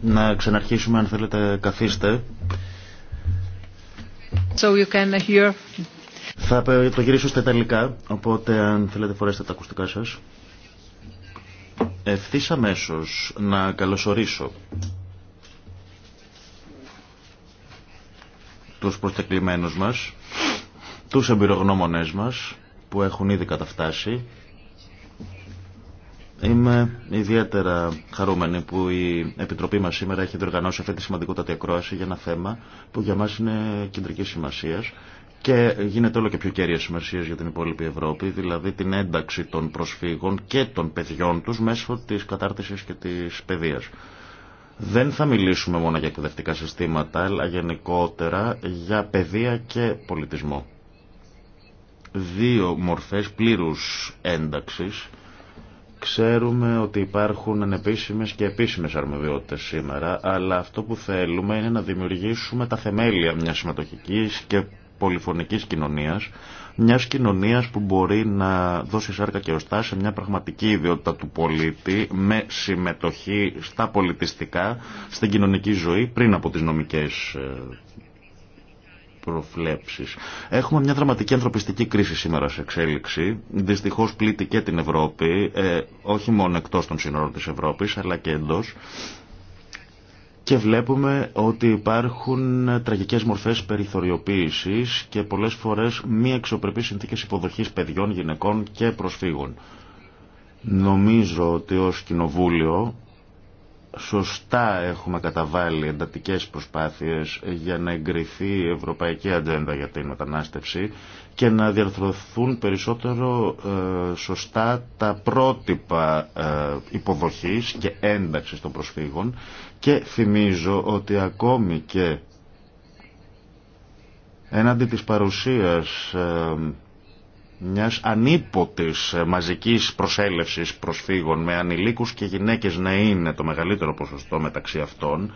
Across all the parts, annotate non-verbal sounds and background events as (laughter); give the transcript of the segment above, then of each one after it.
Να ξαναρχίσουμε αν θέλετε καθίστε. So you can hear. Θα το γυρίσω στα Ιταλικά, οπότε αν θέλετε φορέστε τα ακουστικά σας. Ευθύς αμέσως να καλωσορίσω τους προστακλημένους μας, τους εμπειρογνώμονές μας που έχουν ήδη καταφτάσει Είμαι ιδιαίτερα χαρούμενη που η Επιτροπή μας σήμερα έχει διοργανώσει αυτή τη σημαντικότατη ακρόαση για ένα θέμα που για μας είναι κεντρική σημασία και γίνεται όλο και πιο κέρια σημασία για την υπόλοιπη Ευρώπη, δηλαδή την ένταξη των προσφύγων και των παιδιών τους μέσω της κατάρτισης και της παιδείας. Δεν θα μιλήσουμε μόνο για εκπαιδευτικά συστήματα, αλλά γενικότερα για παιδεία και πολιτισμό. Δύο μορφές πλήρους ένταξης Ξέρουμε ότι υπάρχουν ανεπίσημες και επίσημες αρμοδιότητες σήμερα, αλλά αυτό που θέλουμε είναι να δημιουργήσουμε τα θεμέλια μιας συμμετοχικής και πολυφωνικής κοινωνίας, μιας κοινωνίας που μπορεί να δώσει σάρκα και οστά σε μια πραγματική ιδιότητα του πολίτη με συμμετοχή στα πολιτιστικά, στην κοινωνική ζωή πριν από τις νομικές ε, Έχουμε μια δραματική ανθρωπιστική κρίση σήμερα σε εξέλιξη. Δυστυχώς πλήττει και την Ευρώπη, ε, όχι μόνο εκτός των σύνορων της Ευρώπης, αλλά και εντός. Και βλέπουμε ότι υπάρχουν τραγικές μορφές περιθωριοποίησης και πολλές φορές μη εξωπρεπείς συνθήκες υποδοχής παιδιών, γυναικών και προσφύγων. Νομίζω ότι ως Κοινοβούλιο σωστά έχουμε καταβάλει εντατικές προσπάθειες για να εγκριθεί η Ευρωπαϊκή Ατζέντα για την μετανάστευση και να διαρθρωθούν περισσότερο ε, σωστά τα πρότυπα ε, υποδοχής και ένταξης των προσφύγων και θυμίζω ότι ακόμη και έναντι της παρουσίας ε, μιας ανίποτης μαζικής προσέλευσης προσφύγων με ανηλίκους και γυναίκες να είναι το μεγαλύτερο ποσοστό μεταξύ αυτών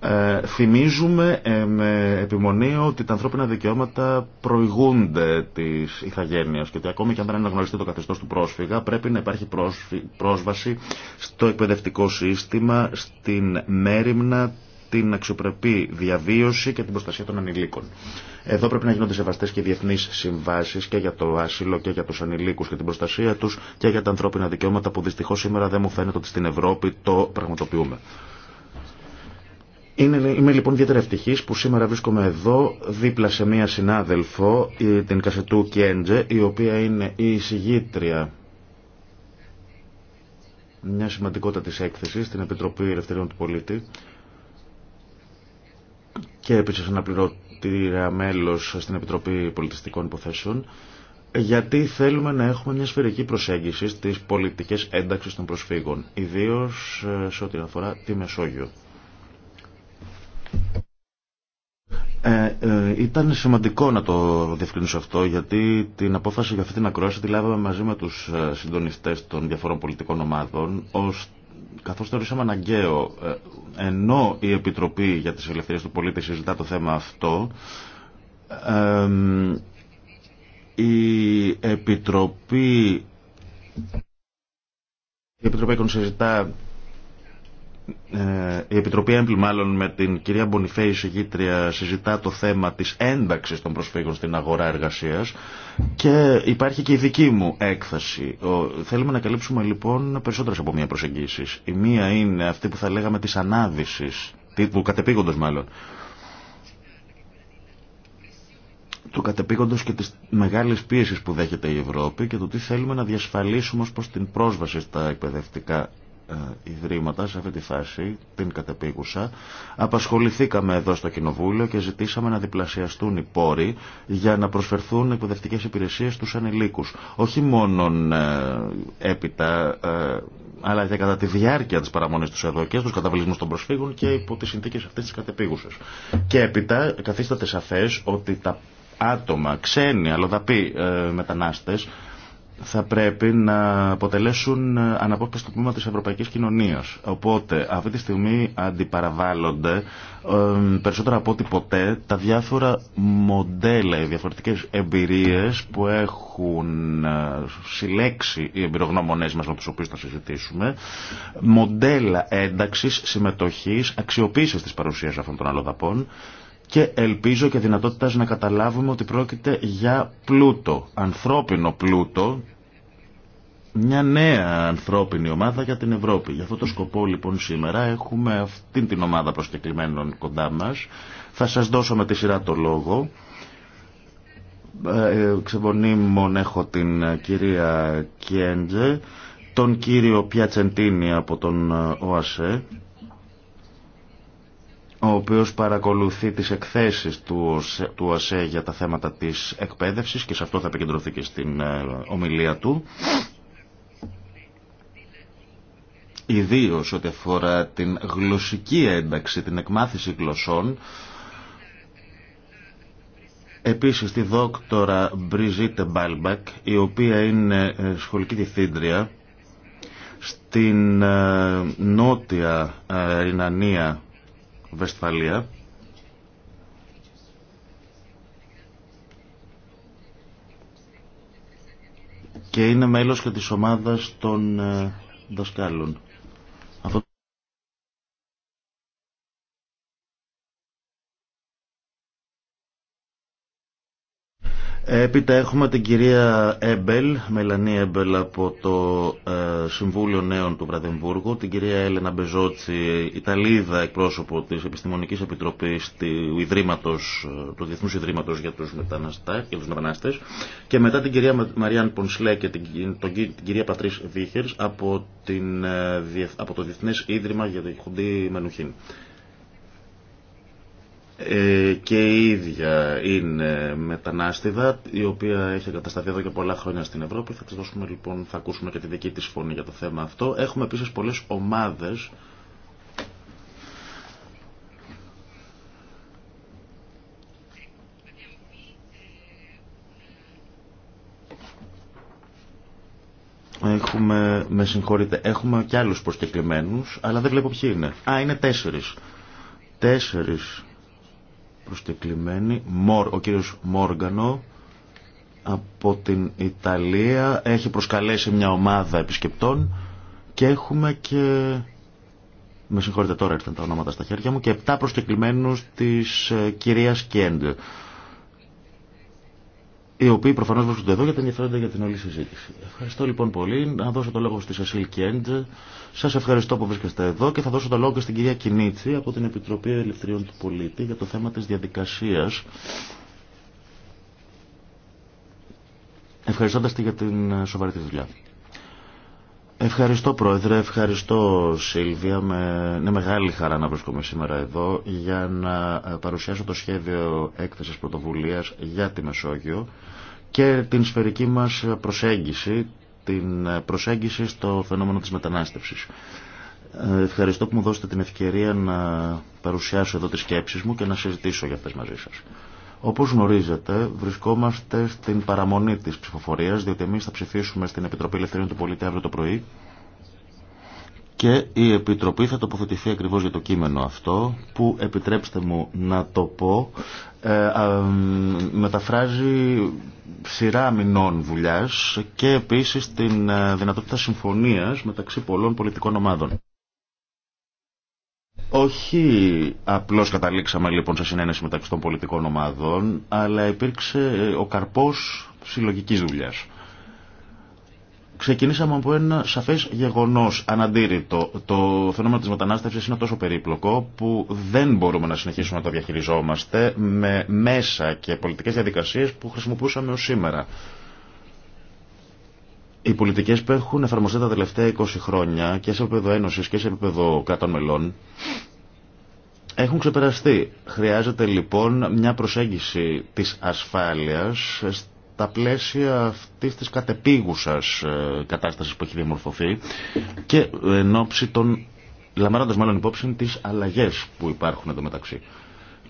ε, θυμίζουμε ε, με επιμονή ότι τα ανθρώπινα δικαιώματα προηγούνται τη ηθαγένεια και ότι ακόμη και αν δεν αναγνωριστεί το καθεστώ του πρόσφυγα, πρέπει να υπάρχει πρόσβαση στο εκπαιδευτικό σύστημα, στην μέρημνα την αξιοπρεπή διαβίωση και την προστασία των ανηλίκων. Εδώ πρέπει να γίνονται σεβαστέ και διεθνεί συμβάσει και για το άσυλο και για του ανηλίκου και την προστασία του και για τα ανθρώπινα δικαιώματα που δυστυχώ σήμερα δεν μου φαίνεται ότι στην Ευρώπη το πραγματοποιούμε. Είναι, είμαι λοιπόν ιδιαίτερα ευτυχή που σήμερα βρίσκομαι εδώ δίπλα σε μία συνάδελφο, την Κασετού Κιέντζε, η οποία είναι η εισηγήτρια μια σημαντικότητα της έκθεσης στην Επιτροπή Ελευθεριών του Πολίτη και επίσης πληρωτήρα μέλος στην Επιτροπή Πολιτιστικών Υποθέσεων γιατί θέλουμε να έχουμε μια σφαιρική προσέγγιση στις πολιτικές ένταξεις των προσφύγων, ιδίως ε, σε ό,τι αφορά τη Μεσόγειο. Ε, ε, ήταν σημαντικό να το διευκρινίσω αυτό γιατί την απόφαση για αυτή την ακρόαση τη λάβαμε μαζί με τους ε, συντονιστές των διαφορών πολιτικών ομάδων ώστε καθώς θεωρήσαμε αναγκαίο, ε, ενώ η Επιτροπή για τις Ελευθερίες του Πολίτη συζητά το θέμα αυτό, η Επιτροπή η Επιτροπή συζητά ε, η Επιτροπή Έμπλη μάλλον με την κυρία Μπονιφέη Συγήτρια συζητά το θέμα της ένταξης των προσφύγων στην αγορά εργασίας και υπάρχει και η δική μου έκθεση. Θέλουμε να καλύψουμε λοιπόν περισσότερε από μία προσεγγίσει. Η μία είναι αυτή που θα λέγαμε τη ανάδυση, του κατεπήγοντο μάλλον. Του κατεπήγοντο και τη μεγάλη πίεση που δέχεται η Ευρώπη και το τι θέλουμε να διασφαλίσουμε ω προ την πρόσβαση στα εκπαιδευτικά ε, ιδρύματα σε αυτή τη φάση, την κατεπίγουσα, απασχοληθήκαμε εδώ στο Κοινοβούλιο και ζητήσαμε να διπλασιαστούν οι πόροι για να προσφερθούν εκπαιδευτικέ υπηρεσίες στους ανηλίκους. Όχι μόνον ε, έπειτα, ε, αλλά και κατά τη διάρκεια της παραμονής τους εδώ και στους καταβλισμούς των προσφύγων και υπό τις συνθήκες αυτές της κατεπίγουσας. Και έπειτα καθίσταται σαφές ότι τα άτομα, ξένοι, αλλοδαποί μετανάστες, θα πρέπει να αποτελέσουν αναπόσπαστο πλήμα της ευρωπαϊκής κοινωνίας. Οπότε αυτή τη στιγμή αντιπαραβάλλονται περισσότερο από ό,τι ποτέ τα διάφορα μοντέλα, οι διαφορετικές εμπειρίες που έχουν ε, συλλέξει οι εμπειρογνώμονές μας με τους οποίους θα συζητήσουμε, μοντέλα ένταξης, συμμετοχής, αξιοποίησης της παρουσίας αυτών των αλλοδαπών και ελπίζω και δυνατότητας να καταλάβουμε ότι πρόκειται για πλούτο, ανθρώπινο πλούτο, μια νέα ανθρώπινη ομάδα για την Ευρώπη. Για αυτό το σκοπό λοιπόν σήμερα έχουμε αυτήν την ομάδα προσκεκλημένων κοντά μας. Θα σας δώσω με τη σειρά το λόγο. Ε, ε, ξεβονίμων έχω την ε, κυρία Κιέντζε, τον κύριο Πιατσεντίνη από τον ΟΑΣΕ, ο οποίος παρακολουθεί τις εκθέσεις του, του για τα θέματα της εκπαίδευσης και σε αυτό θα επικεντρωθεί και στην ε, ομιλία του. Ιδίως ό,τι αφορά την γλωσσική ένταξη, την εκμάθηση γλωσσών, Επίσης τη δόκτορα Μπριζίτε Μπάλμπακ, η οποία είναι ε, σχολική διευθύντρια στην ε, νότια Ρινανία Βεσφαλία και είναι μέλος και της ομάδας των ε, δασκάλων. Έπειτα έχουμε την κυρία Έμπελ, Μελανή Έμπελ από το ε, Συμβούλιο Νέων του Βραδεμβούργου, την κυρία Έλενα Μπεζότσι, Ιταλίδα εκπρόσωπο της Επιστημονικής Επιτροπής του, Ιδρύματος, ε, του Διεθνούς Ιδρύματος για τους, για τους μετανάστες και μετά την κυρία Μαριάν Πονσλέ και την, την κυρία Πατρίς Βίχερς από, την, ε, από το Διεθνές Ίδρυμα για τη Χουντή Μενουχήν. Ε, και η ίδια είναι μετανάστηδα η οποία έχει εγκατασταθεί εδώ και πολλά χρόνια στην Ευρώπη. Θα, δώσουμε, λοιπόν, θα ακούσουμε και τη δική της φωνή για το θέμα αυτό. Έχουμε επίσης πολλές ομάδες Έχουμε, με συγχωρείτε, έχουμε και άλλους προσκεκλημένους, αλλά δεν βλέπω ποιοι είναι. Α, είναι τέσσερις. Τέσσερις μόρ, Ο κύριος Μόργανο από την Ιταλία έχει προσκαλέσει μια ομάδα επισκεπτών και έχουμε και... Με συγχωρείτε τώρα τα ονόματα στα χέρια μου και 7 προσκεκλημένους της ε, κυρίας Κέντ οι οποίοι προφανώς βρίσκονται εδώ γιατί ενδιαφέρονται για την όλη συζήτηση. Ευχαριστώ λοιπόν πολύ. Να δώσω το λόγο στη Σασίλ Κέντ. Σα ευχαριστώ που βρίσκεστε εδώ και θα δώσω το λόγο και στην κυρία Κινίτση από την Επιτροπή Ελευθεριών του Πολίτη για το θέμα τη διαδικασία. Ευχαριστώ τη για την σοβαρή τη δουλειά. Ευχαριστώ Πρόεδρε, ευχαριστώ Σίλβια. Με... Είναι μεγάλη χαρά να βρίσκομαι σήμερα εδώ για να ε, παρουσιάσω το σχέδιο έκθεσης πρωτοβουλίας για τη Μεσόγειο και την σφαιρική μας προσέγγιση, την ε, προσέγγιση στο φαινόμενο της μετανάστευσης. Ε, ευχαριστώ που μου δώσετε την ευκαιρία να παρουσιάσω εδώ τις σκέψεις μου και να συζητήσω για αυτές μαζί σας. Όπως γνωρίζετε, βρισκόμαστε στην παραμονή της ψηφοφορίας, διότι εμείς θα ψηφίσουμε στην Επιτροπή Ελευθερίων του Πολίτη αύριο το πρωί και η Επιτροπή θα τοποθετηθεί ακριβώς για το κείμενο αυτό, που επιτρέψτε μου να το πω, ε, μεταφράζει σειρά μηνών δουλειά και επίσης την ε, δυνατότητα συμφωνίας μεταξύ πολλών πολιτικών ομάδων. Όχι απλώς καταλήξαμε λοιπόν σε συνένεση μεταξύ των πολιτικών ομάδων, αλλά υπήρξε ε, ο καρπός συλλογικής δουλειάς. Ξεκινήσαμε από ένα σαφές γεγονός αναντήρητο. Το φαινόμενο της μετανάστευσης είναι τόσο περίπλοκο που δεν μπορούμε να συνεχίσουμε να το διαχειριζόμαστε με μέσα και πολιτικές διαδικασίες που χρησιμοποιούσαμε ως σήμερα. Οι πολιτικέ που έχουν εφαρμοστεί τα τελευταία 20 χρόνια και σε επίπεδο ένωση και σε επίπεδο κρατών μελών έχουν ξεπεραστεί. Χρειάζεται λοιπόν μια προσέγγιση της ασφάλειας στα πλαίσια αυτής της κατεπίγουσας ε, κατάσταση που έχει διαμορφωθεί και εν ώψη των λαμβάνοντα μάλλον υπόψη τις αλλαγέ που υπάρχουν εδώ μεταξύ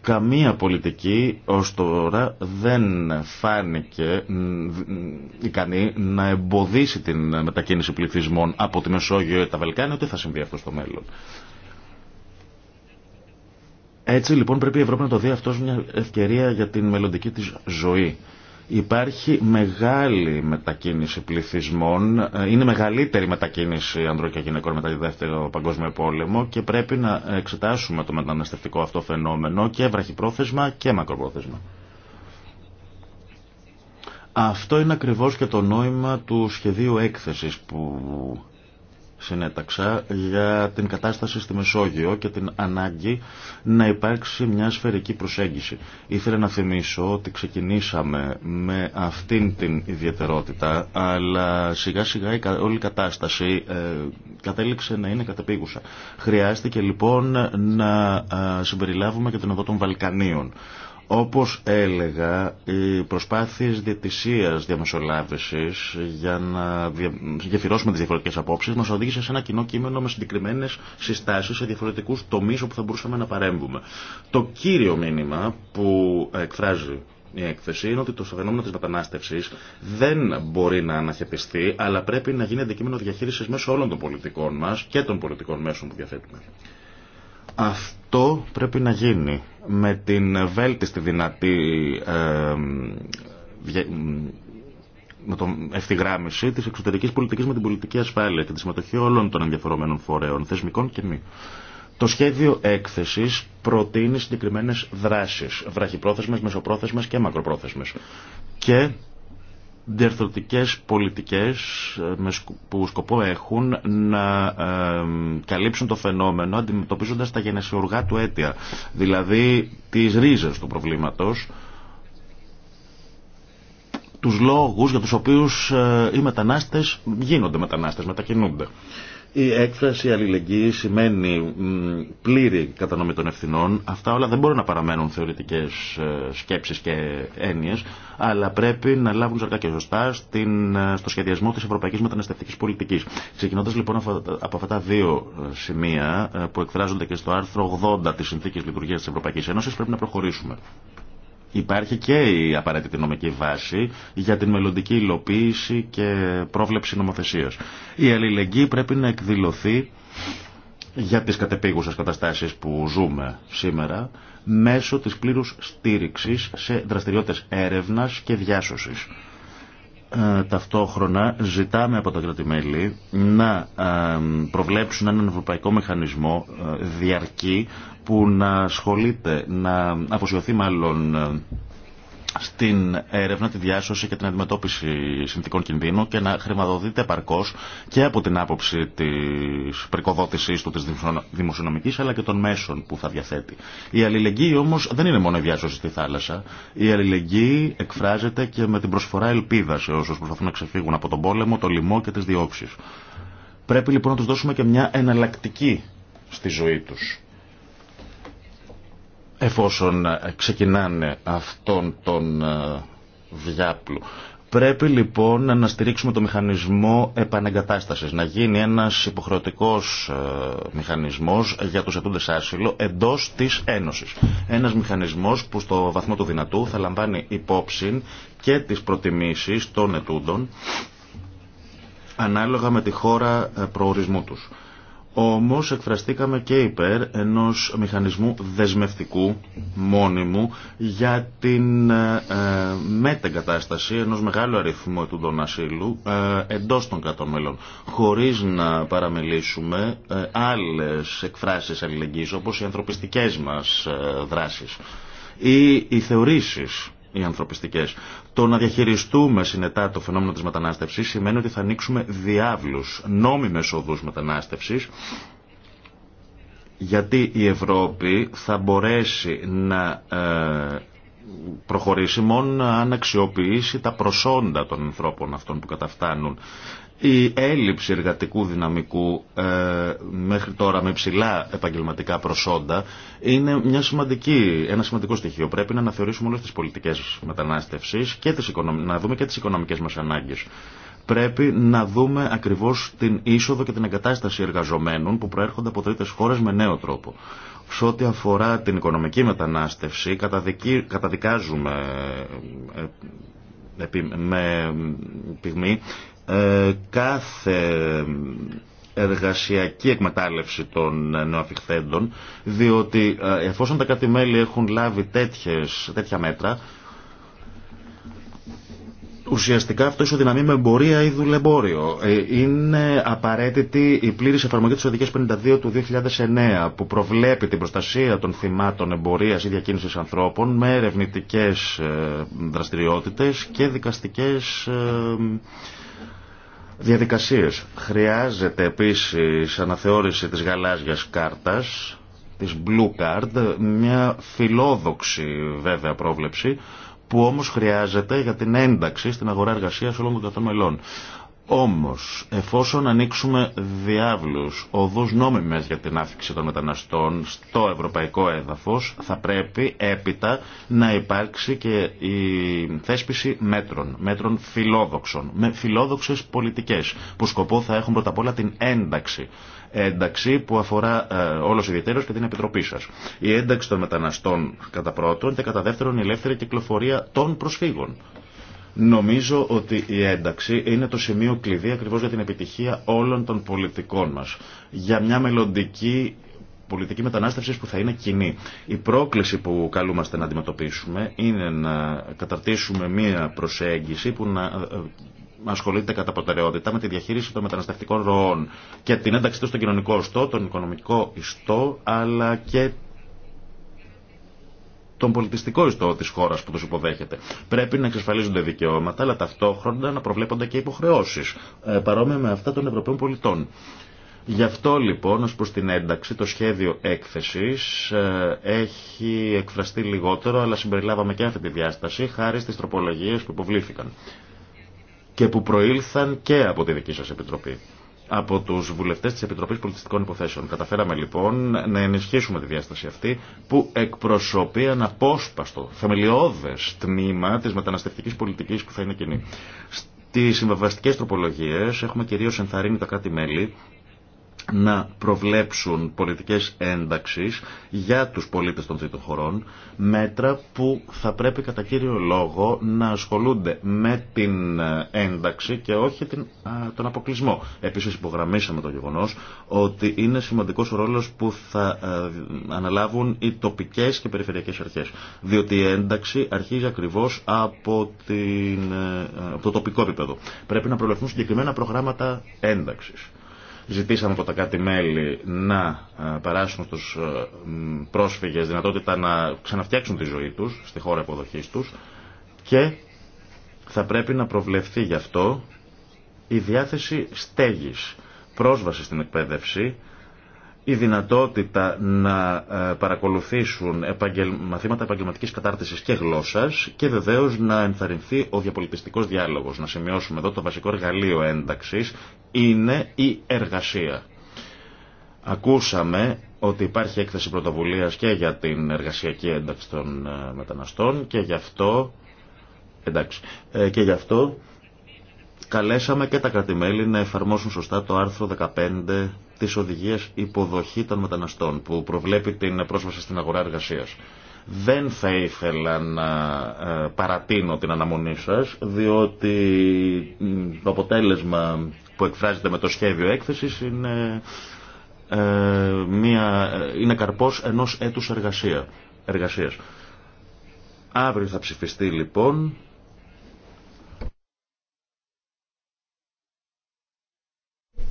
καμία πολιτική ως τώρα δεν φάνηκε ικανή να εμποδίσει την μετακίνηση πληθυσμών από τη Μεσόγειο ή τα Βαλκάνια, ότι θα συμβεί αυτό στο μέλλον. Έτσι λοιπόν πρέπει η τα βαλκανια ούτε θα συμβει αυτο στο μελλον ετσι λοιπον πρεπει η ευρωπη να το δει αυτό μια ευκαιρία για την μελλοντική της ζωή. Υπάρχει μεγάλη μετακίνηση πληθυσμών, είναι μεγαλύτερη μετακίνηση ανδρών και γυναικών μετά τη Δεύτερο Παγκόσμιο Πόλεμο και πρέπει να εξετάσουμε το μεταναστευτικό αυτό φαινόμενο και βραχυπρόθεσμα και μακροπρόθεσμα. Αυτό είναι ακριβώς και το νόημα του σχεδίου έκθεσης που συνέταξα για την κατάσταση στη Μεσόγειο και την ανάγκη να υπάρξει μια σφαιρική προσέγγιση. Ήθελα να θυμίσω ότι ξεκινήσαμε με αυτήν την ιδιαιτερότητα, αλλά σιγά σιγά όλη η κατάσταση ε, κατέληξε να είναι κατεπίγουσα. Χρειάστηκε λοιπόν να ε, συμπεριλάβουμε και την οδό των Βαλκανίων όπως έλεγα, οι προσπάθειες διατησίας διαμεσολάβησης για να γεφυρώσουμε τις διαφορετικές απόψεις μας οδήγησε σε ένα κοινό κείμενο με συγκεκριμένε συστάσεις σε διαφορετικούς τομείς όπου θα μπορούσαμε να παρέμβουμε. Το κύριο μήνυμα που εκφράζει η έκθεση είναι ότι το φαινόμενο τη μετανάστευση δεν μπορεί να αναχαιτιστεί, αλλά πρέπει να γίνει αντικείμενο διαχείριση μέσω όλων των πολιτικών μα και των πολιτικών μέσων που διαθέτουμε. Αυτό πρέπει να γίνει με την βέλτιστη δυνατή ε, με τον ευθυγράμμιση τη εξωτερική πολιτική με την πολιτική ασφάλεια και τη συμμετοχή όλων των ενδιαφερομένων φορέων, θεσμικών και μη. Το σχέδιο έκθεση προτείνει συγκεκριμένε δράσει, βραχυπρόθεσμε, μεσοπρόθεσμε και μακροπρόθεσμε. Και διαρθρωτικές πολιτικές ε, που σκοπό έχουν να ε, καλύψουν το φαινόμενο αντιμετωπίζοντας τα γενεσιουργά του αίτια, δηλαδή τις ρίζες του προβλήματος, τους λόγους για τους οποίους ε, οι μετανάστες γίνονται μετανάστες, μετακινούνται. Η έκφραση αλληλεγγύη σημαίνει πλήρη κατανομή των ευθυνών. Αυτά όλα δεν μπορούν να παραμένουν θεωρητικέ ε, σκέψει και έννοιε, αλλά πρέπει να λάβουν σαρκά και σωστά ε, στο σχεδιασμό τη ευρωπαϊκή μεταναστευτική πολιτική. Ξεκινώντα λοιπόν από αυτά τα δύο ε, σημεία που εκφράζονται και στο άρθρο 80 τη Συνθήκη Λειτουργία τη Ευρωπαϊκή Ένωση, πρέπει να προχωρήσουμε υπάρχει και η απαραίτητη νομική βάση για την μελλοντική υλοποίηση και πρόβλεψη νομοθεσίας. Η αλληλεγγύη πρέπει να εκδηλωθεί για τις κατεπήγουσες καταστάσεις που ζούμε σήμερα μέσω της πλήρους στήριξης σε δραστηριότητες έρευνας και διάσωσης. Ε, ταυτόχρονα ζητάμε από τα κρατημέλη να ε, προβλέψουν έναν ευρωπαϊκό μηχανισμό ε, διαρκή που να ασχολείται, να αφοσιωθεί μάλλον ε, στην έρευνα, τη διάσωση και την αντιμετώπιση συνθήκων κινδύνου και να χρηματοδοτείται επαρκώ και από την άποψη τη πρικοδότησή του τη δημοσιονομική αλλά και των μέσων που θα διαθέτει. Η αλληλεγγύη όμω δεν είναι μόνο η διάσωση στη θάλασσα. Η αλληλεγγύη εκφράζεται και με την προσφορά ελπίδα σε όσου προσπαθούν να ξεφύγουν από τον πόλεμο, το λοιμό και τι διώξει. Πρέπει λοιπόν να του δώσουμε και μια εναλλακτική στη ζωή τους εφόσον ε, ξεκινάνε αυτόν τον ε, διάπλου. Πρέπει λοιπόν να στηρίξουμε το μηχανισμό επανεγκατάστασης, να γίνει ένας υποχρεωτικός ε, μηχανισμός για τους ετούντες άσυλο εντός της Ένωσης. Ένας μηχανισμός που στο βαθμό του δυνατού θα λαμβάνει υπόψη και τις προτιμήσεις των ετούντων ανάλογα με τη χώρα προορισμού τους. Όμως εκφραστήκαμε και υπέρ ενός μηχανισμού δεσμευτικού, μόνιμου, για την ε, ε μετεγκατάσταση ενός μεγάλου αριθμού του των ασύλου ε, εντός των κατωμέλων. χωρίς να παραμελήσουμε ε, άλλες εκφράσεις αλληλεγγύης, όπως οι ανθρωπιστικές μας ε, δράσεις ή οι θεωρήσεις οι ανθρωπιστικές το να διαχειριστούμε συνετά το φαινόμενο της μετανάστευσης σημαίνει ότι θα ανοίξουμε διάβλους, νόμιμες οδούς μετανάστευσης, γιατί η Ευρώπη θα μπορέσει να ε, προχωρήσει μόνο να αξιοποιήσει τα προσόντα των ανθρώπων αυτών που καταφτάνουν η έλλειψη εργατικού δυναμικού ε, μέχρι τώρα με ψηλά επαγγελματικά προσόντα είναι μια σημαντική, ένα σημαντικό στοιχείο. Πρέπει να αναθεωρήσουμε όλες τις πολιτικές μετανάστευσης και τις, να δούμε και τις οικονομικές μας ανάγκες. Πρέπει να δούμε ακριβώς την είσοδο και την εγκατάσταση εργαζομένων που προέρχονται από τρίτες χώρες με νέο τρόπο. Σε ό,τι αφορά την οικονομική μετανάστευση καταδικάζουμε ε, με πυγμή ε, κάθε ε, εργασιακή εκμετάλλευση των ε, νεοαφιχθέντων, διότι εφόσον τα κάτι μέλη έχουν λάβει τέτοια μέτρα, Ουσιαστικά αυτό ισοδυναμεί με εμπορία ή δουλεμπόριο. Είναι απαραίτητη η πλήρη η πληρης εφαρμογη τη Οδηγία 52 του 2009 που προβλέπει την προστασία των θυμάτων εμπορία ή διακίνηση ανθρώπων με ερευνητικέ δραστηριότητες και δικαστικέ διαδικασίες. Χρειάζεται επίσης αναθεώρηση της γαλάζιας κάρτας, της Blue Card, μια φιλόδοξη βέβαια πρόβλεψη, που όμως χρειάζεται για την ένταξη στην αγορά εργασίας όλων των καθών μελών. Όμως, εφόσον ανοίξουμε διάβλους, οδούς νόμιμες για την άφηξη των μεταναστών στο ευρωπαϊκό έδαφος, θα πρέπει έπειτα να υπάρξει και η θέσπιση μέτρων, μέτρων φιλόδοξων, με φιλόδοξες πολιτικές, που σκοπό θα έχουν πρώτα απ' όλα την ένταξη ένταξη που αφορά ε, όλος ιδιαίτερος και την Επιτροπή σας. Η ένταξη των μεταναστών κατά πρώτον και κατά δεύτερον η ελεύθερη κυκλοφορία των προσφύγων. Νομίζω ότι η ένταξη είναι το σημείο κλειδί ακριβώς για την επιτυχία όλων των πολιτικών μας. Για μια μελλοντική πολιτική μετανάστευση που θα είναι κοινή. Η πρόκληση που καλούμαστε να αντιμετωπίσουμε είναι να καταρτήσουμε μια προσέγγιση που να ε, ασχολείται κατά προτεραιότητα με τη διαχείριση των μεταναστευτικών ροών και την ένταξή του στον κοινωνικό ιστό, τον οικονομικό ιστό, αλλά και τον πολιτιστικό ιστό τη χώρα που του υποδέχεται. Πρέπει να εξασφαλίζονται δικαιώματα, αλλά ταυτόχρονα να προβλέπονται και υποχρεώσει, ε, παρόμοια με αυτά των Ευρωπαίων πολιτών. Γι' αυτό λοιπόν ω προ την ένταξη το σχέδιο έκθεσης ε, έχει εκφραστεί λιγότερο αλλά συμπεριλάβαμε και αυτή τη διάσταση χάρη στι τροπολογίε που υποβλήθηκαν και που προήλθαν και από τη δική σα επιτροπή από τους βουλευτές της Επιτροπής Πολιτιστικών Υποθέσεων. Καταφέραμε λοιπόν να ενισχύσουμε τη διάσταση αυτή που εκπροσωπεί αναπόσπαστο, θεμελιώδες τμήμα της μεταναστευτικής πολιτικής που θα είναι κοινή. Τι συμβαστικέ τροπολογίες έχουμε κυρίως ενθαρρύνει τα κράτη-μέλη να προβλέψουν πολιτικές ένταξης για τους πολίτες των τρίτων χωρών, μέτρα που θα πρέπει κατά κύριο λόγο να ασχολούνται με την ε, ένταξη και όχι την, τον αποκλεισμό. Επίσης υπογραμμίσαμε το γεγονός ότι είναι σημαντικός ο ρόλος που θα ε, αναλάβουν οι τοπικές και περιφερειακές αρχές, διότι η ένταξη αρχίζει ακριβώς από, την, ε, το τοπικό επίπεδο. Πρέπει να προβλεφθούν συγκεκριμένα προγράμματα ένταξης Ζητήσαμε από τα κάτι μέλη να ε, περάσουν στους ε, πρόσφυγες δυνατότητα να ξαναφτιάξουν τη ζωή τους στη χώρα υποδοχής τους και θα πρέπει να προβλεφθεί γι' αυτό η διάθεση στέγης, πρόσβαση στην εκπαίδευση, η δυνατότητα να ε, παρακολουθήσουν μαθήματα επαγγελματική κατάρτιση και γλώσσα και βεβαίω να ενθαρρυνθεί ο διαπολιτιστικό διάλογο. Να σημειώσουμε εδώ το βασικό εργαλείο ένταξη είναι η εργασία. Ακούσαμε ότι υπάρχει έκθεση πρωτοβουλίας και για την εργασιακή ένταξη των ε, μεταναστών και γι' αυτό, εντάξει, ε, και γι αυτό καλέσαμε και τα κρατημέλη να εφαρμόσουν σωστά το άρθρο 15 της οδηγίας υποδοχή των μεταναστών που προβλέπει την πρόσβαση στην αγορά εργασίας. Δεν θα ήθελα να ε, παρατείνω την αναμονή σας, διότι το αποτέλεσμα που εκφράζεται με το σχέδιο έκθεσης είναι, ε, μια, ε, είναι καρπός ενός έτους εργασία, εργασίας. Αύριο θα ψηφιστεί λοιπόν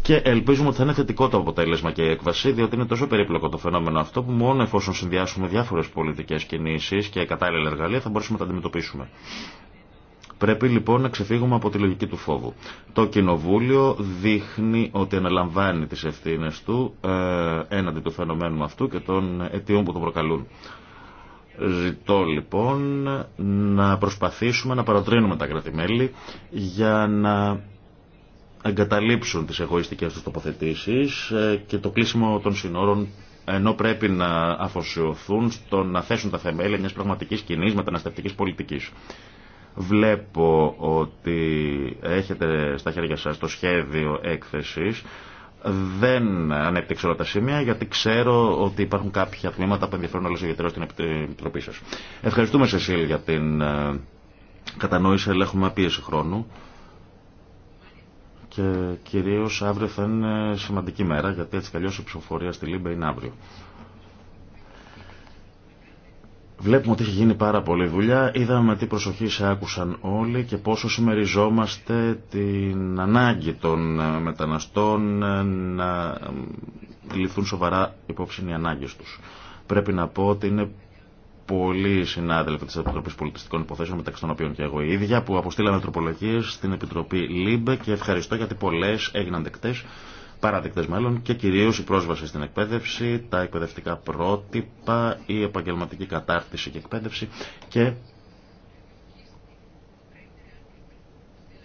Και ελπίζουμε ότι θα είναι θετικό το αποτέλεσμα και η έκβαση, διότι είναι τόσο περίπλοκο το φαινόμενο αυτό που μόνο εφόσον συνδυάσουμε διάφορε πολιτικέ κινήσει και κατάλληλα εργαλεία θα μπορέσουμε να τα αντιμετωπίσουμε. Πρέπει λοιπόν να ξεφύγουμε από τη λογική του φόβου. Το Κοινοβούλιο δείχνει ότι αναλαμβάνει τις ευθύνες του ε, έναντι του φαινομένου αυτού και των αιτιών που τον προκαλούν. Ζητώ λοιπόν να προσπαθήσουμε να παροτρύνουμε τα κρατημέλη για να εγκαταλείψουν τις εγωιστικές τους τοποθετήσεις ε, και το κλείσιμο των συνόρων ενώ πρέπει να αφοσιωθούν στο να θέσουν τα θεμέλια μιας πραγματικής κοινή μεταναστευτικής πολιτικής. Βλέπω ότι έχετε στα χέρια σας το σχέδιο έκθεσης. Δεν ανέπτυξε όλα τα σημεία γιατί ξέρω ότι υπάρχουν κάποια τμήματα που ενδιαφέρουν όλες ιδιαίτερα στην Επιτροπή σας. Ευχαριστούμε Σεσίλ για την ε, κατανόηση, αλλά έχουμε πίεση χρόνου και κυρίως αύριο θα είναι σημαντική μέρα γιατί έτσι καλλιώς η ψηφοφορία στη Λίμπε είναι αύριο. Βλέπουμε ότι έχει γίνει πάρα πολλή δουλειά. Είδαμε τι προσοχή σε άκουσαν όλοι και πόσο συμμεριζόμαστε την ανάγκη των ε, μεταναστών ε, να ε, ληφθούν σοβαρά υπόψη οι ανάγκες τους. Πρέπει να πω ότι είναι πολλοί συνάδελφοι τη Επιτροπή Πολιτιστικών Υποθέσεων, μεταξύ των οποίων και εγώ η ίδια, που αποστήλαμε τροπολογίε στην Επιτροπή ΛΥΜΠΕ και ευχαριστώ γιατί πολλέ έγιναν δεκτέ παράδεκτες μέλλον και κυρίως η πρόσβαση στην εκπαίδευση, τα εκπαιδευτικά πρότυπα, η επαγγελματική κατάρτιση και εκπαίδευση και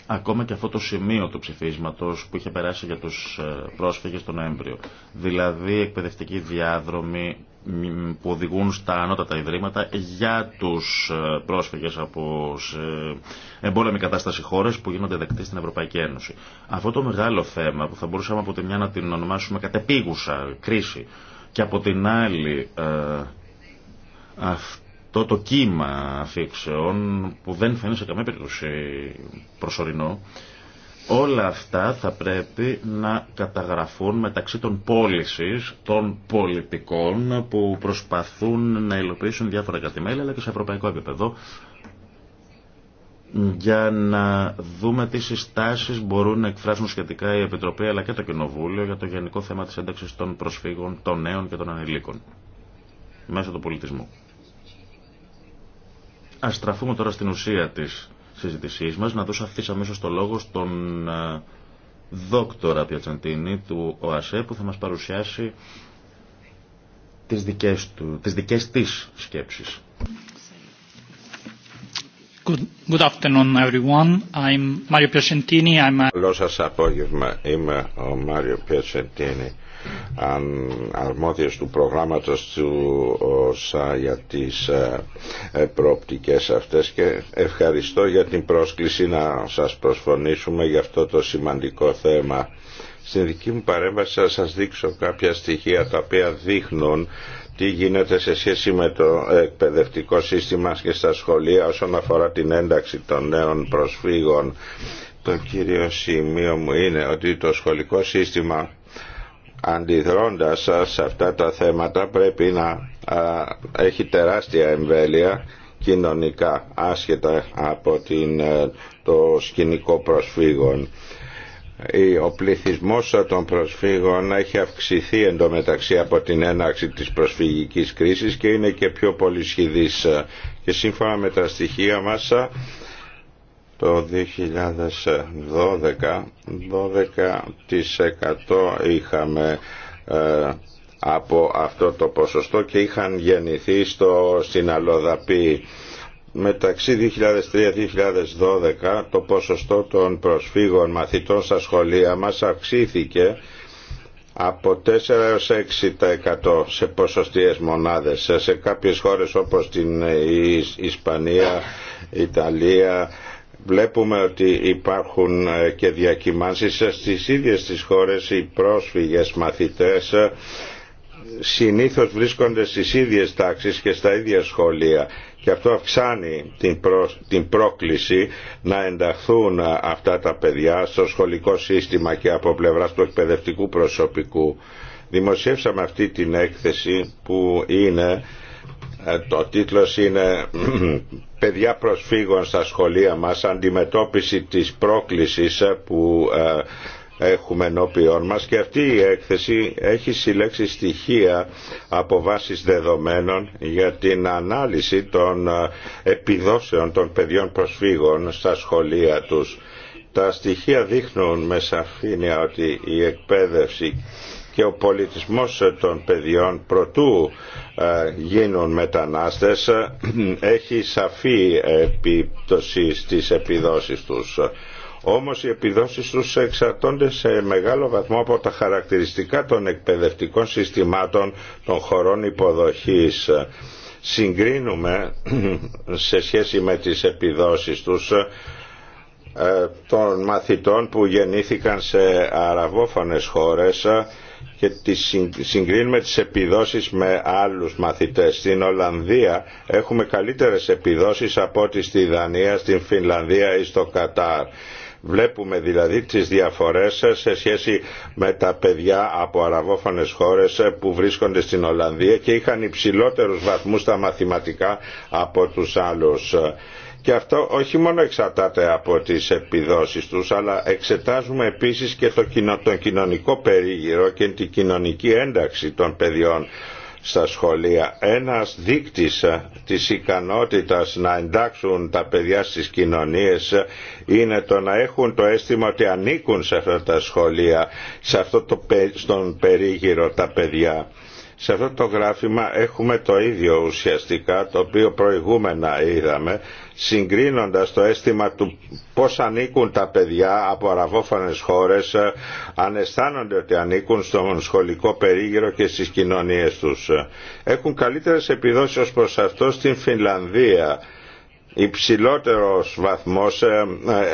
ακόμα και αυτό το σημείο του ψηφίσματος που είχε περάσει για τους ε, πρόσφυγες τον Νοέμβριο. Δηλαδή εκπαιδευτική διάδρομη που οδηγούν στα ανώτατα ιδρύματα για τους ε, πρόσφυγες από εμπόλεμη κατάσταση χώρες που γίνονται δεκτοί στην Ευρωπαϊκή Ένωση. Αυτό το μεγάλο θέμα που θα μπορούσαμε από τη μια να την ονομάσουμε κατεπίγουσα κρίση και από την άλλη ε, αυτό το κύμα αφήξεων που δεν φαίνεται σε καμία περίπτωση προσωρινό Όλα αυτά θα πρέπει να καταγραφούν μεταξύ των πώληση των πολιτικών που προσπαθούν να υλοποιήσουν διάφορα κατημέλια αλλά και σε ευρωπαϊκό επίπεδο για να δούμε τι συστάσεις μπορούν να εκφράσουν σχετικά η Επιτροπή αλλά και το Κοινοβούλιο για το γενικό θέμα της ένταξης των προσφύγων, των νέων και των ανηλίκων μέσω του πολιτισμού. Ας τώρα στην ουσία της συζήτησή μας να δώσω αυτή αμέσω το λόγο στον ε, δόκτορα Πιατσαντίνη του ΟΑΣΕ που θα μας παρουσιάσει τις δικές, του, τις δικές της σκέψεις. Good, afternoon everyone. I'm Mario Piacentini. I'm a... Καλό σας απόγευμα. Είμαι ο Μάριο Πιατσεντίνη αρμόδιος του προγράμματος του ΩΣΑ για τις ε, ε, προοπτικές αυτές και ευχαριστώ για την πρόσκληση να σας προσφωνήσουμε για αυτό το σημαντικό θέμα. Στην δική μου παρέμβαση θα σας δείξω κάποια στοιχεία τα οποία δείχνουν τι γίνεται σε σχέση με το εκπαιδευτικό σύστημα και στα σχολεία όσον αφορά την ένταξη των νέων προσφύγων. Το κύριο σημείο μου είναι ότι το σχολικό σύστημα αντιδρώντας σε αυτά τα θέματα πρέπει να έχει τεράστια εμβέλεια κοινωνικά άσχετα από την, ε, το σκηνικό προσφύγων. Ο πληθυσμός των προσφύγων έχει αυξηθεί εντωμεταξύ από την έναρξη της προσφυγικής κρίσης και είναι και πιο πολυσχηδής. Και σύμφωνα με τα στοιχεία μας το 2012 12% είχαμε ε, από αυτό το ποσοστό και είχαν γεννηθεί στο, στην Αλοδαπή. Μεταξύ 2003-2012 το ποσοστό των προσφύγων μαθητών στα σχολεία μας αυξήθηκε από 4 6% σε ποσοστίες μονάδες. Σε κάποιες χώρες όπως την Ισπανία, Ιταλία, Βλέπουμε ότι υπάρχουν ε, και διακυμάνσεις στις ίδιες τις χώρες οι πρόσφυγες μαθητές ε, συνήθως βρίσκονται στις ίδιες τάξεις και στα ίδια σχολεία και αυτό αυξάνει την, πρόκληση να ενταχθούν ε, αυτά τα παιδιά στο σχολικό σύστημα και από πλευράς του εκπαιδευτικού προσωπικού. Δημοσιεύσαμε αυτή την έκθεση που είναι ε, το τίτλος είναι (clears throat) «Παιδιά προσφύγων στα σχολεία μας, αντιμετώπιση της πρόκλησης που ε, έχουμε ενώπιόν μας» και αυτή η έκθεση έχει συλλέξει στοιχεία από βάσει δεδομένων για την ανάλυση των ε, επιδόσεων των παιδιών προσφύγων στα σχολεία τους. Τα στοιχεία δείχνουν με σαφήνεια ότι η εκπαίδευση και ο πολιτισμός των παιδιών προτού ε, γίνουν μετανάστες ε, έχει σαφή επίπτωση στις επιδόσεις τους. Όμως οι επιδόσεις τους εξαρτώνται σε μεγάλο βαθμό από τα χαρακτηριστικά των εκπαιδευτικών συστημάτων των χωρών υποδοχής. Συγκρίνουμε (clears throat) σε σχέση με τις επιδόσεις τους ε, των μαθητών που γεννήθηκαν σε αραβόφωνες χώρες και τις συγκρίνουμε τις επιδόσεις με άλλους μαθητές. Στην Ολλανδία έχουμε καλύτερες επιδόσεις από ό,τι στη Δανία, στην Φινλανδία ή στο Κατάρ. Βλέπουμε δηλαδή τις διαφορές σε σχέση με τα παιδιά από αραβόφωνες χώρες που βρίσκονται στην Ολλανδία και είχαν υψηλότερους βαθμούς στα μαθηματικά από τους άλλους και αυτό όχι μόνο εξαρτάται από τις επιδόσεις τους αλλά εξετάζουμε επίσης και το κοινωνικό περίγυρο και την κοινωνική ένταξη των παιδιών στα σχολεία. Ένας δείκτης ε, της ικανότητας να εντάξουν τα παιδιά στις κοινωνίες ε, είναι το να έχουν το αίσθημα ότι ανήκουν σε αυτά τα σχολεία, σε αυτό το, στον περίγυρο τα παιδιά. Σε αυτό το γράφημα έχουμε το ίδιο ουσιαστικά το οποίο προηγούμενα είδαμε συγκρίνοντας το αίσθημα του πώς ανήκουν τα παιδιά από αραβόφανες χώρες ε, αν αισθάνονται ότι ανήκουν στον σχολικό περίγυρο και στις κοινωνίες τους. Έχουν καλύτερες επιδόσεις ως προς αυτό στην Φινλανδία υψηλότερος βαθμός ε,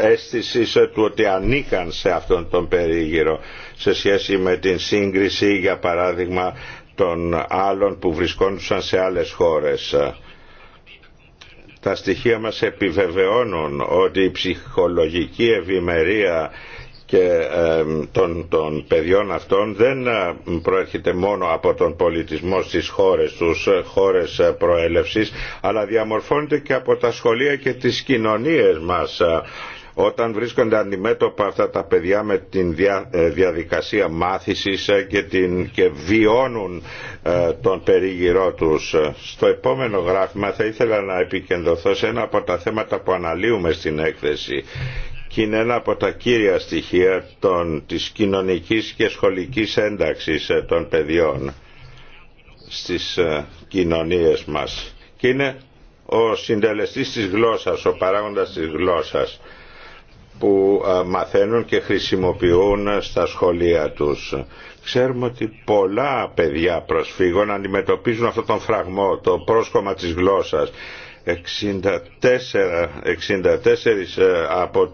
ε, αίσθησης του ότι ανήκαν σε αυτόν τον περίγυρο σε σχέση με την σύγκριση για παράδειγμα των άλλων που βρισκόντουσαν σε άλλες χώρες. Τα στοιχεία μας επιβεβαιώνουν ότι η ψυχολογική ευημερία και των, παιδιών αυτών δεν ε, προέρχεται μόνο από τον πολιτισμό στις χώρες τους, ε, χώρες ε, προέλευσης, αλλά διαμορφώνεται και από τα σχολεία και τις κοινωνίες μας όταν βρίσκονται αντιμέτωπα αυτά τα παιδιά με την ε, διαδικασία μάθησης ε, και, την, και βιώνουν ε, τον περίγυρό τους. Στο επόμενο γράφημα θα ήθελα να επικεντρωθώ σε ένα από τα θέματα που αναλύουμε στην έκθεση και είναι ένα από τα κύρια στοιχεία των, της κοινωνικής και σχολικής ένταξης των παιδιών στις κοινωνίες μας. Και είναι ο συντελεστής της γλώσσας, ο παράγοντας της γλώσσας που μαθαίνουν και χρησιμοποιούν στα σχολεία τους. Ξέρουμε ότι πολλά παιδιά προσφύγων αντιμετωπίζουν αυτόν τον φραγμό, το πρόσκομα της γλώσσας. 64, 64 ε, από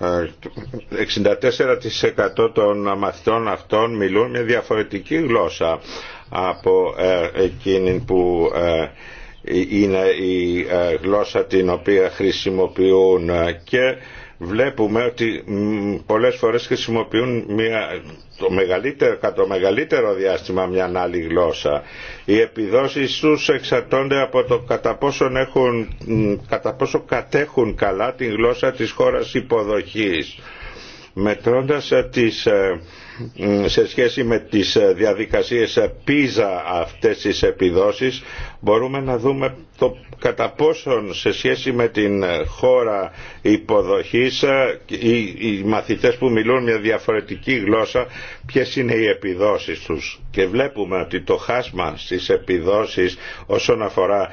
64% ε, των μαθητών αυτών μιλούν μια διαφορετική γλώσσα από ε, εκείνη που είναι η γλώσσα την οποία χρησιμοποιούν και βλέπουμε ότι πολλές φορές χρησιμοποιούν μια, το, μεγαλύτερο, κατά το μεγαλύτερο διάστημα μια άλλη γλώσσα. Οι επιδόσεις τους εξαρτώνται από το κατά, έχουν, κατά πόσο κατέχουν καλά την γλώσσα της χώρας υποδοχής. Μετρώντας ε, τις ε, σε σχέση με τις ε, διαδικασίες ε, πίζα αυτές τις επιδόσεις μπορούμε να δούμε το κατά πόσον σε σχέση με την ε, χώρα υποδοχής οι μαθητές που μιλούν μια διαφορετική γλώσσα ποιες είναι οι επιδόσεις τους και βλέπουμε ότι το χάσμα στις επιδόσεις όσον αφορά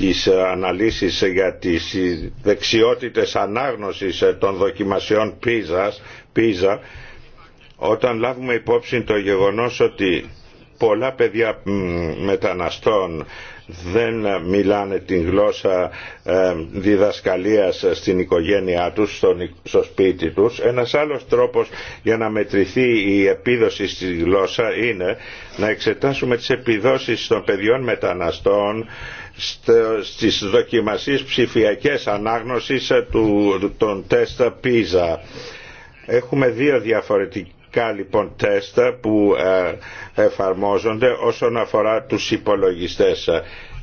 τις αναλύσεις για τις δεξιότητες ανάγνωσης των δοκιμασιών πίζας, πίζα όταν λάβουμε υπόψη το γεγονός ότι πολλά παιδιά μεταναστών δεν μιλάνε την γλώσσα ε, διδασκαλίας στην οικογένειά τους, στο σπίτι τους. Ένας άλλος τρόπος για να μετρηθεί η επίδοση στη γλώσσα είναι να εξετάσουμε τις επιδόσεις των παιδιών μεταναστών στις δοκιμασίες ψηφιακές ανάγνωσης ε, του, των τεστ PISA. Έχουμε δύο πρακτικά λοιπόν τεστ που ε, εφαρμόζονται όσον αφορά τους υπολογιστές.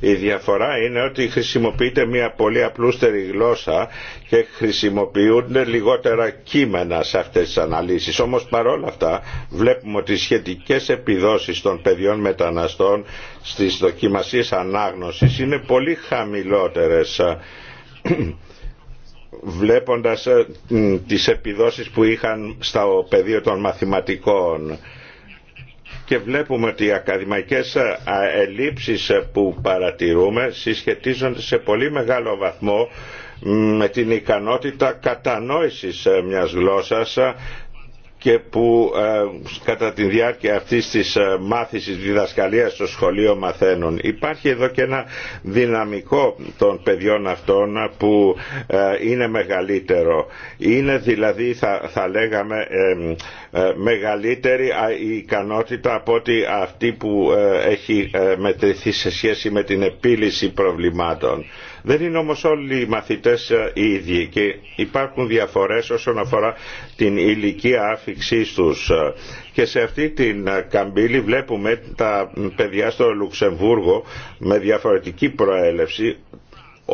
Η διαφορά είναι ότι χρησιμοποιείται μια πολύ απλούστερη γλώσσα και χρησιμοποιούνται λιγότερα κείμενα σε αυτές τις αναλύσεις. Όμως παρόλα αυτά βλέπουμε ότι οι σχετικές επιδόσεις των παιδιών μεταναστών στις δοκιμασίες ανάγνωσης είναι πολύ χαμηλότερες βλέποντας ε, τις επιδόσεις που είχαν στο πεδίο των μαθηματικών και βλέπουμε ότι οι ακαδημαϊκές ε, ελλείψεις ε, που παρατηρούμε συσχετίζονται σε πολύ μεγάλο βαθμό με την ικανότητα κατανόησης μιας γλώσσας και που ε, κατά τη διάρκεια αυτής της ε, μάθησης διδασκαλίας στο σχολείο μαθαίνουν. Υπάρχει εδώ και ένα δυναμικό των παιδιών αυτών που ε, είναι μεγαλύτερο. Είναι δηλαδή θα, θα λέγαμε μεγαλύτερη η ικανότητα από ότι αυτή που έχει μετρηθεί σε σχέση με την επίλυση προβλημάτων. Δεν είναι όμως όλοι οι μαθητές ε, οι ίδιοι και υπάρχουν διαφορές όσον αφορά την ηλικία άφηξής τους. Ε. Και σε αυτή την ε, καμπύλη βλέπουμε τα παιδιά στο Λουξεμβούργο με διαφορετική προέλευση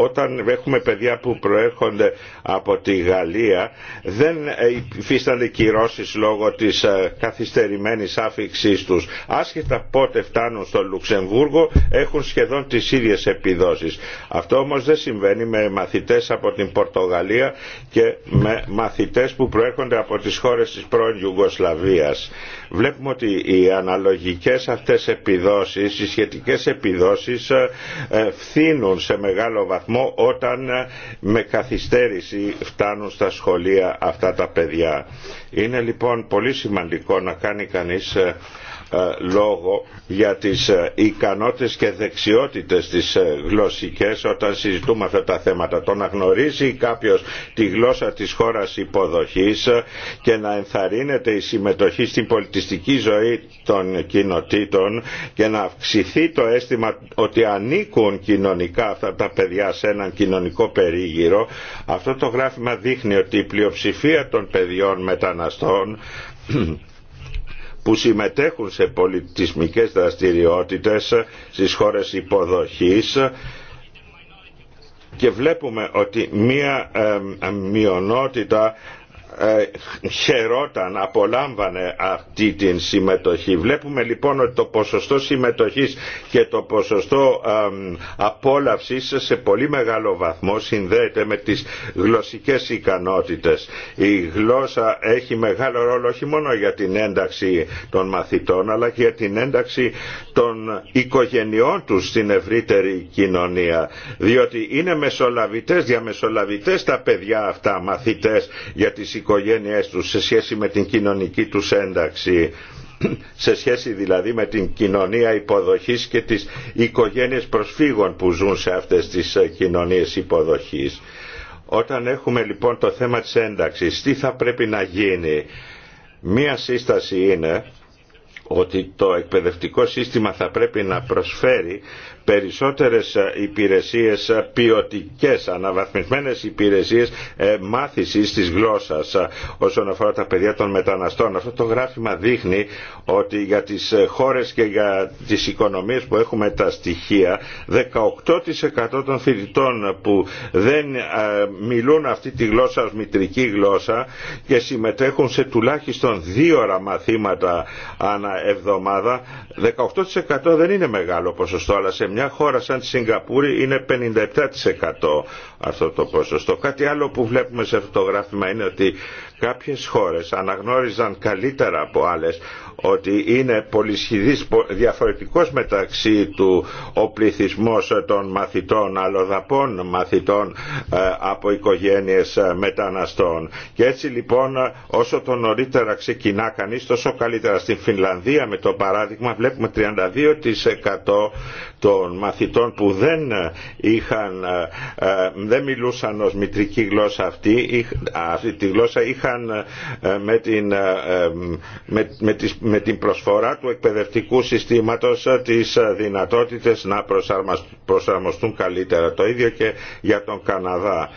όταν έχουμε παιδιά που προέρχονται από τη Γαλλία δεν ε, υφίστανται κυρώσεις λόγω της ε, καθυστερημένης άφηξής τους. Άσχετα πότε φτάνουν στο Λουξεμβούργο έχουν σχεδόν τις ίδιες επιδόσεις. Αυτό όμως δεν συμβαίνει με μαθητές από την Πορτογαλία και με μαθητές που προέρχονται από τις χώρες της πρώην Ιουγκοσλαβίας βλέπουμε ότι οι αναλογικές αυτές επιδόσεις, οι σχετικές επιδόσεις ε, ε, φθήνουν σε μεγάλο βαθμό όταν ε, με καθυστέρηση φτάνουν στα σχολεία αυτά τα παιδιά. Είναι λοιπόν πολύ σημαντικό να κάνει κανείς ε, λόγο για τις ε, ικανότητες και δεξιότητες της ε, γλωσσικές όταν συζητούμε αυτά τα θέματα. Το να γνωρίζει κάποιος τη γλώσσα της χώρας υποδοχής και να ενθαρρύνεται η συμμετοχή στην πολιτιστική ζωή των κοινοτήτων και να αυξηθεί το αίσθημα ότι ανήκουν κοινωνικά αυτά τα παιδιά σε έναν κοινωνικό περίγυρο. Αυτό το γράφημα δείχνει ότι η πλειοψηφία των παιδιών μεταναστών που συμμετέχουν σε πολιτισμικές δραστηριότητες στις χώρες υποδοχής και βλέπουμε ότι μία μειονότητα ε, χαιρόταν, απολάμβανε αυτή την συμμετοχή. Βλέπουμε λοιπόν ότι το ποσοστό συμμετοχής και το ποσοστό απόλαυσης σε πολύ μεγάλο βαθμό συνδέεται με τις γλωσσικές ικανότητες. Η γλώσσα έχει μεγάλο ρόλο όχι μόνο για την ένταξη των μαθητών αλλά και για την ένταξη των οικογενειών τους στην ευρύτερη κοινωνία διότι είναι μεσολαβητές, διαμεσολαβητές τα παιδιά αυτά μαθητές για τις οικογένειές τους σε σχέση με την κοινωνική τους ένταξη σε σχέση δηλαδή με την κοινωνία υποδοχής και τις οικογένειες προσφύγων που ζουν σε αυτές τις ε, κοινωνίες υποδοχής. Όταν έχουμε λοιπόν το θέμα της ένταξης, τι θα πρέπει να γίνει. Μία σύσταση είναι ότι το εκπαιδευτικό σύστημα θα πρέπει να προσφέρει περισσότερες ε, υπηρεσίες ε, ποιοτικές, αναβαθμισμένες υπηρεσίες ε, μάθησης της γλώσσας όσον αφορά τα παιδιά των μεταναστών. Αυτό το γράφημα δείχνει ότι για τις χώρες και για τις οικονομίες που έχουμε τα στοιχεία 18% των φοιτητών που δεν μιλούν αυτή τη γλώσσα ως μητρική γλώσσα και συμμετέχουν σε τουλάχιστον δύο ώρα μαθήματα ανά εβδομάδα 18% δεν είναι μεγάλο ποσοστό αλλά σε μια μια χώρα σαν τη Σιγκαπούρη είναι 57% αυτό το ποσοστό. Κάτι άλλο που βλέπουμε σε αυτό το γράφημα είναι ότι κάποιες χώρες αναγνώριζαν καλύτερα από άλλες ότι είναι πολυσχηδής διαφορετικός μεταξύ του ο πληθυσμός των μαθητών αλλοδαπών μαθητών ε, από οικογένειες ε, μεταναστών και έτσι λοιπόν ε, όσο το νωρίτερα ξεκινά κανείς τόσο καλύτερα στην Φινλανδία με το παράδειγμα βλέπουμε 32% των μαθητών που δεν είχαν δεν μιλούσαν ως μητρική γλώσσα αυτή, αυτή τη γλώσσα είχαν με, την, με, με με την προσφορά του εκπαιδευτικού συστήματος ε, τις ε, δυνατότητες να προσαρμοστούν καλύτερα. Το ίδιο και για τον Καναδά.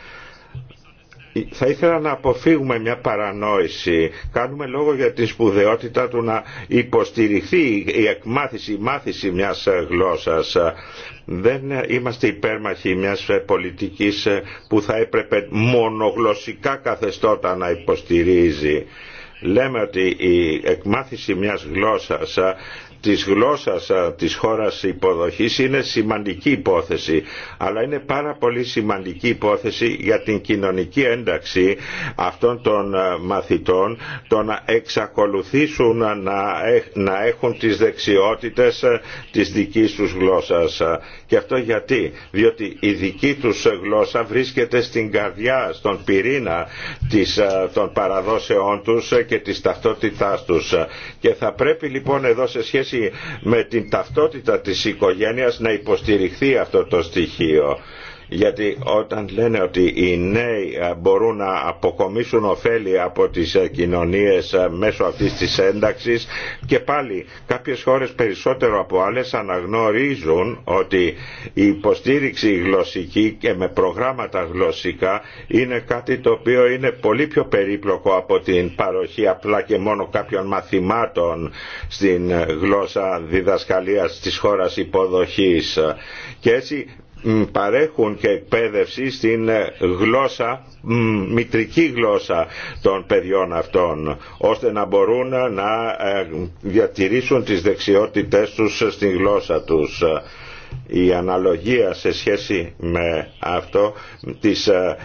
Ε, θα ήθελα να αποφύγουμε μια παρανόηση. Κάνουμε λόγο για τη σπουδαιότητα του να υποστηριχθεί η εκμάθηση, μάθηση μιας γλώσσας. Δεν είμαστε υπέρμαχοι μιας πολιτικής που θα έπρεπε μονογλωσσικά καθεστώτα να υποστηρίζει λέμε ότι η εκμάθηση μιας γλώσσας της γλώσσας της χώρας υποδοχής είναι σημαντική υπόθεση αλλά είναι πάρα πολύ σημαντική υπόθεση για την κοινωνική ένταξη αυτών των μαθητών το να εξακολουθήσουν να έχουν τις δεξιότητες της δικής τους γλώσσας και αυτό γιατί διότι η δική τους γλώσσα βρίσκεται στην καρδιά, στον πυρήνα των παραδόσεών τους και της ταυτότητάς τους και θα πρέπει λοιπόν εδώ σε σχέση με την ταυτότητα της οικογένειας να υποστηριχθεί αυτό το στοιχείο γιατί όταν λένε ότι οι νέοι ε, μπορούν να αποκομίσουν ωφέλη από τις ε, κοινωνίες ε, μέσω αυτής της ένταξης και πάλι κάποιες χώρες περισσότερο από άλλες αναγνωρίζουν ότι η υποστήριξη γλωσσική και με προγράμματα γλωσσικά είναι κάτι το οποίο είναι πολύ πιο περίπλοκο από την παροχή απλά και μόνο κάποιων μαθημάτων στην γλώσσα διδασκαλίας της χώρας υποδοχής και έτσι παρέχουν και εκπαίδευση στην ε, γλώσσα, μητρική γλώσσα των παιδιών αυτών, ώστε να μπορούν να ε, διατηρήσουν τις δεξιότητές τους στην γλώσσα τους η αναλογία σε σχέση με αυτό της ε,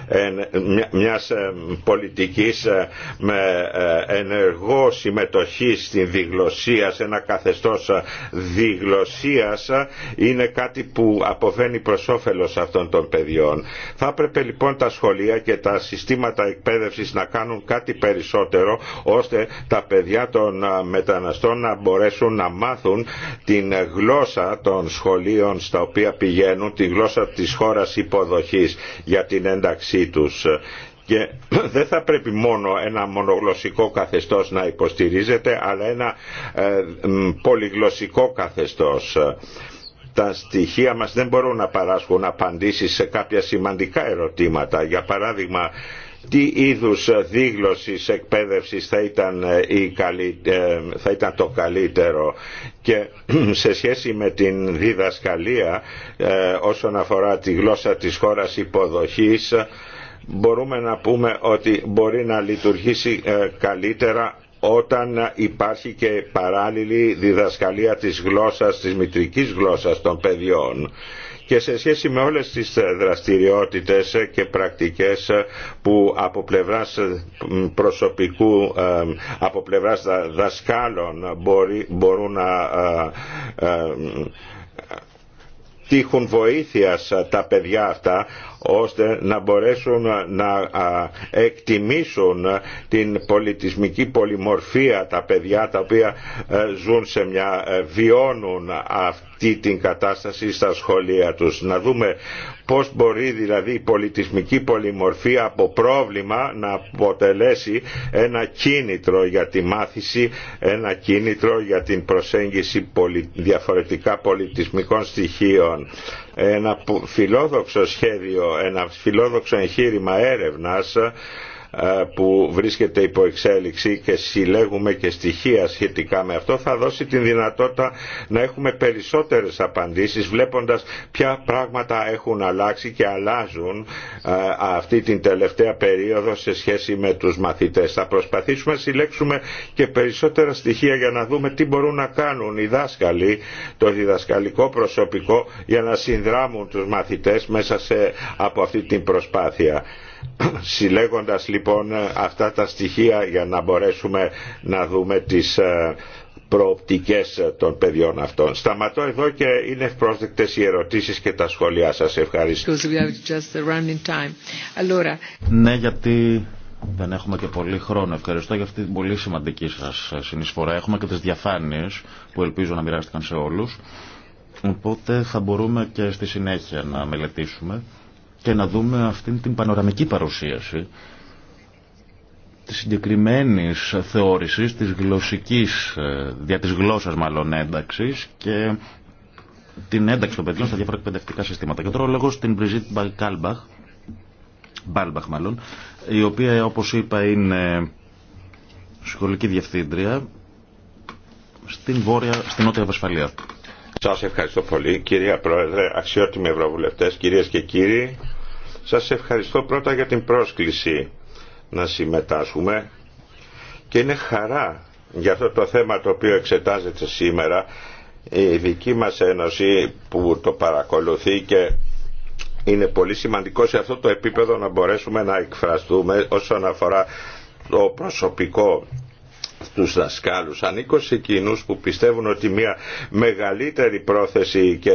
μιας ε, πολιτικής ε, με ενεργό συμμετοχή στην διγλωσία σε ένα καθεστώς διγλωσίας είναι κάτι που αποβαίνει προς όφελος αυτών των παιδιών. Θα έπρεπε λοιπόν τα σχολεία και τα συστήματα εκπαίδευσης να κάνουν κάτι περισσότερο ώστε τα παιδιά των μεταναστών να μπορέσουν να μάθουν την γλώσσα των σχολείων στα οποία πηγαίνουν τη γλώσσα της χώρας υποδοχής για την ένταξή τους και (clears throat) δεν θα πρέπει μόνο ένα μονογλωσσικό καθεστώς να υποστηρίζεται αλλά ένα ε, πολυγλωσσικό καθεστώς τα στοιχεία μας δεν μπορούν να παράσχουν απαντήσεις σε κάποια σημαντικά ερωτήματα. Για παράδειγμα, τι είδους δίγλωσης εκπαίδευσης θα ήταν, ε, ε, το καλύτερο και (clears throat) σε σχέση με την διδασκαλία ε, όσον αφορά τη γλώσσα της χώρας υποδοχής μπορούμε να πούμε ότι μπορεί να λειτουργήσει καλύτερα όταν υπάρχει και παράλληλη διδασκαλία της γλώσσας, της μητρικής γλώσσας των παιδιών και σε σχέση με όλες τις ε, δραστηριότητες ε, και πρακτικές ε, που από πλευράς προσωπικού, από πλευράς δασκάλων μπορούν να τύχουν βοήθειας τα παιδιά αυτά ώστε να μπορέσουν να εκτιμήσουν την πολιτισμική πολυμορφία τα παιδιά τα οποία ζουν σε μια βιώνουν αυτή αυτή την κατάσταση στα σχολεία τους. Να δούμε πώς μπορεί δηλαδή η πολιτισμική πολυμορφία από πρόβλημα να αποτελέσει ένα κίνητρο για τη μάθηση, ένα κίνητρο για την προσέγγιση διαφορετικά πολιτισμικών στοιχείων. Ένα φιλόδοξο σχέδιο, ένα φιλόδοξο εγχείρημα έρευνας ε, που βρίσκεται υπό εξέλιξη και συλλέγουμε και στοιχεία σχετικά με αυτό θα δώσει την δυνατότητα να έχουμε περισσότερες απαντήσεις βλέποντας ποια πράγματα έχουν αλλάξει και αλλάζουν ε, αυτή την τελευταία περίοδο σε σχέση με τους μαθητές. Θα προσπαθήσουμε να συλλέξουμε και περισσότερα στοιχεία για να δούμε τι μπορούν να κάνουν οι δάσκαλοι, το διδασκαλικό προσωπικό για να συνδράμουν τους μαθητές μέσα σε, από αυτή την προσπάθεια. Συλλέγοντας λοιπόν αυτά τα στοιχεία για να μπορέσουμε να δούμε τις ε, προοπτικές των παιδιών αυτών. Σταματώ εδώ και είναι ευπρόσδεκτες οι ερωτήσεις και τα σχόλιά σας. Ευχαριστώ. Ναι, γιατί δεν έχουμε και πολύ χρόνο. Ευχαριστώ για αυτή την πολύ σημαντική σας συνεισφορά. Έχουμε και τις διαφάνειες που ελπίζω να μοιράστηκαν σε όλους. Οπότε θα μπορούμε και στη συνέχεια να μελετήσουμε και να δούμε αυτήν την πανοραμική παρουσίαση της συγκεκριμένης θεώρησης, της γλωσσικής, ε, δια της γλώσσας μάλλον ένταξης και την ένταξη των παιδιών στα διάφορα εκπαιδευτικά συστήματα. Και τώρα λόγος στην Μπριζίτ Μπαλκάλμπαχ, Μπάλμπαχ μάλλον, η οποία όπως είπα είναι σχολική διευθύντρια στην, βόρεια, στην νότια σας ευχαριστώ πολύ κυρία Πρόεδρε, αξιότιμοι ευρωβουλευτές, κυρίες και κύριοι. Σας ευχαριστώ πρώτα για την πρόσκληση να συμμετάσχουμε και είναι χαρά για αυτό το θέμα το οποίο εξετάζεται σήμερα η δική μας ένωση που το παρακολουθεί και είναι πολύ σημαντικό σε αυτό το επίπεδο να μπορέσουμε να εκφραστούμε όσον αφορά το προσωπικό στους δασκάλους, ανήκω σε εκείνους που πιστεύουν ότι μια μεγαλύτερη πρόθεση και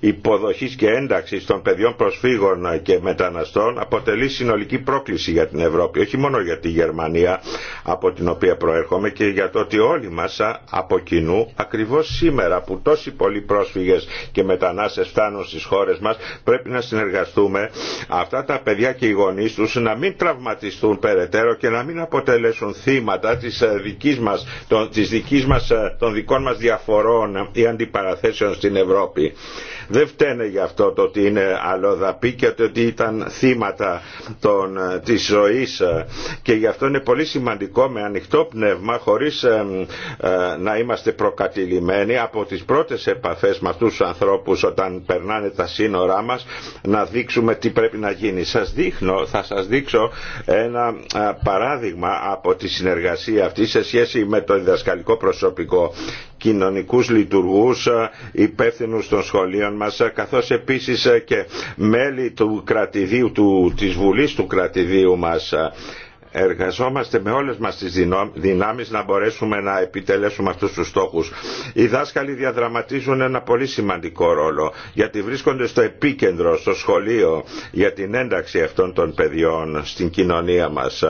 υποδοχής και ένταξης των παιδιών προσφύγων και μεταναστών αποτελεί συνολική πρόκληση για την Ευρώπη, όχι μόνο για τη Γερμανία από την οποία προέρχομαι και για το ότι όλοι μας από κοινού ακριβώς σήμερα που τόσοι πολλοί πρόσφυγες και μετανάστες φτάνουν στις χώρες μας πρέπει να συνεργαστούμε αυτά τα παιδιά και οι γονείς τους να μην τραυματιστούν περαιτέρω και να μην αποτελέσουν θύματα ε, της δικής μας, ε, των, δικών μας διαφορών ή αντιπαραθέσεων στην Ευρώπη. Δεν φταίνε γι' αυτό το ότι είναι αλλοδαπή και ότι ήταν θύματα των, ε, της ζωής και γι' αυτό είναι πολύ σημαντικό με ανοιχτό πνεύμα χωρίς να είμαστε προκατηλημένοι από τις πρώτες επαφές με αυτούς τους ανθρώπους όταν περνάνε τα σύνορά μας να δείξουμε τι πρέπει να γίνει. Σας δείχνω, θα σας δείξω ένα παράδειγμα από τη συνεργασία αυτή σε σχέση με το διδασκαλικό προσωπικό κοινωνικούς λειτουργούς ε, υπεύθυνους των σχολείων μας ε, καθώς επίσης ε, και μέλη του κρατηδίου, του, της Βουλής του κρατηδίου μας εργαζόμαστε με όλες μας τις δυνάμεις να μπορέσουμε να επιτελέσουμε αυτούς τους στόχους. Οι δάσκαλοι διαδραματίζουν ένα πολύ σημαντικό ρόλο γιατί βρίσκονται στο επίκεντρο, στο σχολείο για την ένταξη αυτών των παιδιών στην κοινωνία μας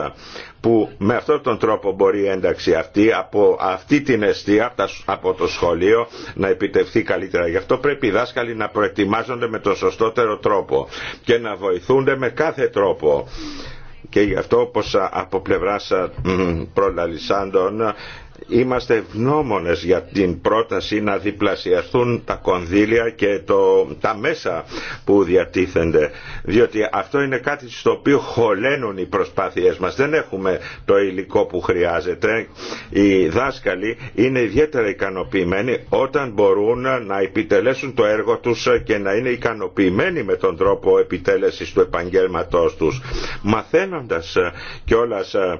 που με αυτόν τον τρόπο μπορεί η ένταξη αυτή από αυτή την αιστεία από το σχολείο να επιτευχθεί καλύτερα. Γι' αυτό πρέπει οι δάσκαλοι να προετοιμάζονται με τον σωστότερο τρόπο και να βοηθούνται με κάθε τρόπο και γι' αυτό όπως από πλευράς ε, προλαλισάντων... Είμαστε ευγνώμονες για την πρόταση να διπλασιαστούν τα κονδύλια και το, τα μέσα που διατίθενται. Διότι αυτό είναι κάτι στο οποίο χωλένουν οι προσπάθειές μας. Δεν έχουμε το υλικό που χρειάζεται. Οι δάσκαλοι είναι ιδιαίτερα ικανοποιημένοι όταν μπορούν να επιτελέσουν το έργο τους και να είναι ικανοποιημένοι με τον τρόπο επιτέλεσης του επαγγέλματός τους. Μαθαίνοντας κιόλας ε,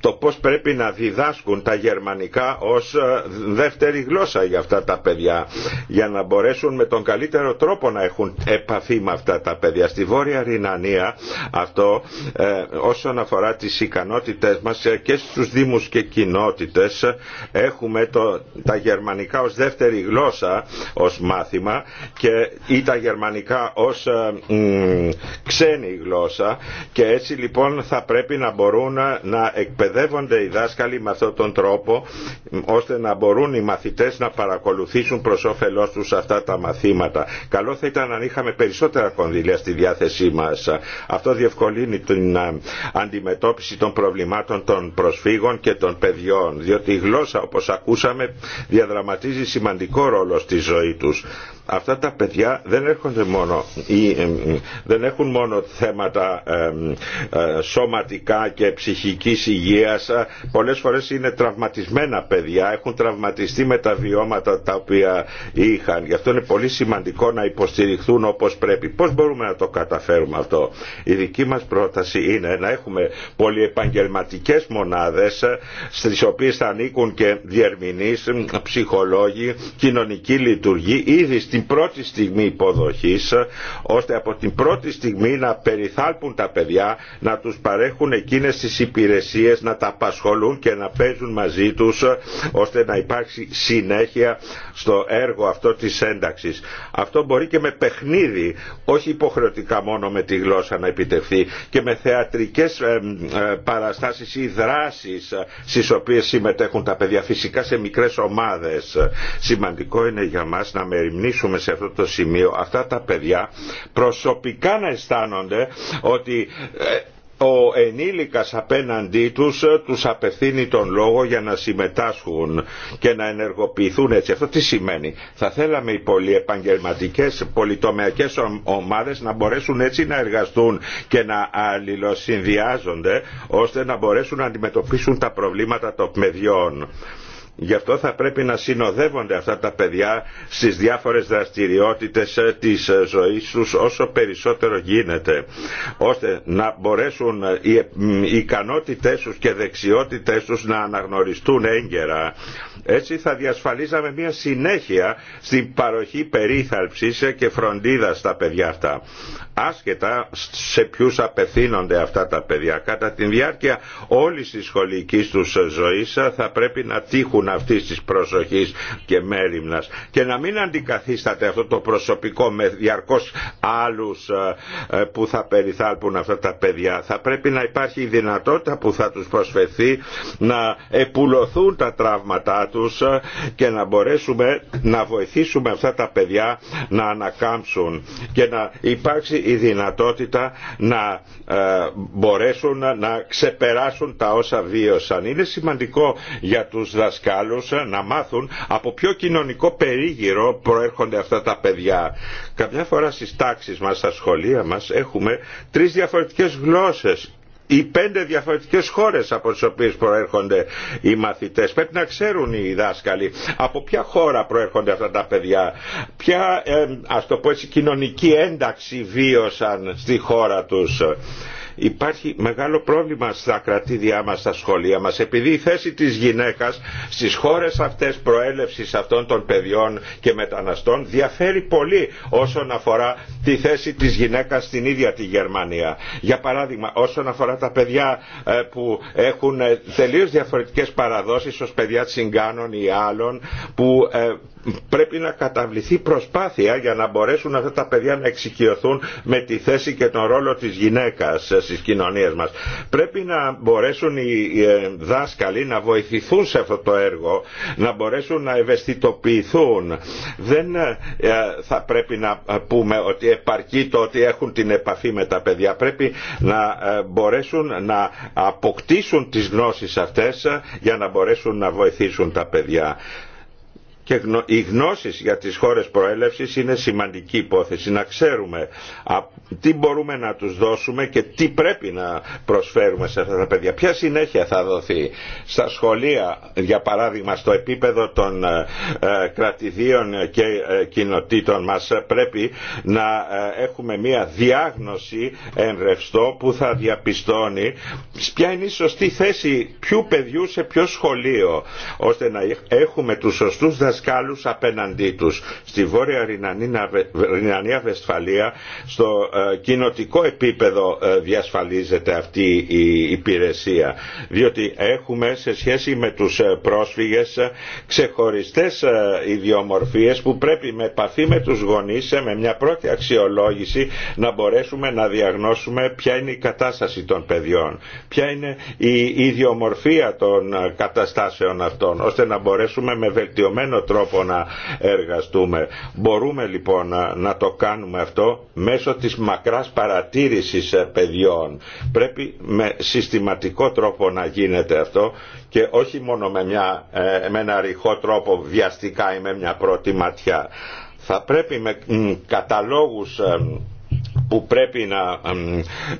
το πώς πρέπει να διδάσκουν γερμανικά ως ε, δεύτερη γλώσσα για αυτά τα παιδιά για να μπορέσουν με τον καλύτερο τρόπο να έχουν επαφή με αυτά τα παιδιά. Στη Βόρεια Ρινανία αυτό ε, όσον αφορά τις ικανότητες μας ε, και στους δήμους και κοινότητες έχουμε το, τα γερμανικά ως δεύτερη γλώσσα ως μάθημα και, ή τα γερμανικά ως ξένη γλώσσα και έτσι λοιπόν θα πρέπει να μπορούν να εκπαιδεύονται οι δάσκαλοι με αυτόν τον τρόπο τρόπο ώστε να μπορούν οι μαθητές να παρακολουθήσουν προς όφελός τους αυτά τα μαθήματα. Καλό θα ήταν αν είχαμε περισσότερα κονδύλια στη διάθεσή μας. Αυτό διευκολύνει την αντιμετώπιση των προβλημάτων των προσφύγων και των παιδιών, διότι η γλώσσα όπως ακούσαμε διαδραματίζει σημαντικό ρόλο στη ζωή τους. Αυτά τα παιδιά δεν, έρχονται μόνο, ή, δεν έχουν μόνο θέματα ε, σωματικά και ψυχικής υγείας, πολλές φορές είναι τραυματικά τραυματισμένα παιδιά, έχουν τραυματιστεί με τα βιώματα τα οποία είχαν. Γι' αυτό είναι πολύ σημαντικό να υποστηριχθούν όπως πρέπει. Πώς μπορούμε να το καταφέρουμε αυτό. Η δική μας πρόταση είναι να έχουμε πολυεπαγγελματικές μονάδες στις οποίες θα ανήκουν και διερμηνείς, ψυχολόγοι, κοινωνικοί λειτουργοί ήδη στην πρώτη στιγμή υποδοχής ώστε από την πρώτη στιγμή να περιθάλπουν τα παιδιά, να τους παρέχουν εκείνες τις υπηρεσίες, να τα απασχολούν και να παίζουν μαζί μαζί ώστε να υπάρξει συνέχεια στο έργο αυτό της ένταξης. Αυτό μπορεί και με παιχνίδι, όχι υποχρεωτικά μόνο με τη γλώσσα να επιτευχθεί και με θεατρικές ε, ε, παραστάσεις ή δράσεις ε, στις οποίες συμμετέχουν τα παιδιά φυσικά σε μικρές ομάδες. Σημαντικό είναι για μας να μεριμνήσουμε σε αυτό το σημείο αυτά τα παιδιά προσωπικά να αισθάνονται ότι ο ενήλικας απέναντί τους ε, τους απευθύνει τον λόγο για να συμμετάσχουν και να ενεργοποιηθούν έτσι. Αυτό τι σημαίνει. Θα θέλαμε οι πολυεπαγγελματικές πολυτομεακές ομάδες να μπορέσουν έτσι να εργαστούν και να αλληλοσυνδυάζονται ώστε να μπορέσουν να αντιμετωπίσουν τα προβλήματα των παιδιών. Γι' αυτό θα πρέπει να συνοδεύονται αυτά τα παιδιά στις διάφορες δραστηριότητες ε, της ε, ζωής τους όσο περισσότερο γίνεται ώστε να μπορέσουν ε, οι ικανότητές τους και δεξιότητές τους να αναγνωριστούν έγκαιρα. Έτσι θα διασφαλίζαμε μια συνέχεια στην παροχή περίθαλψης και φροντίδας στα παιδιά αυτά άσχετα σε ποιους απευθύνονται αυτά τα παιδιά. Κατά τη διάρκεια όλης της σχολικής τους ζωής θα πρέπει να τύχουν αυτής της προσοχής και μέρημνας και να μην αντικαθίσταται αυτό το προσωπικό με διαρκώς άλλους ε, ε, που θα περιθάλπουν αυτά τα παιδιά. Θα πρέπει να υπάρχει η δυνατότητα που θα τους προσφερθεί να επουλωθούν τα τραύματά τους ε, και να μπορέσουμε να βοηθήσουμε αυτά τα παιδιά να ανακάμψουν και να υπάρξει η δυνατότητα να ε, μπορέσουν να ξεπεράσουν τα όσα βίωσαν. Είναι σημαντικό για τους δασκάλους να μάθουν από ποιο κοινωνικό περίγυρο προέρχονται αυτά τα παιδιά. Καμιά φορά στις τάξεις μας, στα σχολεία μας έχουμε τρεις διαφορετικές γλώσσες οι πέντε διαφορετικές χώρες από τις οποίες προέρχονται οι μαθητές. Πρέπει να ξέρουν οι δάσκαλοι από ποια χώρα προέρχονται αυτά τα παιδιά, ποια ε, ας το πω έτσι, κοινωνική ένταξη βίωσαν στη χώρα τους υπάρχει μεγάλο πρόβλημα στα κρατήδια μας, στα σχολεία μας, επειδή η θέση της γυναίκας στις χώρες αυτές προέλευσης αυτών των παιδιών και μεταναστών διαφέρει πολύ όσον αφορά τη θέση της γυναίκας στην ίδια τη Γερμανία. Για παράδειγμα, όσον αφορά τα παιδιά ε, που έχουν ε, τελείως διαφορετικές παραδόσεις ως παιδιά τσιγκάνων ή άλλων που ε, πρέπει να καταβληθεί προσπάθεια για να μπορέσουν αυτά τα παιδιά να εξοικειωθούν με τη θέση και τον ρόλο της γυναίκας στις κοινωνίες μας. Πρέπει να μπορέσουν οι ε, δάσκαλοι να βοηθηθούν σε αυτό το έργο, να μπορέσουν να ευαισθητοποιηθούν. Δεν ε, ε, θα πρέπει να πούμε ότι επαρκεί το ότι έχουν την επαφή με τα παιδιά. Πρέπει να μπορέσουν να αποκτήσουν τις γνώσεις αυτές για να μπορέσουν να βοηθήσουν τα παιδιά και οι γνώσεις για τις χώρες προέλευσης είναι σημαντική υπόθεση. Να ξέρουμε τι μπορούμε να τους δώσουμε και τι πρέπει να προσφέρουμε σε αυτά τα παιδιά. Ποια συνέχεια θα δοθεί στα σχολεία, για παράδειγμα στο επίπεδο των ε, ε, κρατηδίων και ε, κοινοτήτων μας πρέπει να έχουμε μια διάγνωση εν που θα διαπιστώνει ποια είναι η σωστή θέση ποιου παιδιού σε ποιο σχολείο ώστε να έχουμε τους σωστούς δασκάλους απέναντί τους. Στη Βόρεια Ρινανία Βεσφαλία στο ε, κοινοτικό επίπεδο ε, διασφαλίζεται αυτή η υπηρεσία διότι έχουμε σε σχέση με τους ε, πρόσφυγες ξεχωριστές ιδιομορφίες που πρέπει με επαφή με τους γονείς με μια πρώτη αξιολόγηση να μπορέσουμε να διαγνώσουμε ποια είναι η κατάσταση των παιδιών ποια είναι η ιδιομορφία των καταστάσεων αυτών ώστε να μπορέσουμε με βελτιωμένο τρόπο να εργαστούμε. Μπορούμε λοιπόν να το κάνουμε αυτό μέσω της μακράς παρατήρησης ε, παιδιών. Πρέπει με συστηματικό τρόπο να γίνεται αυτό και όχι μόνο με, μια, ε, ένα ρηχό τρόπο βιαστικά ή με μια πρώτη ματιά. Θα πρέπει με καταλόγους ε, που πρέπει να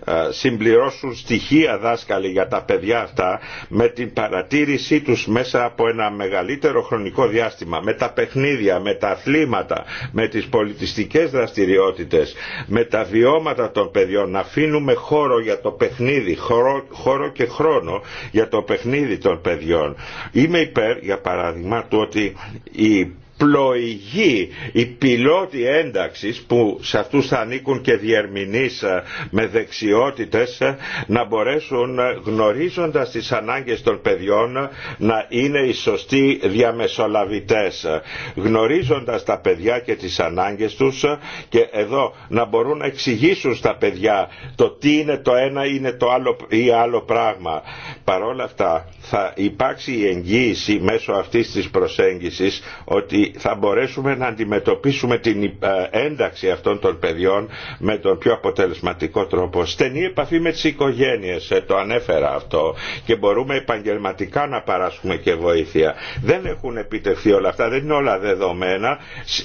ε, συμπληρώσουν στοιχεία δάσκαλοι για τα παιδιά αυτά με την παρατήρησή τους μέσα από ένα μεγαλύτερο χρονικό διάστημα, με τα παιχνίδια, με τα αθλήματα, με τις πολιτιστικές δραστηριότητες, με τα βιώματα των παιδιών, να αφήνουμε χώρο για το παιχνίδι, χώρο, και χρόνο για το παιχνίδι των παιδιών. Είμαι υπέρ, για παράδειγμα, του ότι οι πλοηγή οι πιλότοι ένταξης που σε αυτούς θα ανήκουν και διερμηνείς ε, με δεξιότητες ε, να μπορέσουν ε, γνωρίζοντας τις ανάγκες των παιδιών να είναι οι σωστοί διαμεσολαβητές γνωρίζοντας τα παιδιά και τις ανάγκες τους και εδώ να μπορούν να εξηγήσουν στα παιδιά το τι είναι το ένα είναι το άλλο ή άλλο πράγμα παρόλα αυτά θα υπάρξει η εγγύηση μέσω αυτής της προσέγγισης ότι θα μπορέσουμε να αντιμετωπίσουμε την ε, ένταξη αυτών των παιδιών με τον πιο αποτελεσματικό τρόπο. Στενή επαφή με τις οικογένειες, ε, το ανέφερα αυτό και μπορούμε επαγγελματικά να παράσχουμε και βοήθεια. Δεν έχουν επιτευχθεί όλα αυτά, δεν είναι όλα δεδομένα,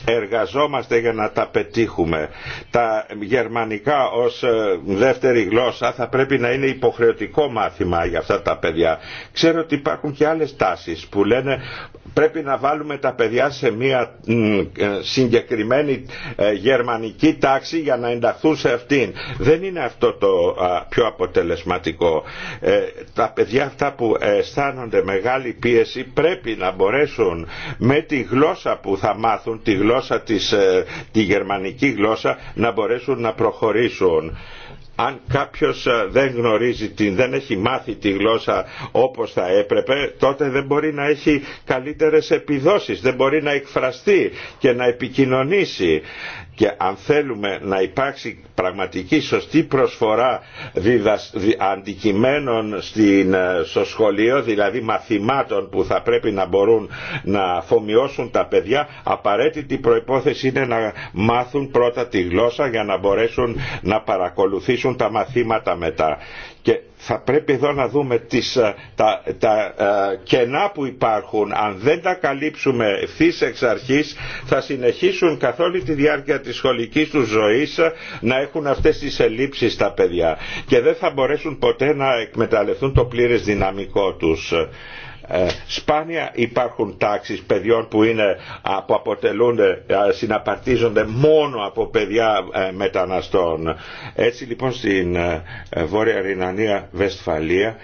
εργαζόμαστε για να τα πετύχουμε. Τα γερμανικά ως ε, δεύτερη γλώσσα θα πρέπει να είναι υποχρεωτικό μάθημα για αυτά τα παιδιά. Ξέρω ότι υπάρχουν και άλλες τάσεις που λένε πρέπει να βάλουμε τα παιδιά σε σε μια ε, συγκεκριμένη ε, γερμανική τάξη για να ενταχθούν σε αυτήν. Δεν είναι αυτό το πιο αποτελεσματικό. Ε, τα παιδιά αυτά που αισθάνονται μεγάλη πίεση πρέπει να μπορέσουν με τη γλώσσα που θα μάθουν, τη γλώσσα της, τη γερμανική γλώσσα, να μπορέσουν να προχωρήσουν αν κάποιος ε, δεν γνωρίζει την, δεν έχει μάθει τη γλώσσα όπως θα έπρεπε, τότε δεν μπορεί να έχει καλύτερες επιδόσεις, δεν μπορεί να εκφραστεί και να επικοινωνήσει και αν θέλουμε να υπάρξει πραγματική σωστή προσφορά αντικειμένων στην, ε, στο σχολείο, δηλαδή μαθημάτων που θα πρέπει να μπορούν να αφομοιώσουν τα παιδιά, απαραίτητη προϋπόθεση είναι να μάθουν πρώτα τη γλώσσα για να μπορέσουν να παρακολουθήσουν τα μαθήματα μετά και θα πρέπει εδώ να δούμε τις, ε, τα, τα ε, κενά που υπάρχουν. Αν δεν τα καλύψουμε ευθύ εξ αρχής θα συνεχίσουν καθ' όλη τη διάρκεια της σχολικής του ζωής ε, να έχουν αυτές τις ελλείψεις τα παιδιά και δεν θα μπορέσουν ποτέ να εκμεταλλευτούν το πλήρες δυναμικό τους. Ε, σπάνια υπάρχουν τάξεις παιδιών που, είναι, που αποτελούνται συναπαρτίζονται μόνο από παιδιά ε, μεταναστών. Έτσι λοιπόν στην ε, Βόρεια Ρινανία Βεσφαλία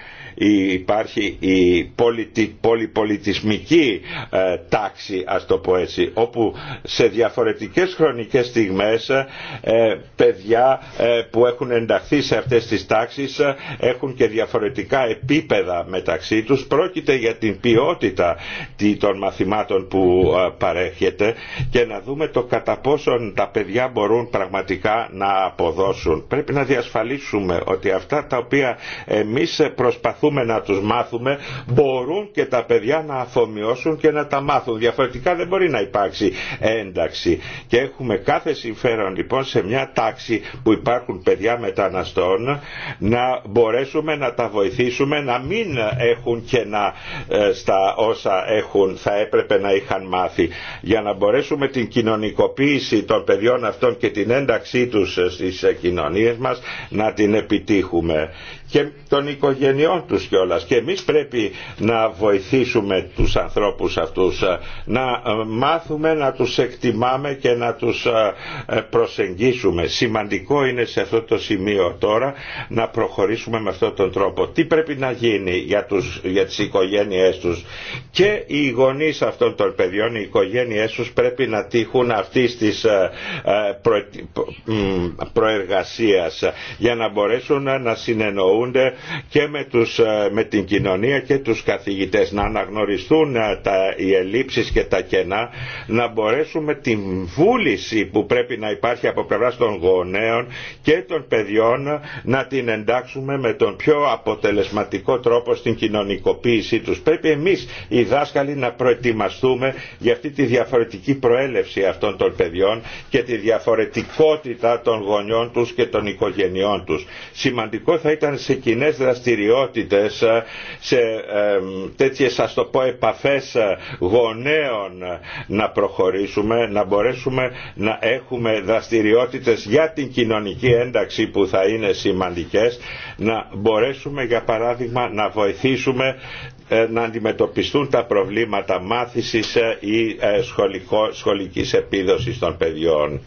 υπάρχει η πολιτι, πολυπολιτισμική ε, τάξη ας το πω έτσι όπου σε διαφορετικές χρονικές στιγμές ε, παιδιά ε, που έχουν ενταχθεί σε αυτές τις τάξεις έχουν και διαφορετικά επίπεδα μεταξύ τους πρόκειται για την ποιότητα των μαθημάτων που παρέχεται και να δούμε το κατά πόσον τα παιδιά μπορούν πραγματικά να αποδώσουν. Πρέπει να διασφαλίσουμε ότι αυτά τα οποία εμείς προσπαθούμε προσπαθούμε να τους μάθουμε μπορούν και τα παιδιά να αφομοιώσουν και να τα μάθουν. Διαφορετικά δεν μπορεί να υπάρξει ένταξη. Και έχουμε κάθε συμφέρον λοιπόν σε μια τάξη που υπάρχουν παιδιά μεταναστών να μπορέσουμε να τα βοηθήσουμε να μην έχουν και να ε, στα όσα έχουν θα έπρεπε να είχαν μάθει. Για να μπορέσουμε την κοινωνικοποίηση των παιδιών αυτών και την ένταξή τους ε, στις ε, κοινωνίες μας να την επιτύχουμε και των οικογενειών τους κιόλας και εμείς πρέπει να βοηθήσουμε τους ανθρώπους αυτούς ε, να ε, μάθουμε να τους εκτιμάμε και να τους ε, προσεγγίσουμε σημαντικό είναι σε αυτό το σημείο τώρα να προχωρήσουμε με αυτόν τον τρόπο τι πρέπει να γίνει για, τους, για τις οικογένειές τους και οι γονείς αυτών των παιδιών οι οικογένειές τους πρέπει να τύχουν αυτή της προεργασίας για να μπορέσουν να συνεννοούν και ε, με, την κοινωνία και τους καθηγητές να αναγνωριστούν ε, τα, οι ελλείψεις και τα κενά να μπορέσουμε την βούληση που πρέπει να υπάρχει από πλευρά των γονέων και των παιδιών να την εντάξουμε με τον πιο αποτελεσματικό τρόπο στην κοινωνικοποίησή τους. Πρέπει εμείς οι δάσκαλοι να προετοιμαστούμε για αυτή τη διαφορετική προέλευση αυτών των παιδιών και τη διαφορετικότητα των γονιών τους και των οικογενειών τους. Σημαντικό θα ήταν σε κοινέ δραστηριότητε ε, σε ε, τέτοιε α το πω επαφές ε, γονέων να προχωρήσουμε, να μπορέσουμε να έχουμε δραστηριότητε για την κοινωνική ένταξη που θα είναι σημαντικές, να μπορέσουμε για παράδειγμα να βοηθήσουμε να αντιμετωπιστούν τα προβλήματα μάθησης ή σχολικής επίδοσης των παιδιών.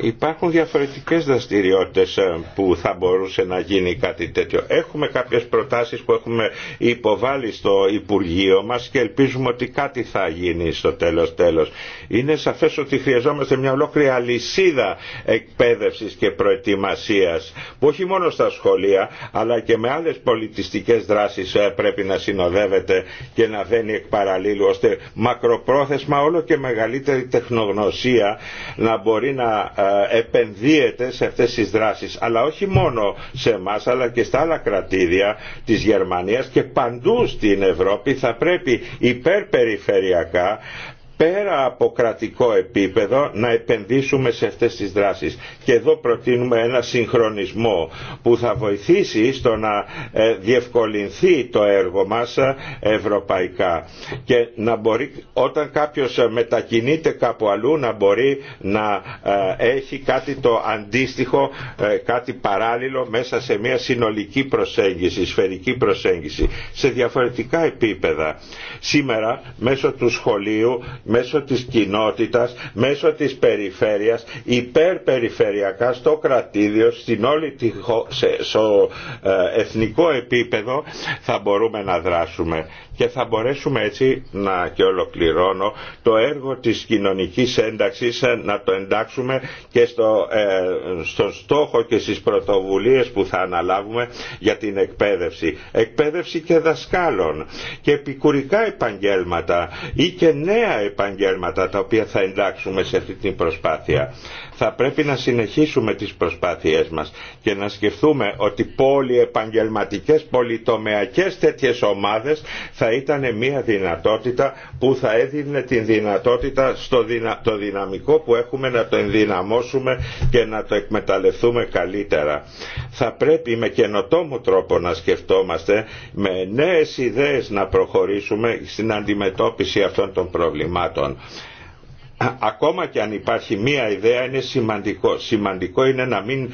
Υπάρχουν διαφορετικές δραστηριότητες ε, που θα μπορούσε να γίνει κάτι τέτοιο. Έχουμε κάποιες προτάσεις που έχουμε υποβάλει στο Υπουργείο μας και ελπίζουμε ότι κάτι θα γίνει στο τέλος τέλος. Είναι σαφές ότι χρειαζόμαστε μια ολόκληρη αλυσίδα εκπαίδευσης και προετοιμασίας που όχι μόνο στα σχολεία αλλά και με άλλες πολιτιστικές δράσεις ε, πρέπει να συνοδεύεται και να δένει εκ παραλίλου ώστε μακροπρόθεσμα όλο και μεγαλύτερη τεχνογνωσία να μπορεί να ε, επενδύεται σε αυτές τις δράσεις. Αλλά όχι μόνο σε εμά, αλλά και στα άλλα κρατήδια της Γερμανίας και παντού στην Ευρώπη θα πρέπει υπερπεριφερειακά πέρα από κρατικό επίπεδο να επενδύσουμε σε αυτές τις δράσεις. Και εδώ προτείνουμε ένα συγχρονισμό που θα βοηθήσει στο να ε, διευκολυνθεί το έργο μας ε, ευρωπαϊκά και να μπορεί όταν κάποιος ε, μετακινείται κάπου αλλού να μπορεί να έχει κάτι το αντίστοιχο, κάτι παράλληλο μέσα σε μια συνολική προσέγγιση, σφαιρική προσέγγιση σε διαφορετικά επίπεδα. Σήμερα μέσω του σχολείου μέσω της κοινότητας, μέσω της περιφέρειας, υπερπεριφερειακά στο κρατήδιο, στην όλη σε, στο ε, εθνικό επίπεδο θα μπορούμε να δράσουμε και θα μπορέσουμε έτσι να και ολοκληρώνω το έργο της κοινωνικής ένταξης ε, να το εντάξουμε και στο, ε, στον στόχο και στις πρωτοβουλίες που θα αναλάβουμε για την εκπαίδευση. Εκπαίδευση και δασκάλων και επικουρικά επαγγέλματα ή και νέα επαγγέλματα τα οποία θα εντάξουμε σε αυτή την προσπάθεια. Θα πρέπει να συνεχίσουμε τις προσπάθειές μας και να σκεφτούμε ότι πολυεπαγγελματικές, πολυτομεακές τέτοιες ομάδες θα ήταν μια δυνατότητα που θα έδινε την δυνατότητα στο το δυναμικό που έχουμε να το ενδυναμώσουμε και να το εκμεταλλευτούμε καλύτερα. Θα πρέπει με καινοτόμο τρόπο να σκεφτόμαστε, με νέες ιδέες να προχωρήσουμε στην αντιμετώπιση αυτών των προβλημάτων ακόμα και αν υπάρχει μία ιδέα είναι σημαντικό. Σημαντικό είναι να μην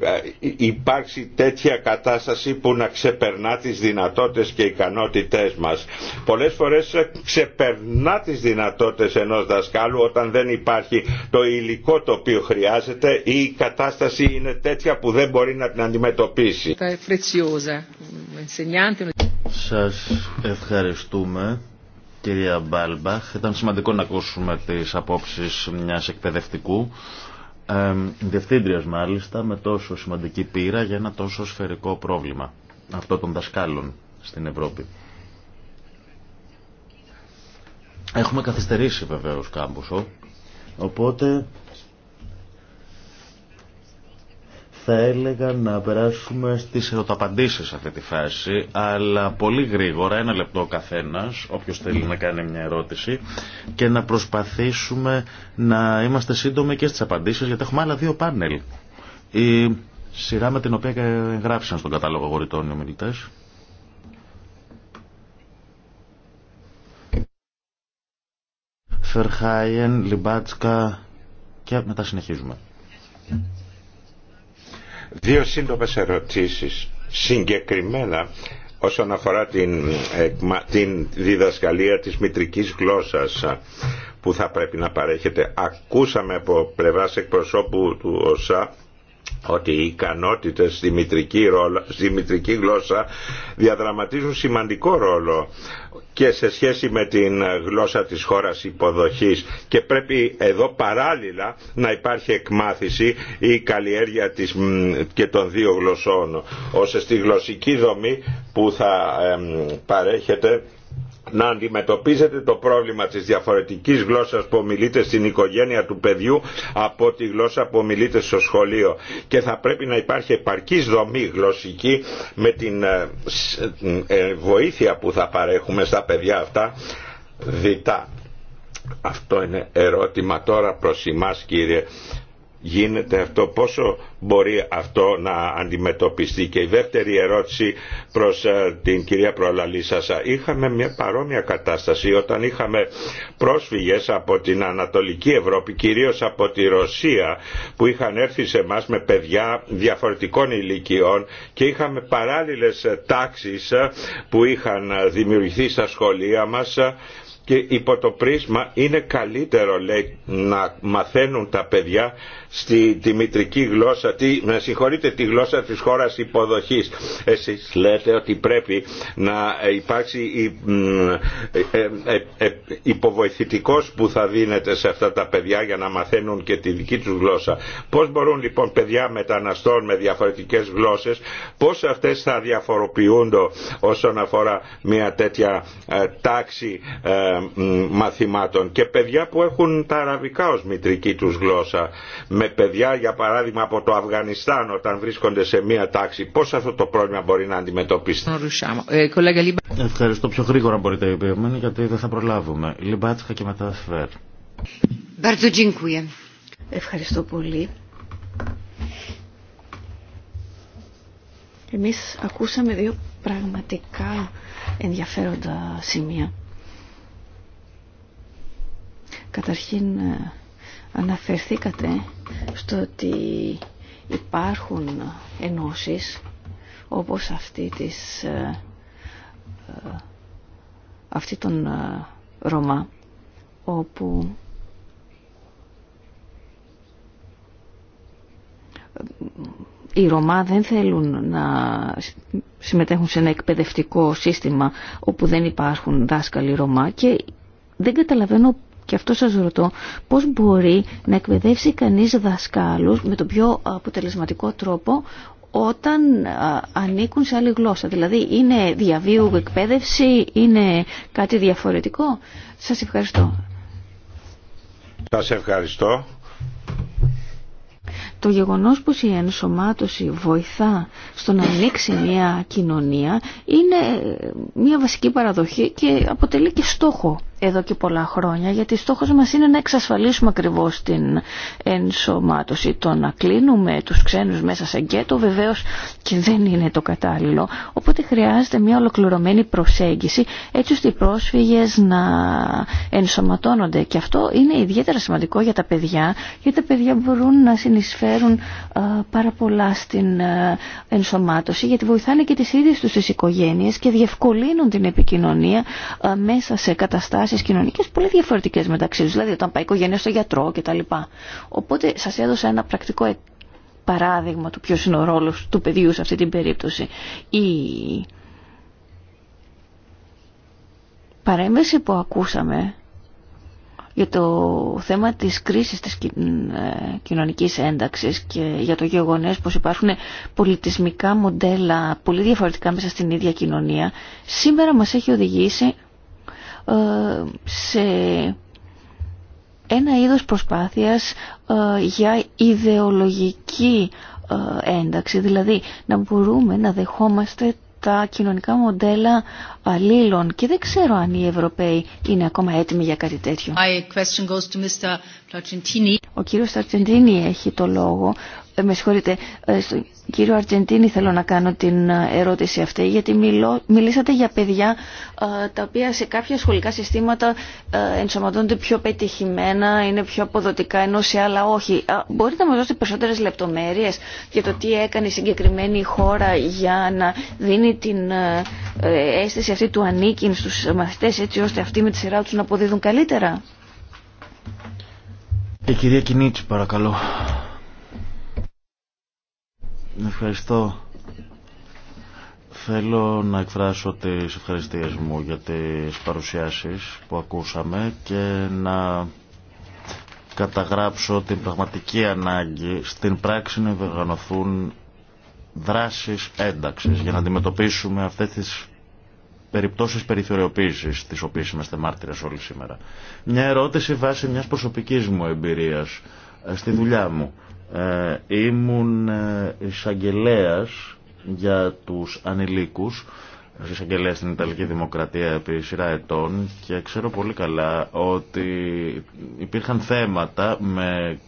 ε, ε, υπάρξει τέτοια κατάσταση που να ξεπερνά τις δυνατότητες και ικανότητές μας. Πολλές φορές ε, ξεπερνά τις δυνατότητες ενός δασκάλου όταν δεν υπάρχει το υλικό το οποίο χρειάζεται ή η κατάσταση είναι τέτοια που δεν μπορεί να την αντιμετωπίσει. Σας ευχαριστούμε κυρία Μπάλμπαχ. Ήταν σημαντικό να ακούσουμε τις απόψεις μιας εκπαιδευτικού, ε, διευθύντριας μάλιστα, με τόσο σημαντική πείρα για ένα τόσο σφαιρικό πρόβλημα, αυτό των δασκάλων στην Ευρώπη. Έχουμε καθυστερήσει βεβαίως κάμποσο, οπότε Θα έλεγα να περάσουμε στις ερωταπαντήσεις σε αυτή τη φάση, αλλά πολύ γρήγορα, ένα λεπτό ο καθένας, όποιος θέλει να κάνει μια ερώτηση, και να προσπαθήσουμε να είμαστε σύντομοι και στις απαντήσεις, γιατί έχουμε άλλα δύο πάνελ. Η σειρά με την οποία γράφησαν στον κατάλογο αγορητών οι ομιλητές. Φερχάιεν, Λιμπάτσκα και μετά συνεχίζουμε. Δύο σύντομες ερωτήσεις συγκεκριμένα όσον αφορά την, ε, την διδασκαλία της μητρικής γλώσσας ε, που θα πρέπει να παρέχεται. Ακούσαμε από πλευράς εκπροσώπου του ΩΣΑ ότι οι ικανότητες στη μητρική, ρόλο, στη μητρική γλώσσα διαδραματίζουν σημαντικό ρόλο και σε σχέση με την γλώσσα της χώρας υποδοχής και πρέπει εδώ παράλληλα να υπάρχει εκμάθηση ή καλλιέργεια της, και των δύο γλωσσών ώστε στη γλωσσική δομή που θα παρέχεται να αντιμετωπίζετε το πρόβλημα της διαφορετικής γλώσσας που ομιλείται στην οικογένεια του παιδιού από τη γλώσσα που ομιλείται στο σχολείο και θα πρέπει να υπάρχει επαρκής δομή γλωσσική με την ε, ε, ε, βοήθεια που θα παρέχουμε στα παιδιά αυτά διτά. Αυτό είναι ερώτημα τώρα προς εμάς κύριε γίνεται αυτό, πόσο μπορεί αυτό να αντιμετωπιστεί. Και η δεύτερη ερώτηση προς ε, την κυρία Προλαλή Είχαμε μια παρόμοια κατάσταση όταν είχαμε πρόσφυγες από την Ανατολική Ευρώπη, κυρίως από τη Ρωσία, που είχαν έρθει σε εμά με παιδιά διαφορετικών ηλικιών και είχαμε παράλληλες τάξεις που είχαν δημιουργηθεί στα σχολεία μας και υπό το πρίσμα είναι καλύτερο λέει, να μαθαίνουν τα παιδιά στη, τη μητρική γλώσσα, τη, να συγχωρείτε τη γλώσσα της χώρας υποδοχής. Εσείς λέτε ότι πρέπει να υπάρξει η, ε, ε, ε, υποβοηθητικός που θα δίνεται σε αυτά τα παιδιά για να μαθαίνουν και τη δική τους γλώσσα. Πώς μπορούν λοιπόν παιδιά μεταναστών με διαφορετικές γλώσσες, πώς αυτές θα διαφοροποιούνται όσον αφορά μια τέτοια τάξη μαθημάτων και παιδιά που έχουν τα αραβικά ως μητρική τους γλώσσα με παιδιά για παράδειγμα από το Αφγανιστάν όταν βρίσκονται σε μία τάξη πώς αυτό το πρόβλημα μπορεί να αντιμετωπίσει Ευχαριστώ πιο γρήγορα μπορείτε να γιατί δεν θα προλάβουμε Λιμπάτσχα και μετά Σφέρ Ευχαριστώ πολύ Εμείς ακούσαμε δύο πραγματικά ενδιαφέροντα σημεία Καταρχήν ε, αναφερθήκατε στο ότι υπάρχουν ενώσεις όπως αυτή της ε, ε, αυτή των Ρωμά όπου οι Ρωμά δεν θέλουν να συμμετέχουν σε ένα εκπαιδευτικό σύστημα όπου δεν υπάρχουν δάσκαλοι Ρωμά και δεν καταλαβαίνω και αυτό σας ρωτώ, πώς μπορεί να εκπαιδεύσει κανείς δασκάλους με τον πιο αποτελεσματικό τρόπο όταν ανήκουν σε άλλη γλώσσα. Δηλαδή είναι διαβίου εκπαίδευση, είναι κάτι διαφορετικό. Σας ευχαριστώ. Σας ευχαριστώ. Το γεγονός πως η ενσωμάτωση βοηθά στο να ανοίξει μια κοινωνία είναι ε, μια βασική παραδοχή και αποτελεί και στόχο εδώ και πολλά χρόνια γιατί στόχος μας είναι να εξασφαλίσουμε ακριβώς την ενσωμάτωση. Το να κλείνουμε τους ξένους μέσα σε γκέτο βεβαίως και δεν είναι το κατάλληλο. Οπότε χρειάζεται μια ολοκληρωμένη προσέγγιση έτσι ώστε οι πρόσφυγες να ενσωματώνονται. Και αυτό είναι ιδιαίτερα σημαντικό για τα παιδιά γιατί τα παιδιά μπορούν να συνεισφέρουν πάρα πολλά στην ενσωμάτωση γιατί βοηθάνε και τις ίδιες τους τις οικογένειες και διευκολύνουν την επικοινωνία μέσα σε καταστάσεις στις κοινωνικές πολύ διαφορετικές μεταξύ τους, δηλαδή όταν πάει οικογένεια στο γιατρό κτλ. Οπότε σας έδωσα ένα πρακτικό παράδειγμα του ποιος είναι ο ρόλος του παιδιού σε αυτή την περίπτωση. Η παρέμβαση που ακούσαμε για το θέμα της κρίσης της ε, κοινωνικής ένταξης και για το γεγονές πως υπάρχουν πολιτισμικά μοντέλα πολύ διαφορετικά μέσα στην ίδια κοινωνία, σήμερα μας έχει οδηγήσει ε, σε ένα είδος προσπάθειας ε, για ιδεολογική ε, ένταξη, δηλαδή να μπορούμε να δεχόμαστε τα κοινωνικά μοντέλα αλλήλων και δεν ξέρω αν οι Ευρωπαίοι είναι ακόμα έτοιμοι για κάτι τέτοιο. Ο κύριος Ταρτζεντίνη έχει το λόγο με συγχωρείτε, ε, στον κύριο Αργεντίνη θέλω να κάνω την ε, ερώτηση αυτή, γιατί μιλώ, μιλήσατε για παιδιά ε, τα οποία σε κάποια σχολικά συστήματα ενσωματώνται πιο πετυχημένα, είναι πιο αποδοτικά, ενώ σε άλλα όχι. Μπορείτε να μας δώσετε περισσότερες λεπτομέρειες για το τι έκανε η συγκεκριμένη χώρα για να δίνει την αίσθηση αυτή του ανήκειν στους μαθητές, έτσι ώστε αυτοί με τη σειρά τους να αποδίδουν καλύτερα. Η κυρία Κινίτσι, παρακαλώ. Ευχαριστώ. Θέλω να εκφράσω τις ευχαριστίες μου για τις παρουσιάσεις που ακούσαμε και να καταγράψω την πραγματική ανάγκη στην πράξη να διοργανωθούν δράσεις ένταξης για να αντιμετωπίσουμε αυτές τις περιπτώσεις περιθωριοποίησης τις οποίες είμαστε μάρτυρες όλοι σήμερα. Μια ερώτηση βάσει μιας προσωπικής μου εμπειρίας ε, στη δουλειά μου. Ε, ήμουν ε, εισαγγελέα για τους ανηλίκους εισαγγελέα στην Ιταλική Δημοκρατία επί σειρά ετών και ξέρω πολύ καλά ότι υπήρχαν θέματα με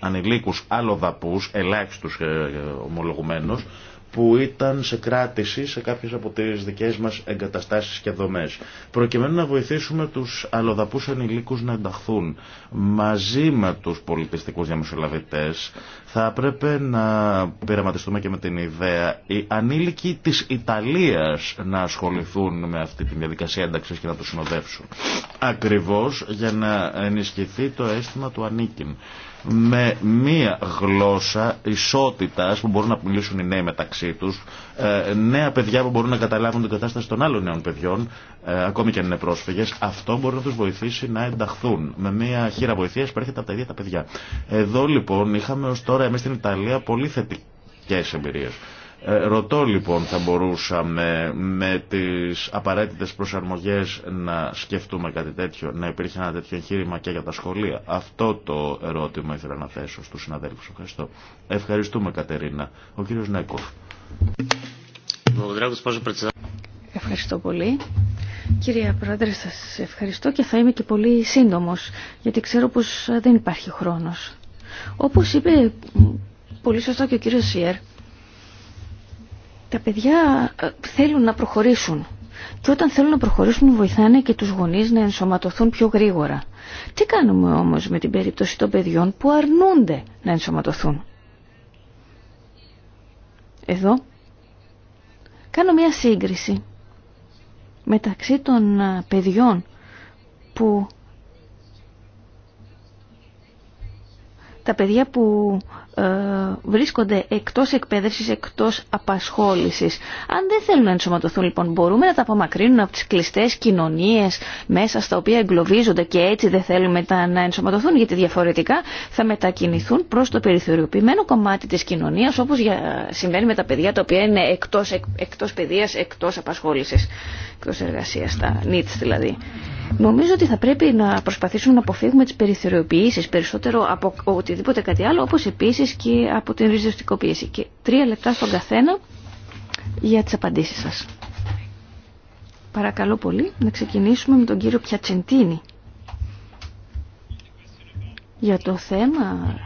ανηλίκους άλλο δαπούς, ελάχιστους ε, ομολογουμένως, που ήταν σε κράτηση σε κάποιες από τις δικές μας εγκαταστάσεις και δομές. Προκειμένου να βοηθήσουμε τους αλλοδαπούς ανηλίκους να ενταχθούν μαζί με τους πολιτιστικούς διαμεσολαβητές θα έπρεπε να πειραματιστούμε και με την ιδέα οι ανήλικοι της Ιταλίας να ασχοληθούν με αυτή τη διαδικασία ένταξης και να το συνοδεύσουν. Ακριβώς για να ενισχυθεί το αίσθημα του ανήκειν με μία γλώσσα ισότητας που μπορούν να μιλήσουν οι νέοι μεταξύ τους, ε, νέα παιδιά που μπορούν να καταλάβουν την κατάσταση των άλλων νέων παιδιών, ε, ακόμη και αν είναι πρόσφυγες, αυτό μπορεί να τους βοηθήσει να ενταχθούν με μία χείρα βοηθείας που έρχεται από τα ίδια τα παιδιά. Εδώ λοιπόν είχαμε ως τώρα εμείς στην Ιταλία πολύ θετικές εμπειρίες. Ε, ρωτώ λοιπόν θα μπορούσαμε με τις απαραίτητες προσαρμογές να σκεφτούμε κάτι τέτοιο, να υπήρχε ένα τέτοιο εγχείρημα και για τα σχολεία. Αυτό το ερώτημα ήθελα να θέσω στους συναδέλφους. Ευχαριστώ. Ευχαριστούμε Κατερίνα. Ο κύριος Νέκοφ. Ευχαριστώ πολύ. Κύριε Πρόεδρε, σας ευχαριστώ και θα είμαι και πολύ σύντομος, γιατί ξέρω πως δεν υπάρχει χρόνος. Όπως είπε πολύ σωστά και ο κύριος Σιέρ, τα παιδιά ε, θέλουν να προχωρήσουν. Και όταν θέλουν να προχωρήσουν βοηθάνε και τους γονείς να ενσωματωθούν πιο γρήγορα. Τι κάνουμε όμως με την περίπτωση των παιδιών που αρνούνται να ενσωματωθούν. Εδώ κάνω μια σύγκριση μεταξύ των ε, παιδιών που τα παιδιά που ε, βρίσκονται εκτός εκπαίδευσης, εκτός απασχόλησης. Αν δεν θέλουν να ενσωματωθούν λοιπόν μπορούμε να τα απομακρύνουν από τις κλειστές κοινωνίες μέσα στα οποία εγκλωβίζονται και έτσι δεν θέλουμε να ενσωματωθούν γιατί διαφορετικά θα μετακινηθούν προς το περιθωριοποιημένο κομμάτι της κοινωνίας όπως για, συμβαίνει με τα παιδιά τα οποία είναι εκτός, εκ, εκτός παιδείας, εκτός απασχόλησης, εκτός εργασίας, τα νίτς δηλαδή. Νομίζω ότι θα πρέπει να προσπαθήσουμε να αποφύγουμε τις περιθωριοποιήσεις περισσότερο από οτιδήποτε κάτι άλλο, όπως επίσης και από την ριζοστικοποίηση. Και τρία λεπτά στον καθένα για τις απαντήσεις σας. Παρακαλώ πολύ να ξεκινήσουμε με τον κύριο Πιατσεντίνη για το θέμα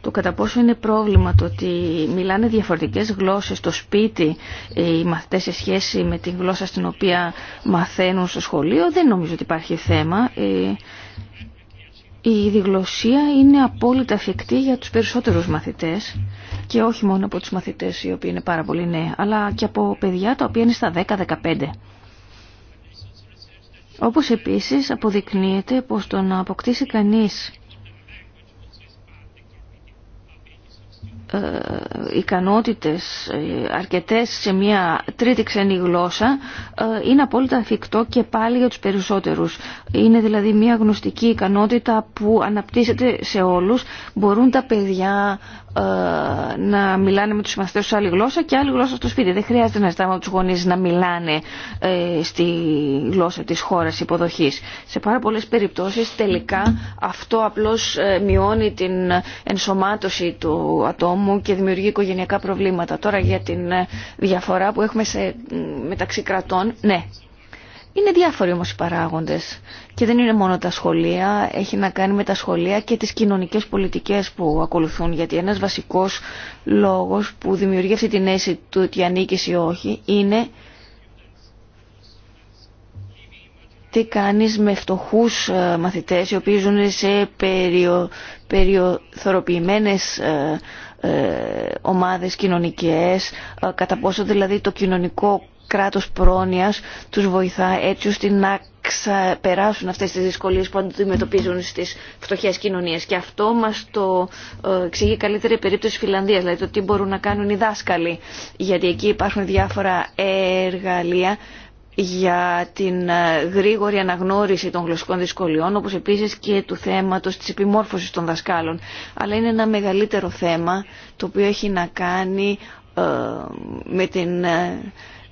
το κατά πόσο είναι πρόβλημα το ότι μιλάνε διαφορετικές γλώσσες στο σπίτι ε, οι μαθητές σε σχέση με τη γλώσσα στην οποία μαθαίνουν στο σχολείο δεν νομίζω ότι υπάρχει θέμα ε, η διγλωσία είναι απόλυτα εφικτή για τους περισσότερους μαθητές και όχι μόνο από τους μαθητές οι οποίοι είναι πάρα πολύ νέοι, αλλά και από παιδιά τα οποία είναι στα 10-15. Όπως επίσης αποδεικνύεται πως το να αποκτήσει κανείς Ε, ικανότητες ε, αρκετές σε μια τρίτη ξένη γλώσσα ε, είναι απόλυτα αφικτό και πάλι για τους περισσότερους. Είναι δηλαδή μια γνωστική ικανότητα που αναπτύσσεται σε όλους. Μπορούν τα παιδιά, ε, να μιλάνε με τους συμμαθητές σε άλλη γλώσσα και άλλη γλώσσα στο σπίτι. Δεν χρειάζεται να ζητάμε από τους γονείς να μιλάνε ε, στη γλώσσα της χώρας υποδοχής. Σε πάρα πολλές περιπτώσεις τελικά αυτό απλώς ε, μειώνει την ενσωμάτωση του ατόμου και δημιουργεί οικογενειακά προβλήματα. Τώρα για την διαφορά που έχουμε σε, μεταξύ κρατών, ναι, είναι διάφοροι όμως οι παράγοντες και δεν είναι μόνο τα σχολεία, έχει να κάνει με τα σχολεία και τις κοινωνικές πολιτικές που ακολουθούν γιατί ένας βασικός λόγος που δημιουργεί αυτή την αίσθηση του ότι ανήκει ή όχι είναι τι κάνεις με φτωχούς ε, μαθητές οι οποίοι ζουν σε περιο, περιοθωροποιημένες ε, ε, ομάδες κοινωνικές, κατά πόσο δηλαδή το κοινωνικό κράτος πρόνοιας τους βοηθά έτσι ώστε να ξεπεράσουν αυτές τις δυσκολίες που αντιμετωπίζουν στις φτωχές κοινωνίες. Και αυτό μας το ε, εξηγεί καλύτερη περίπτωση της Φιλανδίας, δηλαδή το τι μπορούν να κάνουν οι δάσκαλοι, γιατί εκεί υπάρχουν διάφορα εργαλεία για την ε, γρήγορη αναγνώριση των γλωσσικών δυσκολιών, όπως επίσης και του θέματος της επιμόρφωσης των δασκάλων. Αλλά είναι ένα μεγαλύτερο θέμα, το οποίο έχει να κάνει ε, με την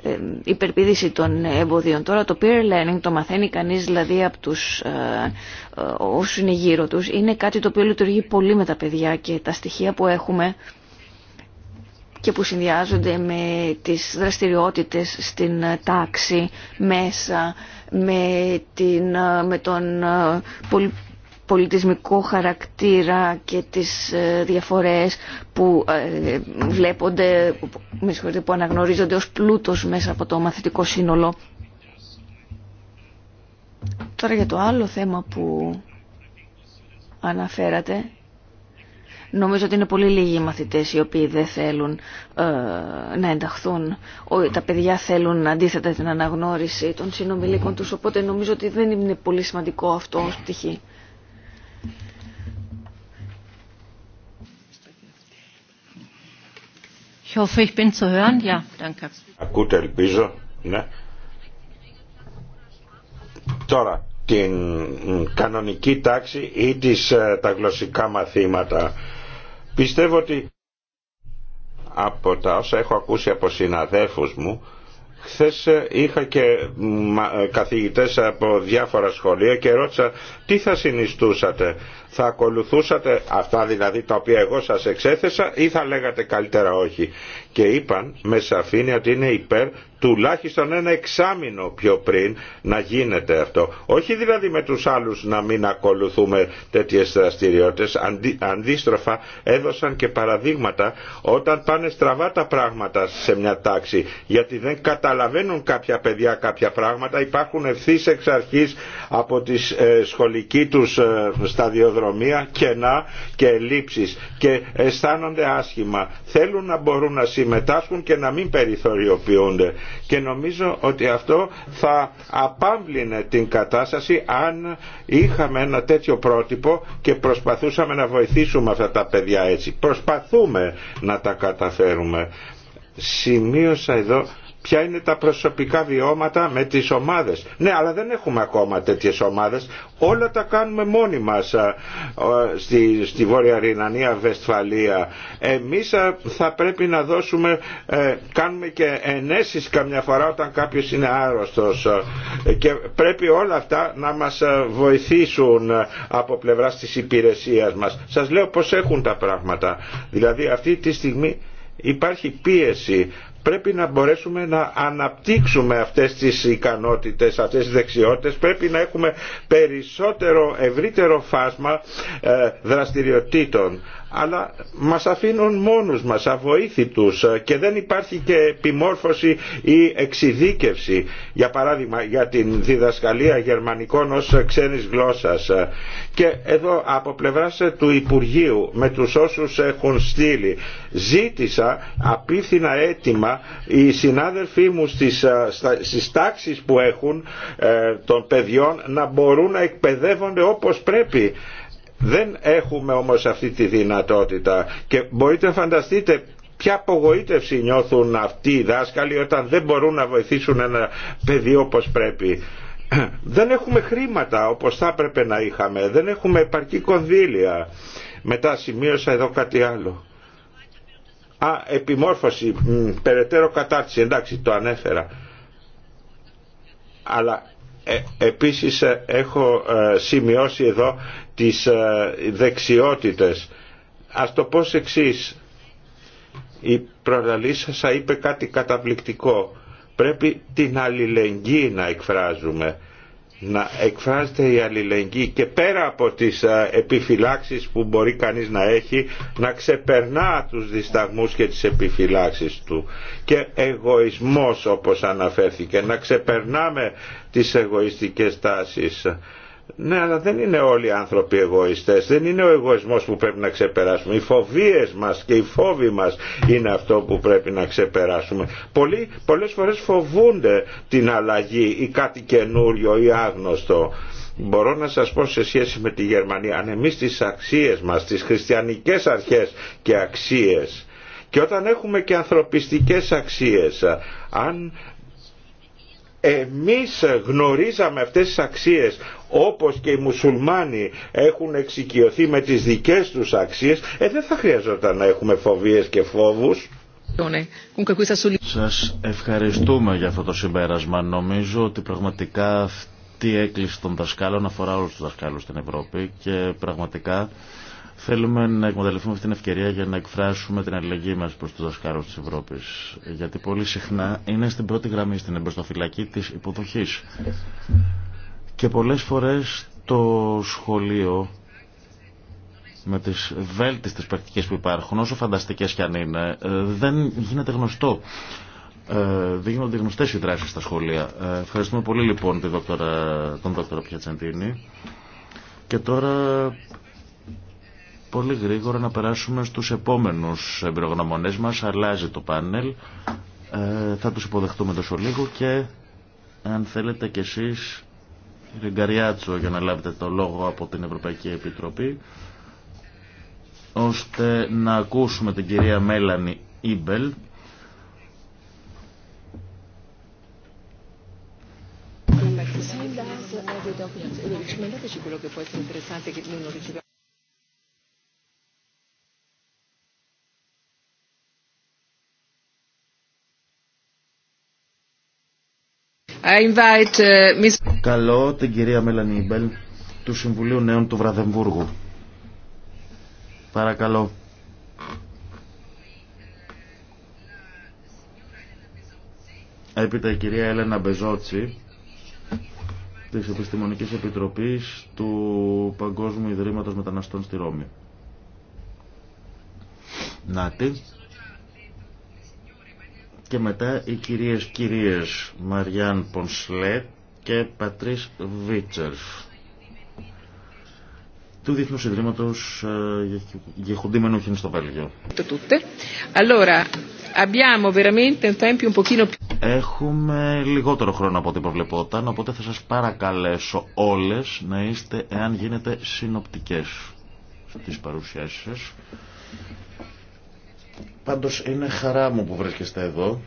ε, υπερπίδηση των εμποδίων. Τώρα το peer learning, το μαθαίνει κανείς δηλαδή από τους ε, ε, όσου είναι γύρω τους, είναι κάτι το οποίο λειτουργεί πολύ με τα παιδιά και τα στοιχεία που έχουμε και που συνδυάζονται με τις δραστηριότητες στην τάξη, μέσα, με, την, με τον πολιτισμικού χαρακτήρα και τις ε, διαφορές που ε, βλέπονται, που αναγνωρίζονται ως πλούτος μέσα από το μαθητικό σύνολο. Τώρα για το άλλο θέμα που αναφέρατε, νομίζω ότι είναι πολύ λίγοι οι μαθητές οι οποίοι δεν θέλουν ε, να ενταχθούν. τα παιδιά θέλουν αντίθετα την αναγνώριση των συνομιλίκων τους, οπότε νομίζω ότι δεν είναι πολύ σημαντικό αυτό ως πτυχή. Ich hoffe, ich bin zu hören. Ja, danke. Ακούτε, ελπίζω. Ναι. Τώρα, την κανονική τάξη ή τις, ε, τα γλωσσικά μαθήματα. Πιστεύω ότι από τα όσα έχω ακούσει από συναδέλφους μου, Χθε ε, είχα και καθηγητές από διάφορα σχολεία και ρώτησα τι θα συνιστούσατε. Θα ακολουθούσατε αυτά δηλαδή τα οποία εγώ σας εξέθεσα ή θα λέγατε καλύτερα όχι. Και είπαν με σαφήνεια ότι είναι υπέρ τουλάχιστον ένα εξάμεινο πιο πριν να γίνεται αυτό. Όχι δηλαδή με τους άλλους να μην ακολουθούμε τέτοιες δραστηριότητες. αντίστροφα έδωσαν και παραδείγματα όταν πάνε στραβά τα πράγματα σε μια τάξη γιατί δεν καταλαβαίνουν κάποια παιδιά κάποια πράγματα υπάρχουν ευθύ εξ αρχής από τη ε, σχολική τους ε, σταδιοδρομία κενά και ελλείψεις και αισθάνονται άσχημα. Θέλουν να μπορούν να συμμετάσχουν και να μην περιθωριοποιούνται και νομίζω ότι αυτό θα απάμπλυνε την κατάσταση αν είχαμε ένα τέτοιο πρότυπο και προσπαθούσαμε να βοηθήσουμε αυτά τα παιδιά έτσι. Προσπαθούμε να τα καταφέρουμε. Σημείωσα εδώ ποια είναι τα προσωπικά βιώματα με τις ομάδες. Ναι, αλλά δεν έχουμε ακόμα τέτοιες ομάδες. Όλα τα κάνουμε μόνοι μας στη, στη Βόρεια Ρινανία, Βεσφαλία. Εμείς θα πρέπει να δώσουμε, ε, κάνουμε και ενέσεις καμιά φορά όταν κάποιος είναι άρρωστος και πρέπει όλα αυτά να μας βοηθήσουν από πλευράς της υπηρεσίας μας. Σας λέω πώς έχουν τα πράγματα. Δηλαδή αυτή τη στιγμή υπάρχει πίεση πρέπει να μπορέσουμε να αναπτύξουμε αυτές τις ικανότητες, αυτές τις δεξιότητες, πρέπει να έχουμε περισσότερο ευρύτερο φάσμα ε, δραστηριοτήτων αλλά μας αφήνουν μόνους μας, αβοήθητους ε, και δεν υπάρχει και επιμόρφωση ή εξειδίκευση. Για παράδειγμα για την διδασκαλία γερμανικών ως ξένης γλώσσας. Ε, και εδώ από πλευράς του Υπουργείου με τους όσους έχουν στείλει ζήτησα απίθυνα αίτημα οι συνάδελφοί μου στις, ε, στις τάξεις που έχουν ε, των παιδιών να μπορούν να εκπαιδεύονται όπως πρέπει. Δεν έχουμε όμως αυτή τη δυνατότητα και μπορείτε να φανταστείτε ποια απογοήτευση νιώθουν αυτοί οι δάσκαλοι όταν δεν μπορούν να βοηθήσουν ένα παιδί όπως πρέπει. (clears throat) Δεν έχουμε χρήματα όπως θα έπρεπε να είχαμε, δεν έχουμε επαρκή κονδύλια. Μετά σημείωσα εδώ κάτι άλλο. Α, επιμόρφωση, περαιτέρω κατάρτιση, εντάξει το ανέφερα. Αλλά ε, επίσης ε, έχω ε, σημειώσει εδώ τις ε, δεξιότητες. Ας το πω εξής. Η προλαλή σας είπε κάτι καταπληκτικό. Πρέπει την αλληλεγγύη να εκφράζουμε να εκφράζεται η αλληλεγγύη και πέρα από τις επιφυλάξεις που μπορεί κανείς να έχει να ξεπερνά τους δισταγμούς και τις επιφυλάξεις του και εγωισμός όπως αναφέρθηκε να ξεπερνάμε τις εγωιστικές τάσεις ναι, αλλά δεν είναι όλοι οι άνθρωποι εγωιστές. Δεν είναι ο εγωισμός που πρέπει να ξεπεράσουμε. Οι φοβίες μας και οι φόβοι μας είναι αυτό που πρέπει να ξεπεράσουμε. Πολλοί, πολλές φορές φοβούνται την αλλαγή ή κάτι καινούριο ή άγνωστο. Μπορώ να σας πω σε σχέση με τη Γερμανία, αν εμείς τις αξίες μας, τις χριστιανικές αρχές και αξίες και όταν έχουμε και ανθρωπιστικές αξίες, αν εμείς γνωρίζαμε αυτές τις αξίες όπως και οι μουσουλμάνοι έχουν εξοικειωθεί με τις δικές τους αξίες, ε, δεν θα χρειαζόταν να έχουμε φοβίες και φόβους. Σας ευχαριστούμε για αυτό το συμπέρασμα. Νομίζω ότι πραγματικά αυτή η έκκληση των δασκάλων αφορά όλους τους δασκάλους στην Ευρώπη και πραγματικά Θέλουμε να εκμεταλλευτούμε αυτή την ευκαιρία για να εκφράσουμε την αλληλεγγύη μα προ του δασκάλου τη Ευρώπη. Γιατί πολύ συχνά είναι στην πρώτη γραμμή, στην εμπροστοφυλακή τη υποδοχή. Και πολλέ φορέ το σχολείο με τις βέλτιστες πρακτικέ που υπάρχουν, όσο φανταστικέ κι αν είναι, ε, δεν γίνεται γνωστό. Ε, δεν γίνονται γνωστέ οι δράσει στα σχολεία. Ε, ευχαριστούμε πολύ λοιπόν τον Δόκτωρο Πιατσεντίνη. Και τώρα πολύ γρήγορα να περάσουμε στους επόμενους εμπειρογνωμονές μας. Αλλάζει το πάνελ. θα τους υποδεχτούμε τόσο λίγο και αν θέλετε κι εσείς κύριε για να λάβετε το λόγο από την Ευρωπαϊκή Επιτροπή ώστε να ακούσουμε την κυρία Μέλανη Ήμπελ Uh, Καλώ την κυρία Μελανίμπελ του Συμβουλίου Νέων του Βραδεμβούργου. Παρακαλώ. Έπειτα η κυρία Έλενα Μπεζότσι της Επιστημονικής Επιτροπής του Παγκόσμιου Ιδρύματος Μεταναστών στη Ρώμη. την. Και μετά οι κυρίες κυρίες Μαριάν Πονσλέ και Πατρίς Βίτσερφ. του Διεθνούς Ιδρύματος ε, Γεχοντήμενου Χιν στο Βέλγιο. Έχουμε λιγότερο χρόνο από ό,τι προβλεπόταν, οπότε θα σας παρακαλέσω όλες να είστε, εάν γίνεται, συνοπτικές στις παρουσιάσεις σας. Πάντως είναι χαρά μου που βρίσκεστε εδώ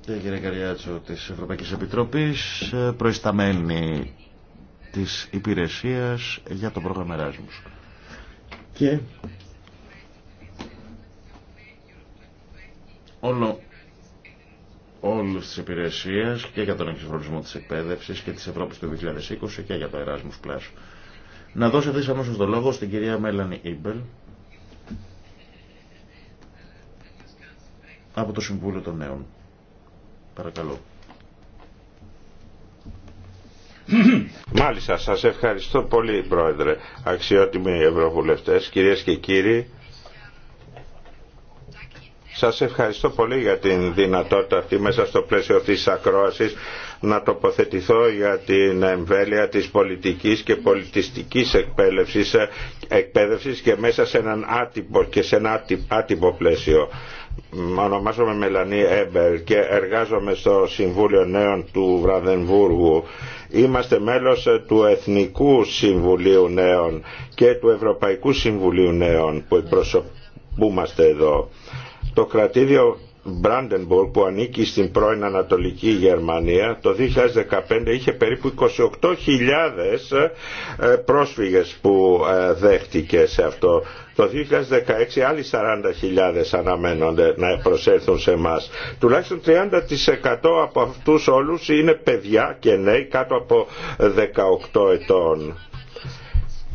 και ε, κύριε Καριάτσο της Ευρωπαϊκής Επιτροπής ε, προϊσταμένη της υπηρεσίας για το πρόγραμμα Εράσμους. Και όλο όλες τις υπηρεσίες και για τον εξυγχρονισμό της εκπαίδευσης και της Ευρώπης του 2020 και για το Erasmus πλάσου. Να δώσω ευθύ αμέσω το λόγο στην κυρία Μέλανη Ήμπελ από το Συμβούλιο των Νέων. Παρακαλώ. Μάλιστα, σας ευχαριστώ πολύ Πρόεδρε, αξιότιμοι Ευρωβουλευτές, κυρίες και κύριοι. Σας ευχαριστώ πολύ για την δυνατότητα αυτή μέσα στο πλαίσιο αυτής της ακρόασης να τοποθετηθώ για την εμβέλεια της πολιτικής και πολιτιστικής εκπαίδευσης, εκπαίδευσης και μέσα σε έναν άτυπο και σε ένα άτυπο πλαίσιο. Ονομάζομαι Μελανή Έμπερ και εργάζομαι στο Συμβούλιο Νέων του Βραδενβούργου. Είμαστε μέλος του Εθνικού Συμβουλίου Νέων και του Ευρωπαϊκού Συμβουλίου Νέων που εκπροσωπούμαστε εδώ. Το κρατήδιο Μπραντεμπορ που ανήκει στην πρώην Ανατολική Γερμανία το 2015 είχε περίπου 28.000 ε, πρόσφυγες που ε, δέχτηκε σε αυτό. Το 2016 άλλοι 40.000 αναμένονται να προσέλθουν σε εμά. Τουλάχιστον 30% από αυτούς όλους είναι παιδιά και νέοι κάτω από 18 ετών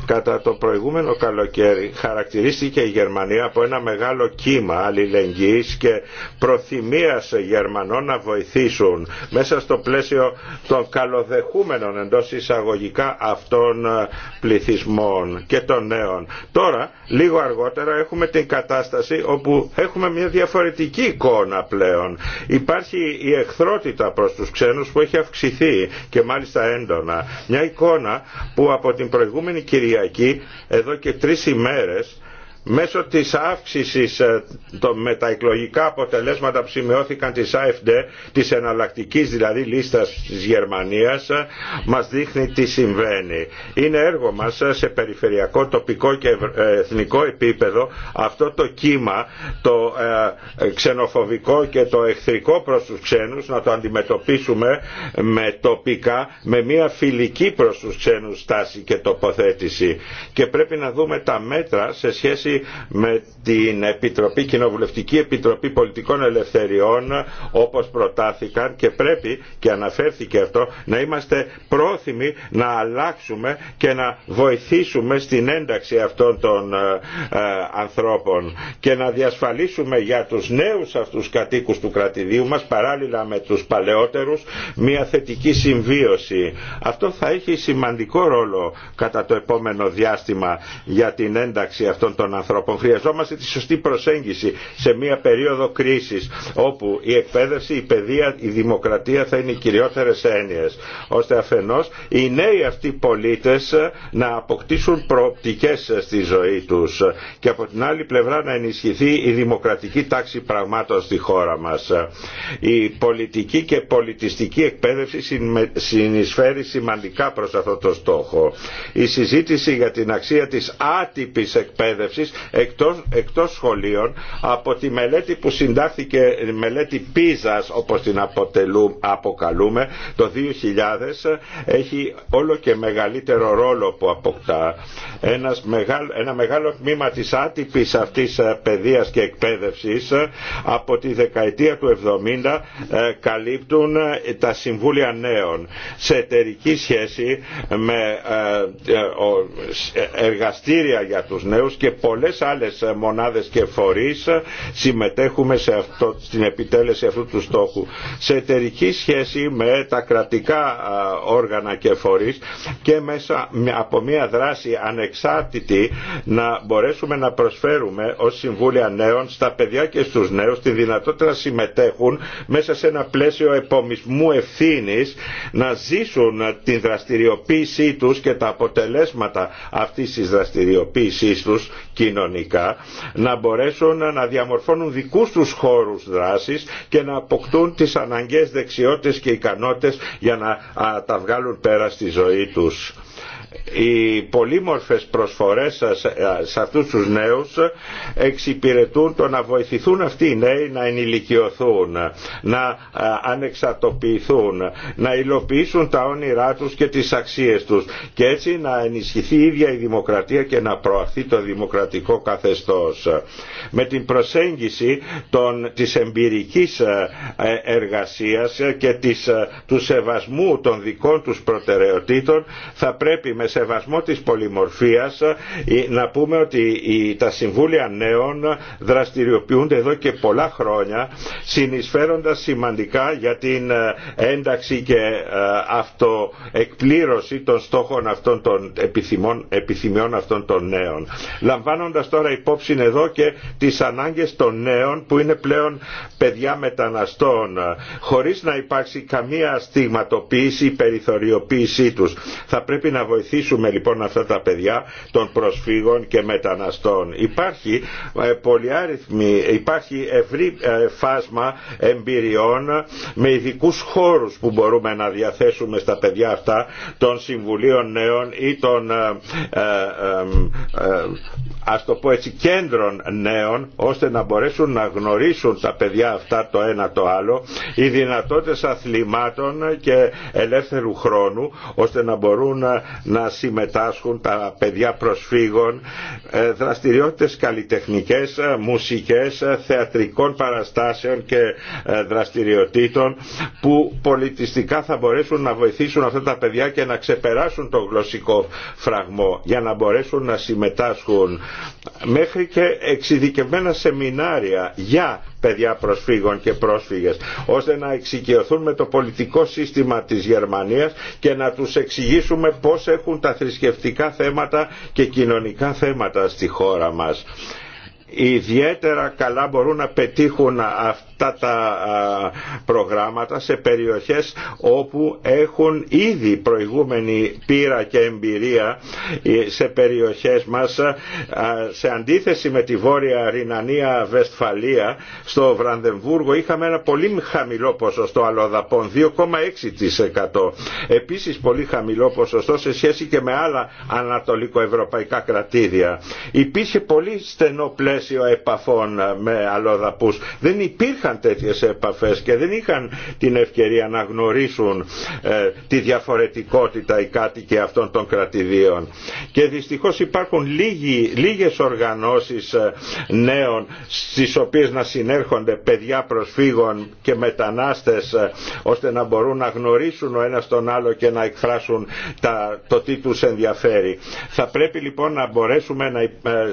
Κατά το προηγούμενο καλοκαίρι χαρακτηρίστηκε η Γερμανία από ένα μεγάλο κύμα αλληλεγγύης και προθυμίας Γερμανών να βοηθήσουν μέσα στο πλαίσιο των καλοδεχούμενων εντός εισαγωγικά αυτών ε, πληθυσμών και των νέων. Τώρα, λίγο αργότερα, έχουμε την κατάσταση όπου έχουμε μια διαφορετική εικόνα πλέον. Υπάρχει η εχθρότητα προς τους ξένους που έχει αυξηθεί και μάλιστα έντονα. Μια εικόνα που από την προηγούμενη κυρία Κυριακή εδώ και τρεις ημέρες μέσω της αύξησης ε, των μεταεκλογικά αποτελέσματα που σημειώθηκαν της ΑΕΦΔ της εναλλακτικής δηλαδή λίστας της Γερμανίας, ε, μας δείχνει τι συμβαίνει. Είναι έργο μας ε, σε περιφερειακό, τοπικό και εθνικό επίπεδο αυτό το κύμα, το ξενοφοβικό και το εχθρικό προς τους ξένους, να το αντιμετωπίσουμε με τοπικά, με μια φιλική προς τους ξένους στάση και τοποθέτηση. Και πρέπει να δούμε τα μέτρα σε σχέση με την Επιτροπή, Κοινοβουλευτική Επιτροπή Πολιτικών Ελευθεριών όπως προτάθηκαν και πρέπει και αναφέρθηκε αυτό να είμαστε πρόθυμοι να αλλάξουμε και να βοηθήσουμε στην ένταξη αυτών των ε, ε, ανθρώπων και να διασφαλίσουμε για τους νέους αυτούς κατοίκους του κρατηδίου μας παράλληλα με τους παλαιότερους μια θετική συμβίωση. Αυτό θα έχει σημαντικό ρόλο κατά το επόμενο διάστημα για την ένταξη αυτών των ανθρώπων ανθρώπων. Χρειαζόμαστε τη σωστή προσέγγιση σε μια περίοδο κρίσης όπου η εκπαίδευση, η παιδεία, η δημοκρατία θα είναι οι κυριότερες έννοιες ώστε αφενός οι νέοι αυτοί πολίτες να αποκτήσουν προοπτικές στη ζωή τους και από την άλλη πλευρά να ενισχυθεί η δημοκρατική τάξη πραγμάτων στη χώρα μας. Η πολιτική και πολιτιστική εκπαίδευση συνεισφέρει σημαντικά προς αυτό το στόχο. Η συζήτηση για την αξία της άτυπης εκπαίδευσης εκτός, σχολείων από τη μελέτη που συντάχθηκε, μελέτη πίζας όπως την αποκαλούμε το 2000 έχει όλο και μεγαλύτερο ρόλο που αποκτά. Ένας ένα μεγάλο τμήμα της άτυπης αυτής ε, παιδείας και εκπαίδευσης ε, από τη δεκαετία του 70 ε, καλύπτουν τα Συμβούλια Νέων σε εταιρική σχέση με εργαστήρια για τους νέους και πολλές πολλές άλλες μονάδες και φορείς συμμετέχουμε σε αυτό, στην επιτέλεση αυτού του στόχου. Σε εταιρική σχέση με τα κρατικά όργανα και φορείς και μέσα από μια δράση ανεξάρτητη να μπορέσουμε να προσφέρουμε ως Συμβούλια Νέων στα παιδιά και στους νέους τη δυνατότητα να συμμετέχουν μέσα σε ένα πλαίσιο επομισμού ευθύνη να ζήσουν την δραστηριοποίησή τους και τα αποτελέσματα αυτής της δραστηριοποίησής τους κοινωνικά να μπορέσουν να διαμορφώνουν δικούς τους χώρους δράσης και να αποκτούν τις αναγκαίες δεξιότητες και ικανότητες για να τα βγάλουν πέρα στη ζωή τους οι πολύμορφες προσφορές σας ε, σε αυτούς τους νέους εξυπηρετούν το να βοηθηθούν αυτοί οι νέοι να ενηλικιωθούν, να ε, ανεξαρτοποιηθούν, να υλοποιήσουν τα όνειρά τους και τις αξίες τους και έτσι να ενισχυθεί η ίδια η δημοκρατία και να προαχθεί το δημοκρατικό καθεστώς. Με την προσέγγιση των, της εμπειρικής ε, εργασίας και της, του σεβασμού των δικών τους προτεραιοτήτων θα πρέπει με σεβασμό της πολυμορφίας ε, να πούμε ότι τα Συμβούλια Νέων δραστηριοποιούνται εδώ και πολλά χρόνια συνεισφέροντας σημαντικά για την ε, ένταξη και ε, αυτοεκπλήρωση των στόχων αυτών των επιθυμών, επιθυμιών αυτών των νέων. Λαμβάνοντας τώρα υπόψη εδώ και τις ανάγκες των νέων που είναι πλέον παιδιά μεταναστών χωρίς να υπάρξει καμία στιγματοποίηση ή περιθωριοποίησή τους. Θα πρέπει να βοηθήσουμε βοηθήσουμε λοιπόν αυτά τα παιδιά των προσφύγων και μεταναστών. Υπάρχει, ε, πολυάριθμη, υπάρχει ευρύ ε, φάσμα εμπειριών με ειδικού χώρους που μπορούμε να διαθέσουμε στα παιδιά αυτά των Συμβουλίων Νέων ή των ε, ε ας το πω κέντρων νέων ώστε να μπορέσουν να γνωρίσουν τα παιδιά αυτά το ένα το άλλο οι δυνατότητες αθλημάτων και ελεύθερου χρόνου ώστε να μπορούν να να συμμετάσχουν τα παιδιά προσφύγων ε, δραστηριότητες καλλιτεχνικές, ε, μουσικές, ε, θεατρικών παραστάσεων και δραστηριοτήτων που πολιτιστικά θα μπορέσουν να βοηθήσουν αυτά τα παιδιά και να ξεπεράσουν τον γλωσσικό φραγμό για να μπορέσουν να συμμετάσχουν μέχρι και εξειδικευμένα σεμινάρια για παιδιά προσφύγων και πρόσφυγες ώστε να εξοικειωθούν με το πολιτικό σύστημα της Γερμανίας και να τους εξηγήσουμε πώς έχουν τα θρησκευτικά θέματα και κοινωνικά θέματα στη χώρα μας ιδιαίτερα καλά μπορούν να πετύχουν τα προγράμματα σε περιοχές όπου έχουν ήδη προηγούμενη πείρα και εμπειρία ε, σε περιοχές μας σε αντίθεση με τη Βόρεια Ρινανία Βεσφαλία στο Βρανδεμβούργο είχαμε ένα πολύ χαμηλό ποσοστό αλλοδαπών 2,6% επίσης πολύ χαμηλό ποσοστό σε σχέση και με άλλα ανατολικοευρωπαϊκά κρατήδια υπήρχε πολύ στενό πλαίσιο επαφών ε, με αλλοδαπούς δεν είχαν τέτοιες επαφές και δεν είχαν την ευκαιρία να γνωρίσουν ε, τη διαφορετικότητα οι κάτοικοι αυτών των κρατηδίων. Και δυστυχώς υπάρχουν λίγοι, λίγες οργανώσεις ε, νέων στις οποίες να συνέρχονται παιδιά προσφύγων και μετανάστες ε, ώστε να μπορούν να γνωρίσουν ο ένας τον άλλο και να εκφράσουν τα, το τι τους ενδιαφέρει. Θα πρέπει λοιπόν να μπορέσουμε να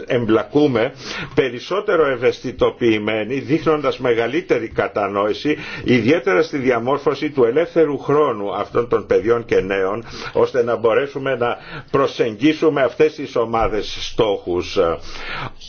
εμπλακούμε περισσότερο ευαισθητοποιημένοι δείχνοντας μεγαλύτερη ευρύτερη κατανόηση, ιδιαίτερα στη διαμόρφωση του ελεύθερου χρόνου αυτών των παιδιών και νέων, ώστε να μπορέσουμε να προσεγγίσουμε αυτές τις ομάδες στόχους.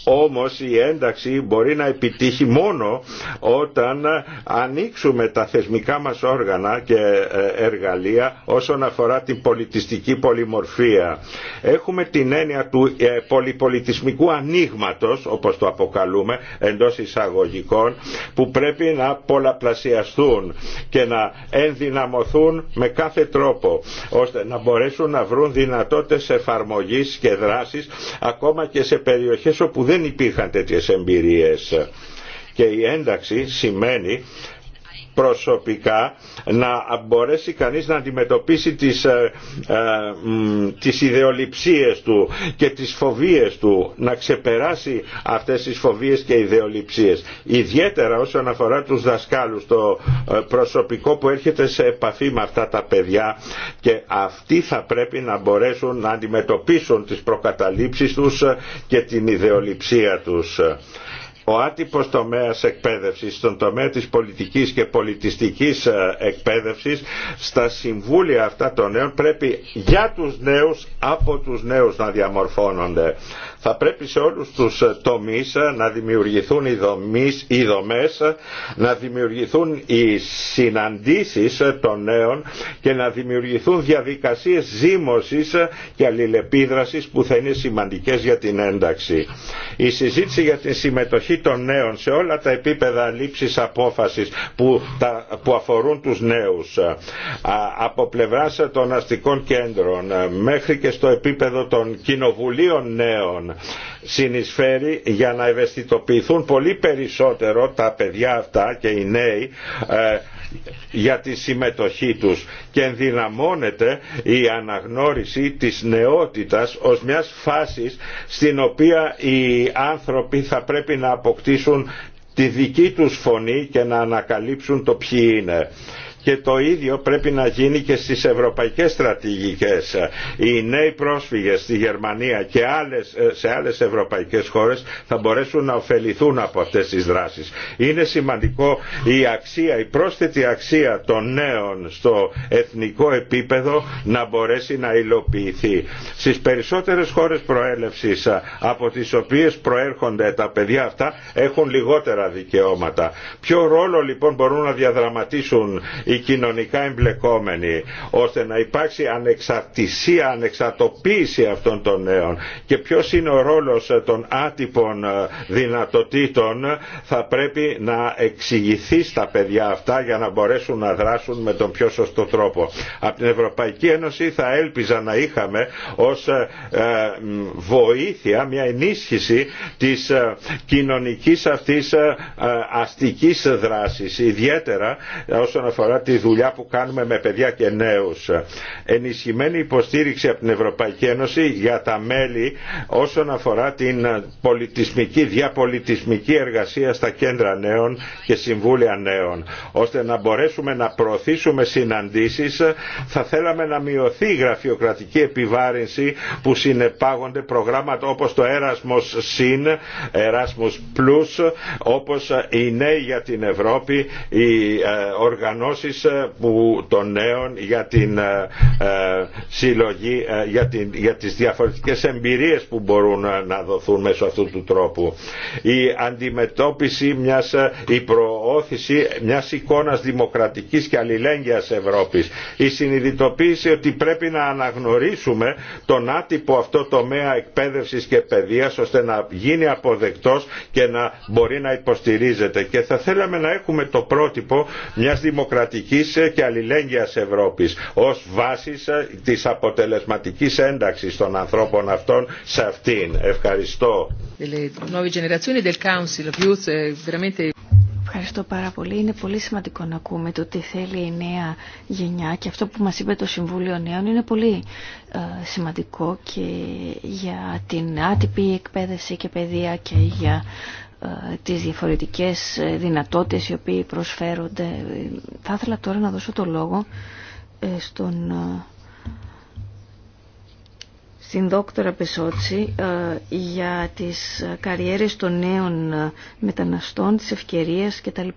Όμως η ένταξη μπορεί να επιτύχει μόνο όταν ανοίξουμε τα θεσμικά μας όργανα και ε, εργαλεία όσον αφορά την πολιτιστική πολυμορφία. Έχουμε την έννοια του ε, πολυπολιτισμικού ανοίγματο, όπως το αποκαλούμε, εντός εισαγωγικών, που πρέπει να πολλαπλασιαστούν και να ενδυναμωθούν με κάθε τρόπο ώστε να μπορέσουν να βρουν δυνατότητες εφαρμογής και δράσης ακόμα και σε περιοχές όπου δεν υπήρχαν τέτοιες εμπειρίες. Και η ένταξη σημαίνει προσωπικά να μπορέσει κανείς να αντιμετωπίσει τις, ε, ε τις ιδεολειψίες του και τις φοβίες του, να ξεπεράσει αυτές τις φοβίες και ιδεολειψίες. Ιδιαίτερα όσον αφορά τους δασκάλους, το ε, προσωπικό που έρχεται σε επαφή με αυτά τα παιδιά και αυτοί θα πρέπει να μπορέσουν να αντιμετωπίσουν τις προκαταλήψεις τους και την ιδεολειψία τους ο άτυπος τομέας εκπαίδευσης, στον τομέα της πολιτικής και πολιτιστικής ε, εκπαίδευσης, στα συμβούλια αυτά των νέων πρέπει για τους νέους, από τους νέους να διαμορφώνονται. Θα πρέπει σε όλους τους ε, τομείς ε, να δημιουργηθούν οι, δομείς, δομές, να δημιουργηθούν οι συναντήσεις των νέων και να δημιουργηθούν διαδικασίες ζήμωσης και αλληλεπίδρασης που θα είναι σημαντικές για την ένταξη. Η συζήτηση για τη συμμετοχή των νέων σε όλα τα επίπεδα λήψης απόφασης που, που αφορούν τους νέους από πλευράς των αστικών κέντρων μέχρι και στο επίπεδο των κοινοβουλίων νέων συνεισφέρει για να ευαισθητοποιηθούν πολύ περισσότερο τα παιδιά αυτά και οι νέοι ε, για τη συμμετοχή τους και ενδυναμώνεται η αναγνώριση της νεότητας ως μιας φάσης στην οποία οι άνθρωποι θα πρέπει να αποκτήσουν τη δική τους φωνή και να ανακαλύψουν το ποιοι είναι και το ίδιο πρέπει να γίνει και στις ευρωπαϊκές στρατηγικές. Οι νέοι πρόσφυγες στη Γερμανία και άλλες, ε, σε άλλες ευρωπαϊκές χώρες θα μπορέσουν να ωφεληθούν από αυτές τις δράσεις. Είναι σημαντικό η αξία, η πρόσθετη αξία των νέων στο εθνικό επίπεδο να μπορέσει να υλοποιηθεί. Στις περισσότερες χώρες προέλευσης ε, από τις οποίες προέρχονται τα παιδιά αυτά έχουν λιγότερα δικαιώματα. Ποιο ρόλο λοιπόν μπορούν να διαδραματίσουν οι κοινωνικά εμπλεκόμενοι ώστε να υπάρξει ανεξαρτησία, ανεξαρτοποίηση αυτών των νέων και ποιος είναι ο ρόλος των άτυπων ε, δυνατοτήτων θα πρέπει να εξηγηθεί στα παιδιά αυτά για να μπορέσουν να δράσουν με τον πιο σωστό τρόπο. Από την Ευρωπαϊκή Ένωση θα έλπιζα να είχαμε ως ε, ε, βοήθεια, μια ενίσχυση της κοινωνικής αυτής αστικής δράσης ιδιαίτερα όσον αφορά τη δουλειά που κάνουμε με παιδιά και νέους. Ενισχυμένη υποστήριξη από την Ευρωπαϊκή Ένωση για τα μέλη όσον αφορά την πολιτισμική, διαπολιτισμική εργασία στα κέντρα νέων και συμβούλια νέων, ώστε να μπορέσουμε να προωθήσουμε συναντήσεις, θα θέλαμε να μειωθεί η γραφειοκρατική επιβάρυνση που συνεπάγονται προγράμματα όπως το Erasmus Sin, Erasmus Plus, όπως οι για την Ευρώπη, οι ε, οργανώσει ε, που, των νέων για την ε, ε, συλλογή, για, την, για τις διαφορετικές εμπειρίες που μπορούν να δοθούν μέσω αυτού του τρόπου. Η αντιμετώπιση μιας, η προώθηση μιας εικόνας δημοκρατικής και αλληλέγγυας Ευρώπης. Η συνειδητοποίηση ότι πρέπει να αναγνωρίσουμε τον άτυπο αυτό τομέα εκπαίδευσης και παιδείας ώστε να γίνει αποδεκτός και να μπορεί να υποστηρίζεται. Και θα θέλαμε να έχουμε το πρότυπο μιας δημοκρατικής πολιτικής και αλληλέγγυας Ευρώπης ως βάσης της αποτελεσματικής ένταξης των ανθρώπων αυτών σε αυτήν. Ευχαριστώ. Eh, Ευχαριστώ πάρα πολύ. Είναι πολύ σημαντικό να ακούμε το τι θέλει η νέα γενιά και αυτό που μας είπε το Συμβούλιο Νέων είναι πολύ ε, σημαντικό και για την άτυπη εκπαίδευση και παιδεία και για ε, τις διαφορετικές ε, δυνατότητες οι οποίοι προσφέρονται. Θα ήθελα τώρα να δώσω το λόγο ε, στον, στην δόκτωρα Πεσότση για τις καριέρες των νέων μεταναστών, τις ευκαιρίες κτλ.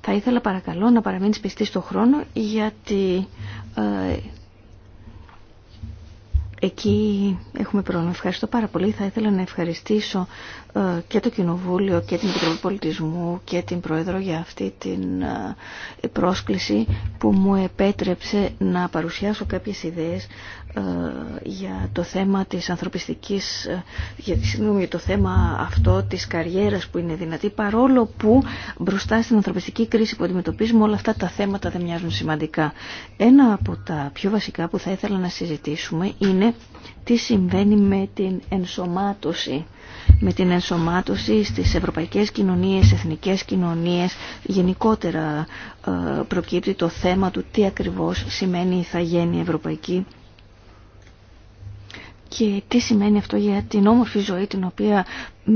Θα ήθελα παρακαλώ να παραμείνεις πιστή στο χρόνο γιατί Εκεί έχουμε πρόβλημα. Ευχαριστώ πάρα πολύ. Θα ήθελα να ευχαριστήσω ε, και το Κοινοβούλιο και την Επιτροπή Πολιτισμού και την Πρόεδρο για αυτή την ε, πρόσκληση που μου επέτρεψε να παρουσιάσω κάποιες ιδέες ε, για το θέμα της ανθρωπιστικής ε, για, το θέμα αυτό της καριέρας που είναι δυνατή παρόλο που μπροστά στην ανθρωπιστική κρίση που αντιμετωπίζουμε όλα αυτά τα θέματα δεν μοιάζουν σημαντικά. Ένα από τα πιο βασικά που θα ήθελα να συζητήσουμε είναι τι συμβαίνει με την ενσωμάτωση με την ενσωμάτωση στις ευρωπαϊκές κοινωνίες, εθνικές κοινωνίες γενικότερα ε, προκύπτει το θέμα του τι ακριβώς σημαίνει η θαγένεια ευρωπαϊκή και τι σημαίνει αυτό για την όμορφη ζωή την οποία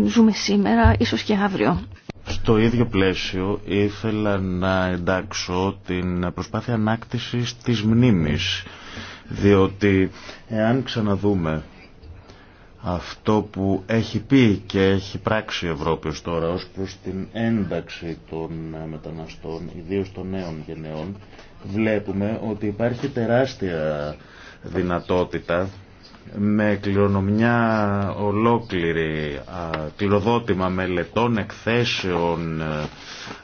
ζούμε σήμερα, ίσως και αύριο. Στο ίδιο πλαίσιο ήθελα να εντάξω την προσπάθεια ανάκτησης της μνήμης, διότι εάν ξαναδούμε αυτό που έχει πει και έχει πράξει η Ευρώπη ως τώρα ως προς την ένταξη των μεταναστών, ιδίως των νέων γενεών, βλέπουμε ότι υπάρχει τεράστια δυνατότητα με κληρονομιά ολόκληρη, κληροδότημα μελετών, εκθέσεων, ε,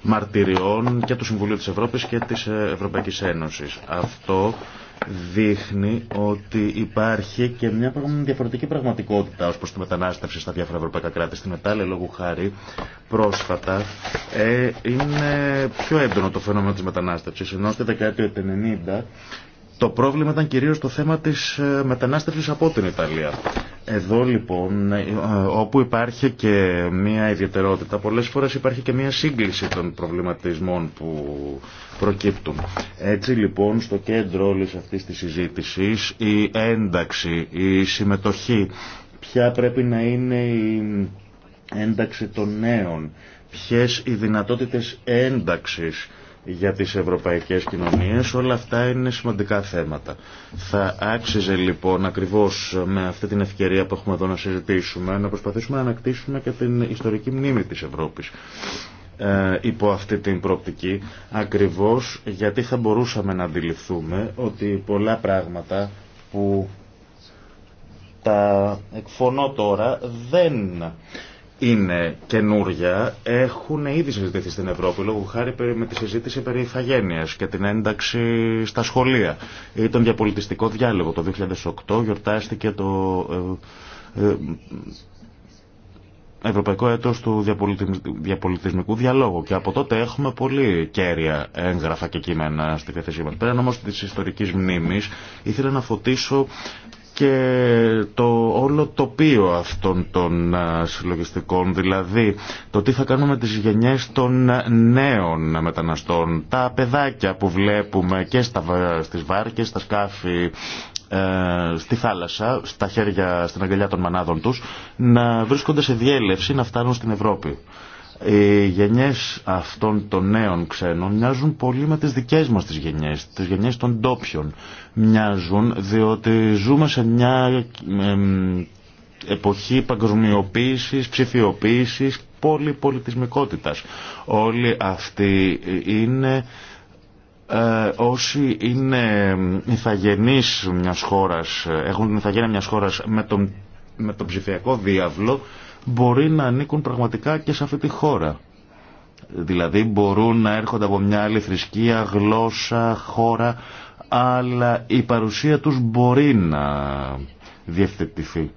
μαρτυριών και του Συμβουλίου της Ευρώπης και της ε, Ευρωπαϊκής Ένωσης. Αυτό δείχνει ότι υπάρχει και μια διαφορετική πραγματικότητα ως προς τη μετανάστευση στα διάφορα ευρωπαϊκά κράτη. Στη μετάλλη λόγου χάρη, πρόσφατα ε, είναι πιο έντονο το φαινόμενο της μετανάστευσης, ενώ στη δεκαετία του 90 το πρόβλημα ήταν κυρίως το θέμα της ε, μετανάστευσης από την Ιταλία. Εδώ λοιπόν, ε, όπου υπάρχει και μία ιδιαιτερότητα, πολλές φορές υπάρχει και μία σύγκληση των προβληματισμών που προκύπτουν. Έτσι λοιπόν, στο κέντρο όλης αυτής της συζήτησης, η ένταξη, η συμμετοχή, ποια πρέπει να είναι η ένταξη των νέων, ποιες οι δυνατότητες ένταξης, για τις ευρωπαϊκές κοινωνίες. Όλα αυτά είναι σημαντικά θέματα. Θα άξιζε λοιπόν ακριβώς με αυτή την ευκαιρία που έχουμε εδώ να συζητήσουμε να προσπαθήσουμε να ανακτήσουμε και την ιστορική μνήμη της Ευρώπης ε, υπό αυτή την προοπτική ακριβώς γιατί θα μπορούσαμε να αντιληφθούμε ότι πολλά πράγματα που τα εκφωνώ τώρα δεν είναι καινούρια έχουν ήδη συζητηθεί στην Ευρώπη λόγω χάρη με τη συζήτηση περί ηθαγένειας και την ένταξη στα σχολεία ή τον διαπολιτιστικό διάλογο. Το 2008 γιορτάστηκε το ε, ε, Ευρωπαϊκό Έτος του Διαπολιτισμικού Διαλόγου και από τότε έχουμε πολύ κέρια έγγραφα και κείμενα στη διαθέσή μας. Πέραν όμως της ιστορικής μνήμης ήθελα να φωτίσω και το όλο τοπίο αυτών των συλλογιστικών, δηλαδή το τι θα κάνουμε τις γενιές των νέων μεταναστών, τα παιδάκια που βλέπουμε και στα, στις βάρκες, στα σκάφη, ε, στη θάλασσα, στα χέρια, στην αγκαλιά των μανάδων τους, να βρίσκονται σε διέλευση να φτάνουν στην Ευρώπη. Οι γενιές αυτών των νέων ξένων μοιάζουν πολύ με τις δικές μας τις γενιές, τις γενιές των ντόπιων. Μοιάζουν διότι ζούμε σε μια εποχή παγκοσμιοποίησης, ψηφιοποίησης, πολυπολιτισμικότητας. Όλοι αυτοί είναι ε, όσοι είναι ηθαγενείς μιας χώρας, έχουν την ηθαγένεια μιας χώρας με τον, με τον ψηφιακό διάβλο μπορεί να ανήκουν πραγματικά και σε αυτή τη χώρα. Δηλαδή μπορούν να έρχονται από μια άλλη θρησκεία, γλώσσα, χώρα, αλλά η παρουσία τους μπορεί να διευθετηθεί.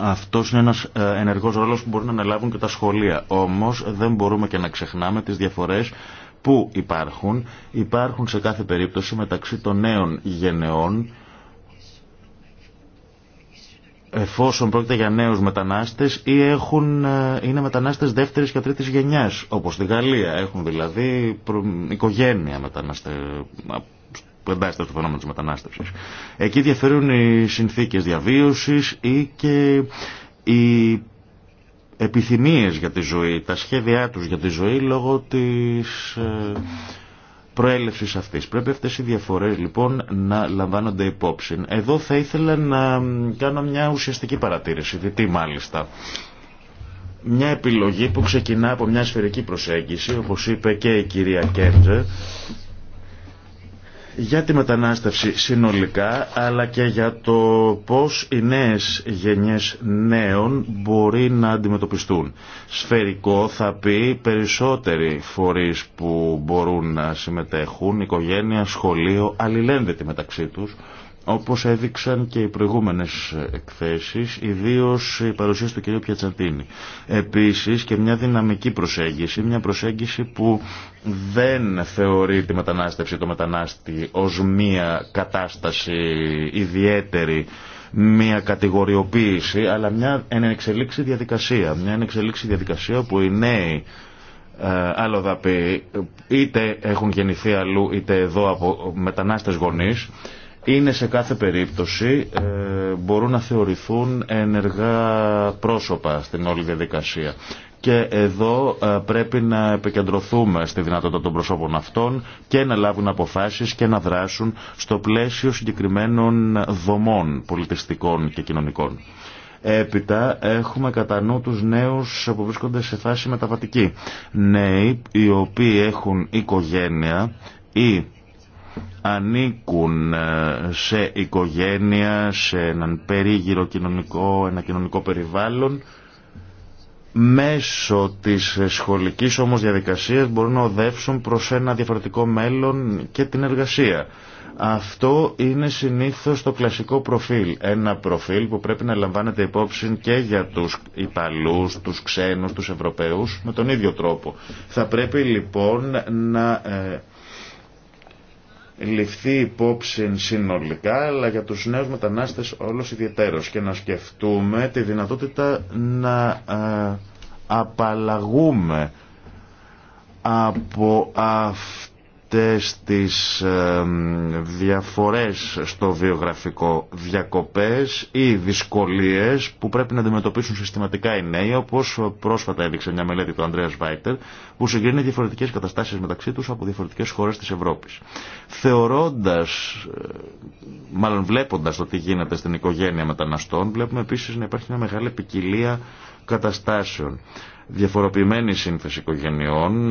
Αυτός είναι ένας ε, ενεργός ρόλος που μπορεί να αναλάβουν και τα σχολεία. Όμως δεν μπορούμε και να ξεχνάμε τις διαφορές που υπάρχουν. Υπάρχουν σε κάθε περίπτωση μεταξύ των νέων γενεών εφόσον πρόκειται για νέους μετανάστες ή έχουν, ε, είναι μετανάστες δεύτερης και τρίτης γενιάς, όπως στη Γαλλία. Έχουν δηλαδή οικογένεια μετανάστε, που εντάσσεται στο φαινόμενο της μετανάστευσης. Εκεί διαφέρουν οι συνθήκες διαβίωσης ή και οι επιθυμίες για τη ζωή, τα σχέδιά τους για τη ζωή λόγω της ε, Πρέπει αυτές οι διαφορές λοιπόν να λαμβάνονται υπόψη. Εδώ θα ήθελα να κάνω μια ουσιαστική παρατήρηση, διτή μάλιστα. Μια επιλογή που ξεκινά από μια σφαιρική προσέγγιση, όπως είπε και η κυρία Κέντζε, για τη μετανάστευση συνολικά, αλλά και για το πώς οι νέες γενιές νέων μπορεί να αντιμετωπιστούν. Σφαιρικό θα πει περισσότεροι φορείς που μπορούν να συμμετέχουν, οικογένεια, σχολείο, αλληλένδετοι μεταξύ τους, όπως έδειξαν και οι προηγούμενες εκθέσεις, ιδίως η παρουσίαση του κ. Πιατσαντίνη. Επίσης και μια δυναμική προσέγγιση, μια προσέγγιση που δεν θεωρεί τη μετανάστευση, το μετανάστη ως μια κατάσταση ιδιαίτερη, μια κατηγοριοποίηση, αλλά μια ενεξελίξη διαδικασία. Μια ενεξελίξη διαδικασία που οι νέοι άλλο ε, θα είτε έχουν γεννηθεί αλλού είτε εδώ από μετανάστες γονείς είναι σε κάθε περίπτωση, ε, μπορούν να θεωρηθούν ενεργά πρόσωπα στην όλη διαδικασία. Και εδώ ε, πρέπει να επικεντρωθούμε στη δυνατότητα των προσώπων αυτών και να λάβουν αποφάσεις και να δράσουν στο πλαίσιο συγκεκριμένων δομών πολιτιστικών και κοινωνικών. Έπειτα έχουμε κατά νου τους νέους που βρίσκονται σε φάση μεταβατική. Νέοι οι οποίοι έχουν οικογένεια ή ανήκουν ε, σε οικογένεια, σε έναν περίγυρο κοινωνικό, ένα κοινωνικό περιβάλλον μέσω της σχολικής όμως διαδικασίας μπορούν να οδεύσουν προς ένα διαφορετικό μέλλον και την εργασία. Αυτό είναι συνήθως το κλασικό προφίλ. Ένα προφίλ που πρέπει να λαμβάνεται υπόψη και για τους Ιταλούς, τους ξένους, τους Ευρωπαίους με τον ίδιο τρόπο. Θα πρέπει λοιπόν να ε, ληφθεί υπόψη συνολικά, αλλά για τους νέους μετανάστες όλος ιδιαίτερος και να σκεφτούμε τη δυνατότητα να ε, απαλλαγούμε από αυτό αυτές διαφορές στο βιογραφικό διακοπές ή δυσκολίες που πρέπει να αντιμετωπίσουν συστηματικά οι νέοι όπως πρόσφατα έδειξε μια μελέτη του Ανδρέας Βάιτερ που συγκρίνει διαφορετικές καταστάσεις μεταξύ τους από διαφορετικές χώρες της Ευρώπης. Θεωρώντας, ε, μάλλον βλέποντας το τι γίνεται στην οικογένεια μεταναστών βλέπουμε επίσης να υπάρχει μια μεγάλη ποικιλία καταστάσεων διαφοροποιημένη σύνθεση οικογενειών,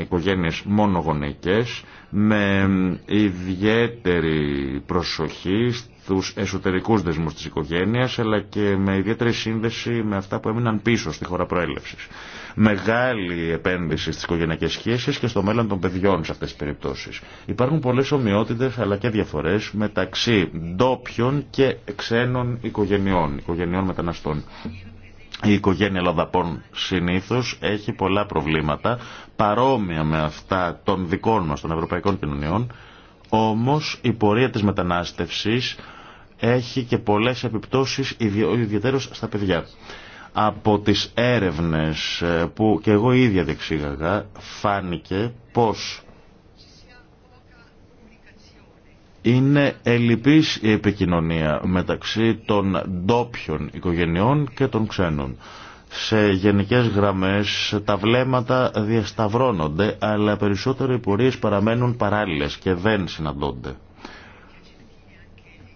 οικογένειες μόνο γονεϊκές με ιδιαίτερη προσοχή στους εσωτερικούς δεσμούς της οικογένειας, αλλά και με ιδιαίτερη σύνδεση με αυτά που έμειναν πίσω στη χώρα προέλευσης. Μεγάλη επένδυση στις οικογενειακές σχέσεις και στο μέλλον των παιδιών σε αυτές τις περιπτώσεις. Υπάρχουν πολλές ομοιότητες αλλά και διαφορές μεταξύ ντόπιων και ξένων οικογενειών, οικογενειών μεταναστών. Η οικογένεια Λαδαπών συνήθως έχει πολλά προβλήματα παρόμοια με αυτά των δικών μας των ευρωπαϊκών κοινωνιών όμως η πορεία της μετανάστευσης έχει και πολλές επιπτώσεις ιδιαίτερως στα παιδιά. Από τις έρευνες ε, που και εγώ ίδια διεξήγαγα φάνηκε πως Είναι ελλειπής η επικοινωνία μεταξύ των ντόπιων οικογενειών και των ξένων. Σε γενικές γραμμές τα βλέμματα διασταυρώνονται, αλλά περισσότερο οι πορείες παραμένουν παράλληλες και δεν συναντώνται.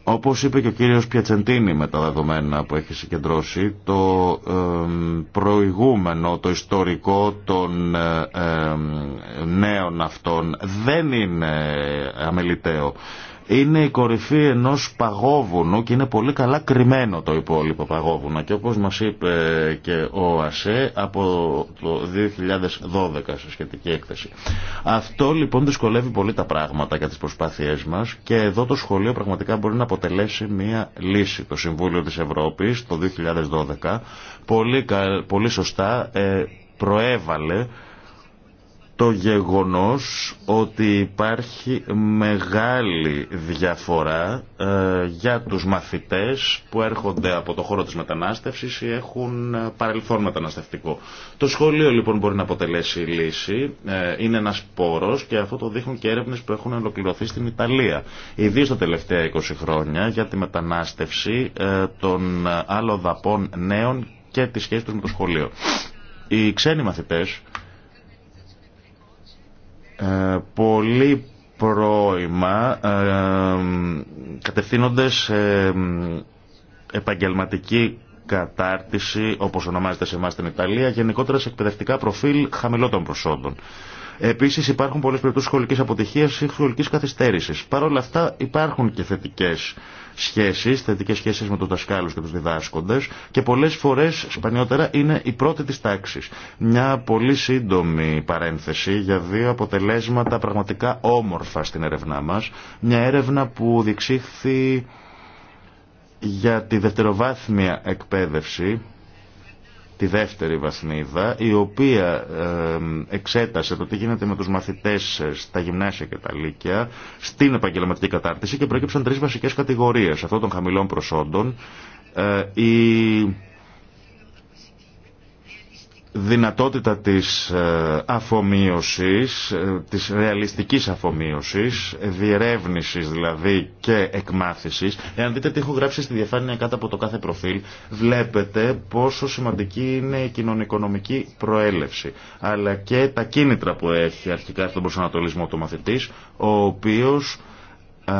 Όπως είπε και ο κύριος Πιατσεντίνη με τα δεδομένα που έχει συγκεντρώσει, το προηγούμενο, το ιστορικό των νέων αυτών δεν είναι αμεληταίο. Είναι η κορυφή ενός παγόβουνου και είναι πολύ καλά κρυμμένο το υπόλοιπο παγόβουνα και όπως μας είπε και ο ΑΣΕ από το 2012 σε σχετική έκθεση. Αυτό λοιπόν δυσκολεύει πολύ τα πράγματα για τις προσπάθειές μας και εδώ το σχολείο πραγματικά μπορεί να αποτελέσει μια λύση. Το Συμβούλιο της Ευρώπης το 2012 πολύ, πολύ σωστά ε, προέβαλε το γεγονός ότι υπάρχει μεγάλη διαφορά ε, για τους μαθητές που έρχονται από το χώρο της μετανάστευσης ή έχουν ε, παρελθόν μεταναστευτικό. Το σχολείο λοιπόν μπορεί να αποτελέσει λύση, ε, είναι ένας πόρος και αυτό το δείχνουν και έρευνες που έχουν ολοκληρωθεί στην Ιταλία. Ιδίως τα τελευταία 20 χρόνια για τη μετανάστευση των άλλων δαπών νέων και τη σχέση τους με το σχολείο. Οι ξένοι μαθητές ε, πολύ πρόημα ε, κατευθύνονται σε επαγγελματική κατάρτιση, όπως ονομάζεται σε εμάς στην Ιταλία, γενικότερα σε εκπαιδευτικά προφίλ χαμηλών των προσόντων. Επίση υπάρχουν πολλέ περιπτώσει σχολική αποτυχία ή σχολική καθυστέρηση. Παρ' όλα αυτά υπάρχουν και θετικέ σχέσει, θετικέ σχέσει με του δασκάλου και του διδάσκοντε και πολλέ φορέ σπανιότερα είναι η πρώτη τη τάξη. Μια πολύ σύντομη παρένθεση για δύο αποτελέσματα πραγματικά όμορφα στην έρευνά μα. Μια έρευνα που διεξήχθη για τη δευτεροβάθμια εκπαίδευση τη δεύτερη βαθμίδα, η οποία εξέτασε το τι γίνεται με τους μαθητές στα γυμνάσια και τα λύκεια, στην επαγγελματική κατάρτιση και προέκυψαν τρεις βασικές κατηγορίες αυτών των χαμηλών προσόντων. Ε, η δυνατότητα της ε, αφομοίωσης, ε, της ρεαλιστικής αφομοίωσης, διερεύνησης δηλαδή και εκμάθησης. Εάν δείτε τι έχω γράψει στη διαφάνεια κάτω από το κάθε προφίλ, βλέπετε πόσο σημαντική είναι η κοινωνικονομική προέλευση, αλλά και τα κίνητρα που έχει αρχικά στον προσανατολισμό του μαθητής, ο οποίος... Ε,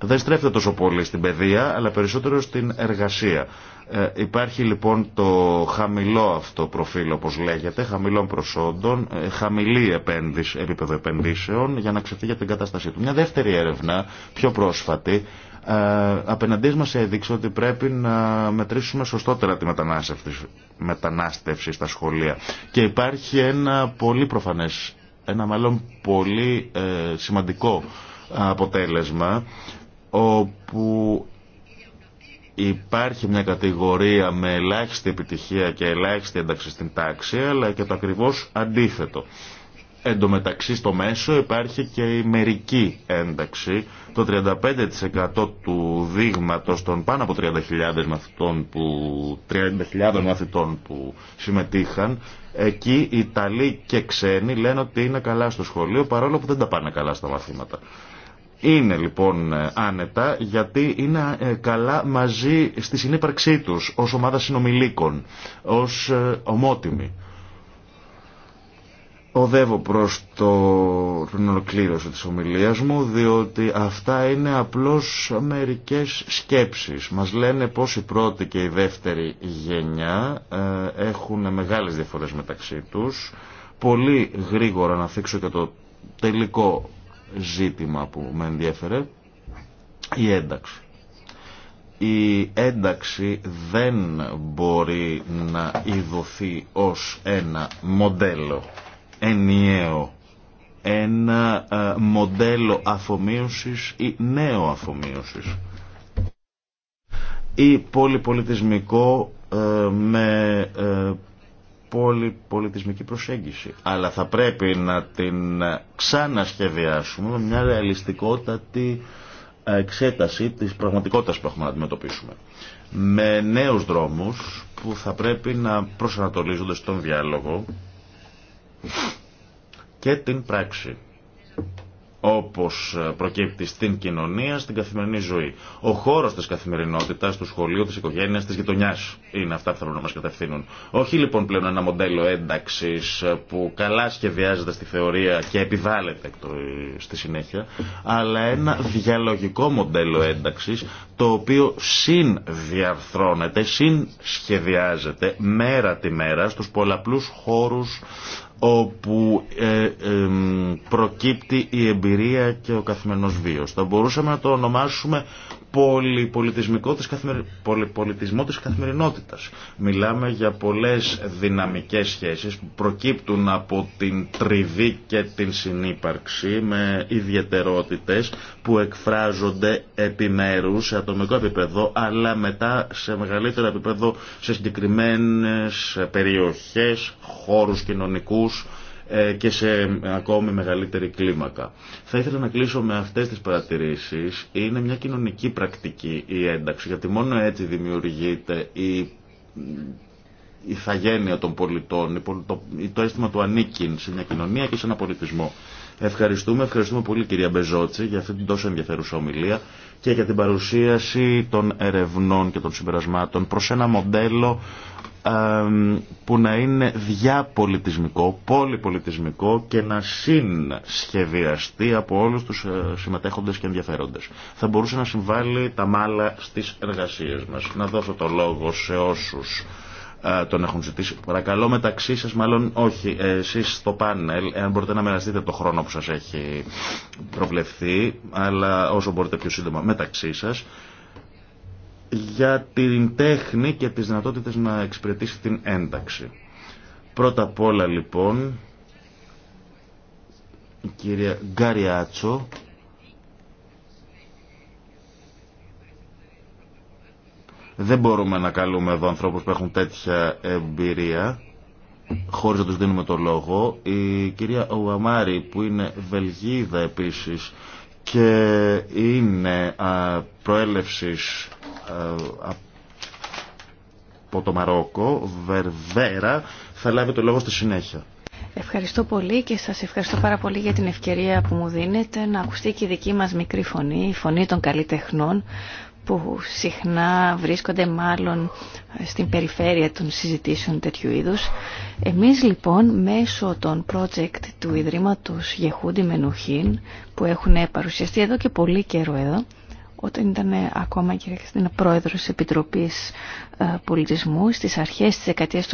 δεν στρέφεται τόσο πολύ στην παιδεία, αλλά περισσότερο στην εργασία. Ε, υπάρχει λοιπόν το χαμηλό αυτό προφίλ όπως λέγεται, χαμηλών προσόντων, ε, χαμηλή επένδυση, επίπεδο επενδύσεων για να ξεφύγει από την κατάστασή του. Μια δεύτερη έρευνα, πιο πρόσφατη, ε, απέναντί μας έδειξε ότι πρέπει να μετρήσουμε σωστότερα τη μετανάστευση, στα σχολεία. Και υπάρχει ένα πολύ προφανές, ένα μάλλον πολύ ε, σημαντικό αποτέλεσμα όπου υπάρχει μια κατηγορία με ελάχιστη επιτυχία και ελάχιστη ένταξη στην τάξη, αλλά και το ακριβώς αντίθετο. Εν στο μέσο υπάρχει και η μερική ένταξη. Το 35% του δείγματος των πάνω από 30.000 μαθητών που, 30.000 μαθητών που συμμετείχαν, εκεί οι Ιταλοί και ξένοι λένε ότι είναι καλά στο σχολείο παρόλο που δεν τα πάνε καλά στα μαθήματα. Είναι λοιπόν ε, άνετα γιατί είναι ε, καλά μαζί στη συνύπαρξή τους ως ομάδα συνομιλίκων, ως ε, ομότιμοι. Οδεύω προς το, την ολοκλήρωση της ομιλίας μου διότι αυτά είναι απλώς μερικές σκέψεις. Μας λένε πως η πρώτη και η δεύτερη γενιά έχουν μεγάλες διαφορές μεταξύ τους. Πολύ γρήγορα να θίξω και το τελικό ζήτημα που με ενδιέφερε, η ένταξη. Η ένταξη δεν μπορεί να ειδωθεί ως ένα μοντέλο ενιαίο, ένα ε, μοντέλο αφομοίωσης ή νέο αφομοίωσης ή πολυπολιτισμικό ε, με ε, πολύ πολιτισμική προσέγγιση. Αλλά θα πρέπει να την ξανασχεδιάσουμε με μια ρεαλιστικότατη εξέταση της πραγματικότητας που έχουμε να αντιμετωπίσουμε. Με νέους δρόμους που θα πρέπει να προσανατολίζονται στον διάλογο και την πράξη όπως ε, προκύπτει στην κοινωνία, στην καθημερινή ζωή. Ο χώρος της καθημερινότητας, του σχολείου, της οικογένειας, της γειτονιάς είναι αυτά που θα να μας κατευθύνουν. Όχι λοιπόν πλέον ένα μοντέλο ένταξης ε, που καλά σχεδιάζεται στη θεωρία και επιβάλλεται ε, στη συνέχεια, αλλά ένα διαλογικό μοντέλο ένταξης το οποίο συνδιαρθρώνεται, συνσχεδιάζεται μέρα τη μέρα στους πολλαπλούς χώρους όπου ε, προκύπτει η εμπειρία και ο καθημερινός βίος. Θα μπορούσαμε να το ονομάσουμε πολυπολιτισμικό της καθημερι... πολυπολιτισμό της καθημερινότητας. Μιλάμε για πολλές δυναμικές σχέσεις που προκύπτουν από την τριβή και την συνύπαρξη με ιδιαιτερότητες που εκφράζονται επιμέρους σε ατομικό επίπεδο αλλά μετά σε μεγαλύτερο επίπεδο σε συγκεκριμένες περιοχές, χώρους κοινωνικούς ε, και σε ακόμη μεγαλύτερη κλίμακα. Θα ήθελα να κλείσω με αυτές τις παρατηρήσεις. Είναι μια κοινωνική πρακτική η ένταξη, γιατί μόνο έτσι δημιουργείται η θαγένεια των πολιτών, το αίσθημα του ανήκειν σε μια κοινωνία και σε ένα πολιτισμό. Ευχαριστούμε, ευχαριστούμε πολύ κυρία Μπεζότση για αυτή την τόσο ενδιαφέρουσα ομιλία και για την παρουσίαση των ερευνών και των συμπερασμάτων προς ένα μοντέλο που να είναι διαπολιτισμικό, πολυπολιτισμικό και να συνσχεδιαστεί από όλους τους ε, συμμετέχοντες και ενδιαφέροντες. Θα μπορούσε να συμβάλλει τα μάλα στις εργασίες μας. Να δώσω το λόγο σε όσους ε, τον έχουν ζητήσει. Παρακαλώ μεταξύ σας, μάλλον όχι, ε, εσείς στο πάνελ, εάν μπορείτε να μοιραστείτε το χρόνο που σας έχει προβλεφθεί, αλλά όσο μπορείτε πιο σύντομα μεταξύ σας για την τέχνη και τις δυνατότητες να εξυπηρετήσει την ένταξη. Πρώτα απ' όλα λοιπόν, η κυρία Γκαριάτσο, δεν μπορούμε να καλούμε εδώ ανθρώπους που έχουν τέτοια εμπειρία, χωρίς να τους δίνουμε το λόγο. Η κυρία Ουαμάρη που είναι Βελγίδα επίσης και είναι προέλευσης ε, από το Μαρόκο, Βερβέρα, θα λάβει το λόγο στη συνέχεια. Ευχαριστώ πολύ και σας ευχαριστώ πάρα πολύ για την ευκαιρία που μου δίνετε να ακουστεί και η δική μας μικρή φωνή, η φωνή των καλλιτεχνών που συχνά βρίσκονται μάλλον ε, στην περιφέρεια των συζητήσεων τέτοιου είδους. Εμείς λοιπόν μέσω των project του Ιδρύματος Γεχούντι Μενουχίν που έχουν παρουσιαστεί εδώ και πολύ καιρό εδώ όταν ήταν ακόμα και στην πρόεδρος της Επιτροπής ε, πολιτισμού στις αρχές της δεκαετίας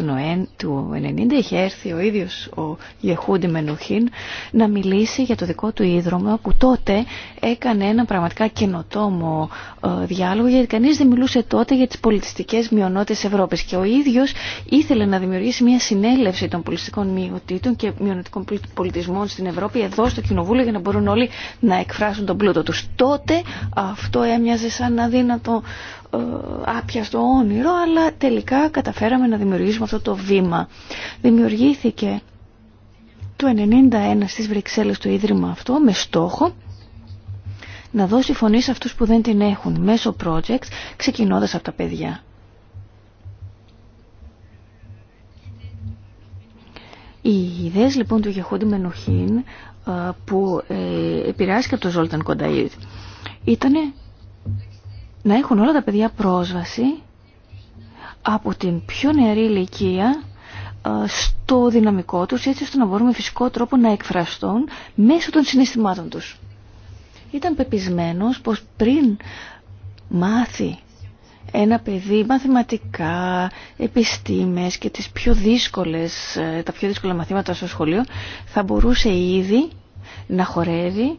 του, 90 είχε έρθει ο ίδιος ο Γεχούντι Μενουχίν να μιλήσει για το δικό του ίδρωμα που τότε έκανε ένα πραγματικά καινοτόμο ε, διάλογο γιατί κανείς δεν μιλούσε τότε για τις πολιτιστικές μειονότητες Ευρώπης και ο ίδιος ήθελε να δημιουργήσει μια συνέλευση των πολιτιστικών μειονοτήτων και μειονοτικών πολιτισμών στην Ευρώπη εδώ στο Κοινοβούλιο για να μπορούν όλοι να εκφράσουν τον πλούτο τους. Τότε αυτό έμοιαζε σαν αδύνατο ε, άπιαστο όνειρο, αλλά τελικά καταφέραμε να δημιουργήσουμε αυτό το βήμα. Δημιουργήθηκε το 1991 στις Βρυξέλλες το Ίδρυμα αυτό με στόχο να δώσει φωνή σε αυτούς που δεν την έχουν μέσω projects ξεκινώντας από τα παιδιά. Οι ιδέες λοιπόν του Γιαχόντι Μενοχήν ε, που ε, επηρεάστηκε από το Ζόλταν Κονταΐδ ήταν να έχουν όλα τα παιδιά πρόσβαση από την πιο νεαρή ηλικία ε, στο δυναμικό τους έτσι ώστε να μπορούν με φυσικό τρόπο να εκφραστούν μέσω των συναισθημάτων τους. Ήταν πεπισμένος πως πριν μάθει ένα παιδί μαθηματικά, επιστήμες και τις πιο δύσκολες, ε, τα πιο δύσκολα μαθήματα στο σχολείο θα μπορούσε ήδη να χορεύει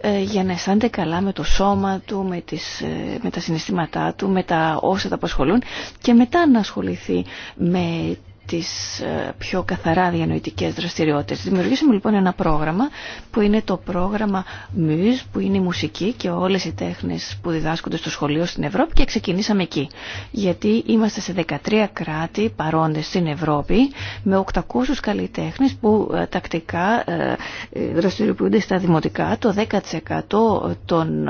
ε, για να αισθάνεται καλά με το σώμα του, με, τις, ε, με τα συναισθήματά του, με τα όσα τα απασχολούν και μετά να ασχοληθεί με τις ε, πιο καθαρά διανοητικές δραστηριότητες. Δημιουργήσαμε λοιπόν ένα πρόγραμμα που είναι το πρόγραμμα MUSE που είναι η μουσική και όλες οι τέχνες που διδάσκονται στο σχολείο στην Ευρώπη και ξεκινήσαμε εκεί. Γιατί είμαστε σε 13 κράτη παρόντες στην Ευρώπη με 800 καλλιτέχνες που ε, τακτικά ε, δραστηριοποιούνται στα δημοτικά. Το 10% των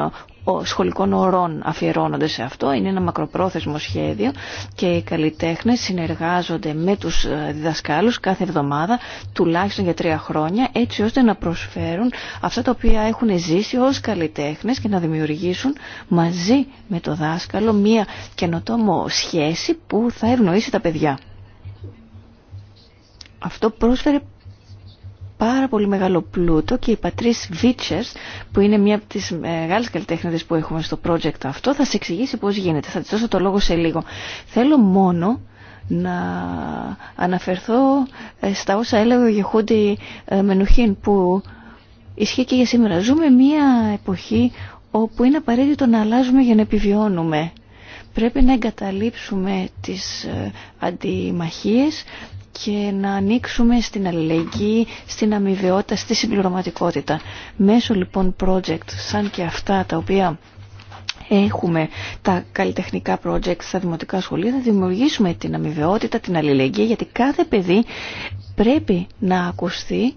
σχολικών ορών αφιερώνονται σε αυτό. Είναι ένα μακροπρόθεσμο σχέδιο και οι καλλιτέχνες συνεργάζονται με του ε, διδασκάλους κάθε εβδομάδα τουλάχιστον για τρία χρόνια έτσι ώστε να προσφέρουν αυτά τα οποία έχουν ζήσει ω καλλιτέχνες και να δημιουργήσουν μαζί με το δάσκαλο μία καινοτόμο σχέση που θα ευνοήσει τα παιδιά. Αυτό πρόσφερε πάρα πολύ μεγάλο πλούτο και η Πατρίς Βίτσερς που είναι μία από τις μεγάλες καλλιτέχνες που έχουμε στο project αυτό θα σε εξηγήσει πώς γίνεται. Θα της δώσω το λόγο σε λίγο. Θέλω μόνο να αναφερθώ ε, στα όσα έλεγε ο Γεχούντι ε, Μενουχίν που ισχύει και για σήμερα. Ζούμε μία εποχή όπου είναι απαραίτητο να αλλάζουμε για να επιβιώνουμε. Πρέπει να εγκαταλείψουμε τις ε, αντιμαχίες και να ανοίξουμε στην αλληλεγγύη, στην αμοιβαιότητα, στη συμπληρωματικότητα. Μέσω λοιπόν project σαν και αυτά τα οποία έχουμε τα καλλιτεχνικά project στα δημοτικά σχολεία θα δημιουργήσουμε την αμοιβαιότητα, την αλληλεγγύη γιατί κάθε παιδί πρέπει να ακουστεί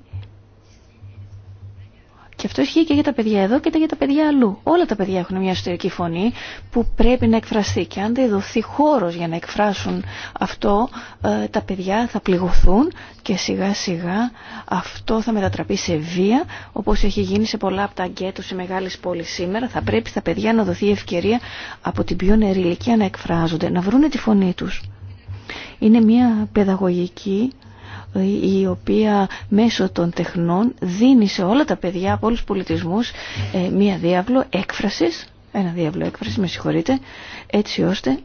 και αυτό ισχύει και για τα παιδιά εδώ και για τα παιδιά αλλού. Όλα τα παιδιά έχουν μια εσωτερική φωνή που πρέπει να εκφραστεί. Και αν δεν δοθεί χώρος για να εκφράσουν αυτό, ε, τα παιδιά θα πληγωθούν και σιγά σιγά αυτό θα μετατραπεί σε βία, όπως έχει γίνει σε πολλά από τα γκέτο σε μεγάλες πόλεις σήμερα. Θα πρέπει στα παιδιά να δοθεί ευκαιρία από την πιο νεαρή ηλικία να εκφράζονται, να βρουν τη φωνή του. Είναι μια παιδαγωγική η οποία μέσω των τεχνών δίνει σε όλα τα παιδιά από όλους τους πολιτισμούς ε, μία διάβλο έκφρασης, ένα διάβλο έκφρασης, με συγχωρείτε, έτσι ώστε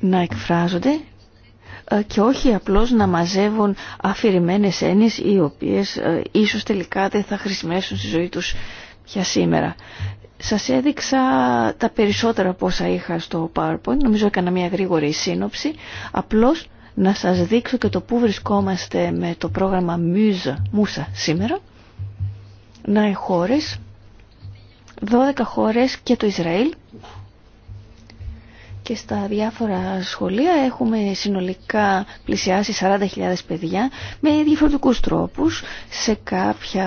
να εκφράζονται ε, και όχι απλώς να μαζεύουν αφηρημένες έννοιες οι οποίες ε, ίσως τελικά δεν θα χρησιμεύσουν στη ζωή τους για σήμερα. Σας έδειξα τα περισσότερα πόσα είχα στο PowerPoint, νομίζω έκανα μια γρήγορη σύνοψη, απλώς να σας δείξω και το πού βρισκόμαστε με το πρόγραμμα Μούσα σήμερα. Να οι χώρες, 12 χώρες και το Ισραήλ και στα διάφορα σχολεία έχουμε συνολικά πλησιάσει 40.000 παιδιά με διαφορετικούς τρόπους. Σε κάποια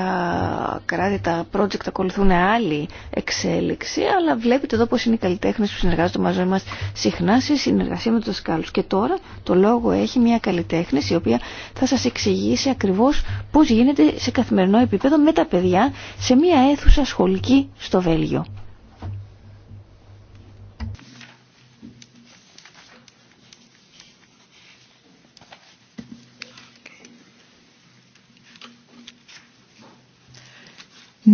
κράτη τα project ακολουθούν άλλη εξέλιξη, αλλά βλέπετε εδώ πώς είναι οι καλλιτέχνες που συνεργάζονται μαζί μας συχνά σε συνεργασία με τους δασκάλους. Και τώρα το λόγο έχει μια καλλιτέχνηση η οποία θα σας εξηγήσει ακριβώς πώς γίνεται σε καθημερινό επίπεδο με τα παιδιά σε μια αίθουσα σχολική στο Βέλγιο.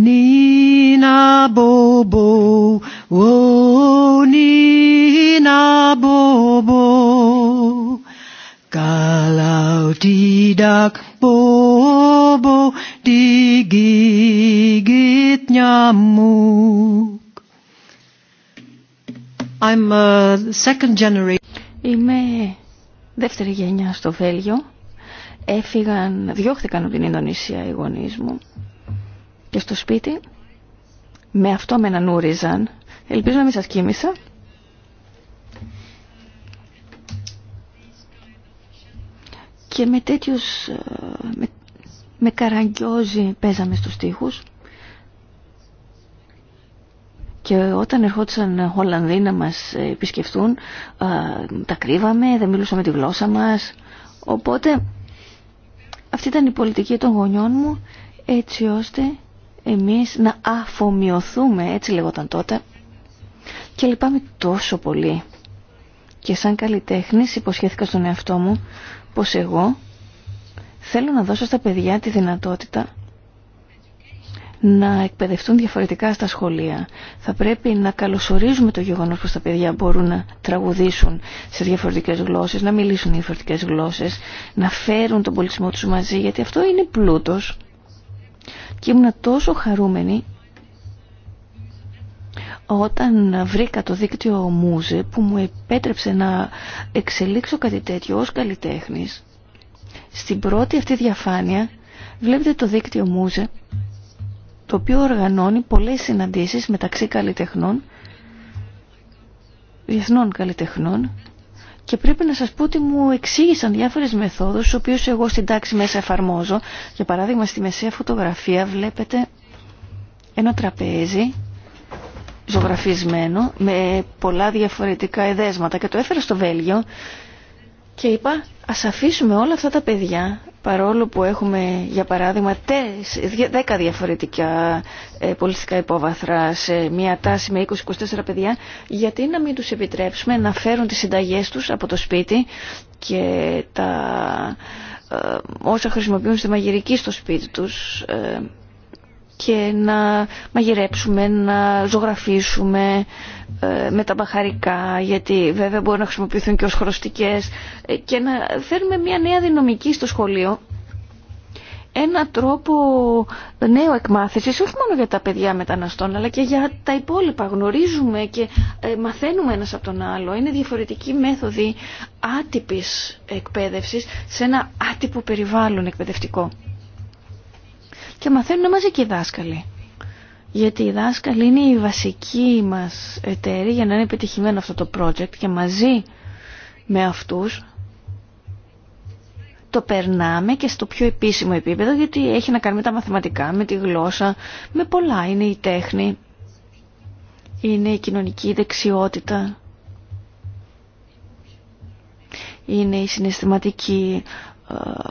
Nina Bobo, oh Nina Bobo, kalau tidak Bobo digigit nyamuk. I'm a second generation. Είμαι δεύτερη γενιά στο Βέλγιο. Έφυγαν, διώχθηκαν από την Ινδονησία οι γονείς μου και στο σπίτι με αυτό με ανανούριζαν. Ελπίζω να μην σας κοίμησα. Και με τέτοιους, ε, με, με καραγκιόζι παίζαμε στους τοίχους. Και όταν ερχόντουσαν Ολλανδοί να μας επισκεφτούν, ε, τα κρύβαμε, δεν μιλούσαμε τη γλώσσα μας. Οπότε αυτή ήταν η πολιτική των γονιών μου έτσι ώστε εμείς να αφομοιωθούμε, έτσι λεγόταν τότε, και λυπάμαι τόσο πολύ. Και σαν καλλιτέχνη υποσχέθηκα στον εαυτό μου πως εγώ θέλω να δώσω στα παιδιά τη δυνατότητα να εκπαιδευτούν διαφορετικά στα σχολεία. Θα πρέπει να καλωσορίζουμε το γεγονός πως τα παιδιά μπορούν να τραγουδήσουν σε διαφορετικές γλώσσες, να μιλήσουν διαφορετικές γλώσσες, να φέρουν τον πολιτισμό τους μαζί, γιατί αυτό είναι πλούτος και ήμουν τόσο χαρούμενη όταν βρήκα το δίκτυο Μούζε που μου επέτρεψε να εξελίξω κάτι τέτοιο ως καλλιτέχνης στην πρώτη αυτή διαφάνεια βλέπετε το δίκτυο Μούζε το οποίο οργανώνει πολλές συναντήσεις μεταξύ καλλιτεχνών διεθνών καλλιτεχνών και πρέπει να σας πω ότι μου εξήγησαν διάφορες μεθόδους, τις οποίες εγώ στην τάξη μέσα εφαρμόζω. Για παράδειγμα, στη μεσαία φωτογραφία βλέπετε ένα τραπέζι ζωγραφισμένο με πολλά διαφορετικά εδέσματα και το έφερα στο Βέλγιο και είπα, ας αφήσουμε όλα αυτά τα παιδιά, παρόλο που έχουμε, για παράδειγμα, 10 διαφορετικά ε, πολιτικά υπόβαθρα σε μια τάση με 20-24 παιδιά, γιατί να μην τους επιτρέψουμε να φέρουν τις συνταγές τους από το σπίτι και τα ε, όσα χρησιμοποιούν στη μαγειρική στο σπίτι τους ε, και να μαγειρέψουμε, να ζωγραφίσουμε ε, με τα μπαχαρικά γιατί βέβαια μπορούν να χρησιμοποιηθούν και ως χρωστικές ε, και να φέρουμε μια νέα δυναμική στο σχολείο ένα τρόπο νέο εκμάθησης όχι μόνο για τα παιδιά μεταναστών αλλά και για τα υπόλοιπα γνωρίζουμε και ε, μαθαίνουμε ένας από τον άλλο είναι διαφορετική μέθοδη άτυπης εκπαίδευσης σε ένα άτυπο περιβάλλον εκπαιδευτικό και μαθαίνουν μαζί και οι δάσκαλοι. Γιατί οι δάσκαλοι είναι η βασική μας εταίροι για να είναι επιτυχημένο αυτό το project και μαζί με αυτούς το περνάμε και στο πιο επίσημο επίπεδο γιατί έχει να κάνει με τα μαθηματικά, με τη γλώσσα, με πολλά. Είναι η τέχνη, είναι η κοινωνική δεξιότητα, είναι η συναισθηματική ε,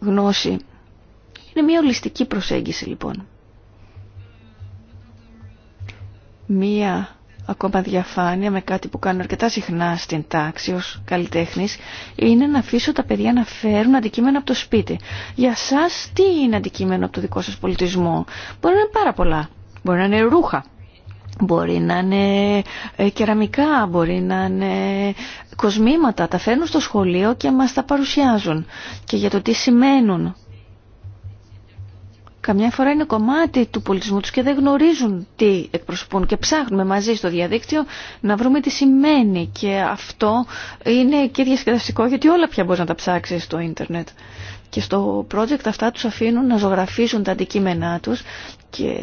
γνώση. Είναι μια ολιστική προσέγγιση λοιπόν. Μία ακόμα διαφάνεια με κάτι που κάνω αρκετά συχνά στην τάξη ως καλλιτέχνης είναι να αφήσω τα παιδιά να φέρουν αντικείμενα από το σπίτι. Για σας τι είναι αντικείμενο από το δικό σας πολιτισμό. Μπορεί να είναι πάρα πολλά. Μπορεί να είναι ρούχα. Μπορεί να είναι ε, κεραμικά, μπορεί να είναι κοσμήματα. Τα φέρνουν στο σχολείο και μας τα παρουσιάζουν. Και για το τι σημαίνουν καμιά φορά είναι κομμάτι του πολιτισμού τους και δεν γνωρίζουν τι εκπροσωπούν και ψάχνουμε μαζί στο διαδίκτυο να βρούμε τι σημαίνει και αυτό είναι και διασκεδαστικό γιατί όλα πια μπορείς να τα ψάξεις στο ίντερνετ. Και στο project αυτά τους αφήνουν να ζωγραφίσουν τα αντικείμενά τους και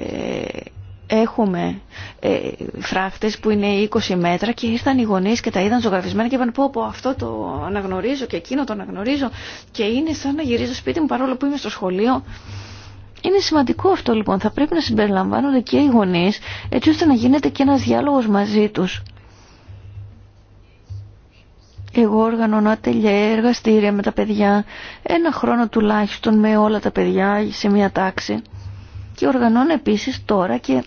έχουμε ε, φράχτες που είναι 20 μέτρα και ήρθαν οι γονείς και τα είδαν ζωγραφισμένα και είπαν πω πω αυτό το αναγνωρίζω και εκείνο το αναγνωρίζω και είναι σαν να γυρίζω σπίτι μου παρόλο που είμαι στο σχολείο είναι σημαντικό αυτό λοιπόν. Θα πρέπει να συμπεριλαμβάνονται και οι γονείς έτσι ώστε να γίνεται και ένας διάλογος μαζί τους. Εγώ οργανώνω ατελιέ, εργαστήρια με τα παιδιά, ένα χρόνο τουλάχιστον με όλα τα παιδιά σε μια τάξη. Και οργανώνω επίσης τώρα και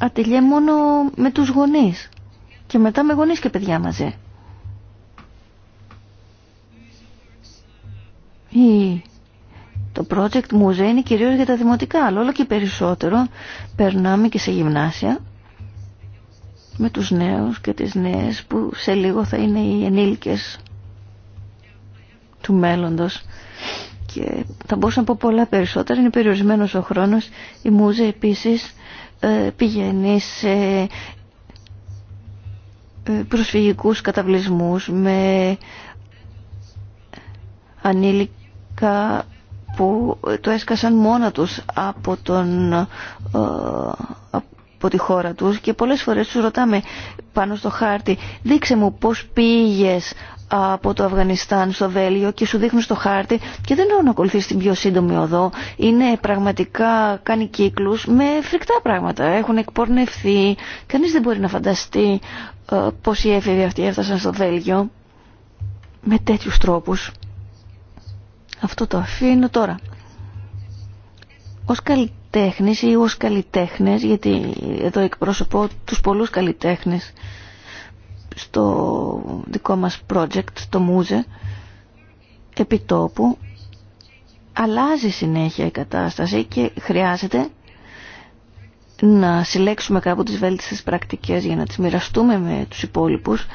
ατελιέ μόνο με τους γονείς και μετά με γονείς και παιδιά μαζί. Το project μουζέ είναι κυρίως για τα δημοτικά, αλλά όλο και περισσότερο περνάμε και σε γυμνάσια με τους νέους και τις νέες που σε λίγο θα είναι οι ενήλικες του μέλλοντος και θα μπορούσα να πω πολλά περισσότερα είναι περιορισμένος ο χρόνος η μουζέ επίσης ε, πηγαίνει σε ε, προσφυγικούς καταβλισμούς με ανήλικα που ε, το έσκασαν μόνα τους από, τον, ε, από τη χώρα τους και πολλές φορές τους ρωτάμε πάνω στο χάρτη δείξε μου πώς πήγες από το Αφγανιστάν στο Βέλγιο και σου δείχνουν στο χάρτη και δεν έχουν να την πιο σύντομη οδό. Είναι πραγματικά, κάνει κύκλους με φρικτά πράγματα. Έχουν εκπορνευθεί. Κανείς δεν μπορεί να φανταστεί ε, πώς οι έφηβοι αυτοί έφτασαν στο Βέλγιο με τέτοιους τρόπους. Αυτό το αφήνω τώρα. Ως καλλιτέχνης ή ως καλλιτέχνες, γιατί εδώ εκπρόσωπω τους πολλούς καλλιτέχνες στο δικό μας project, το Μούζε, επιτόπου αλλάζει συνέχεια η κατάσταση και χρειάζεται να συλλέξουμε κάπου τις βέλτιστες πρακτικές για να τις μοιραστούμε με τους υπόλοιπους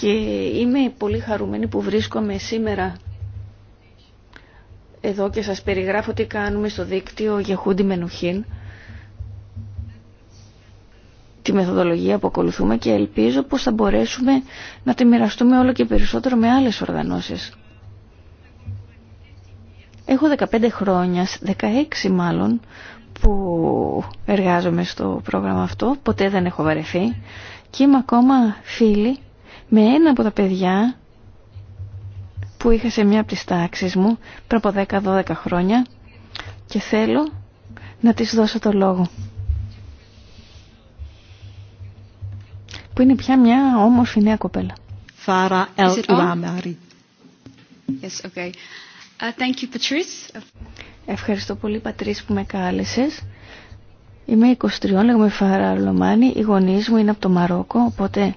και είμαι πολύ χαρούμενη που βρίσκομαι σήμερα εδώ και σας περιγράφω τι κάνουμε στο δίκτυο για χούντι Μενουχίν τη μεθοδολογία που ακολουθούμε και ελπίζω πως θα μπορέσουμε να τη μοιραστούμε όλο και περισσότερο με άλλες οργανώσεις. Έχω 15 χρόνια, 16 μάλλον, που εργάζομαι στο πρόγραμμα αυτό, ποτέ δεν έχω βαρεθεί και είμαι ακόμα φίλη με ένα από τα παιδιά που είχα σε μια από τις τάξεις μου πριν από 10-12 χρόνια και θέλω να της δώσω το λόγο. Που είναι πια μια όμορφη νέα κοπέλα. Φάρα Yes, okay. Uh, thank you, Patrice. Ευχαριστώ πολύ Πατρίς που με κάλεσες. Είμαι 23, λέγομαι Φάρα Λομάνη, οι γονείς μου είναι από το Μαρόκο, οπότε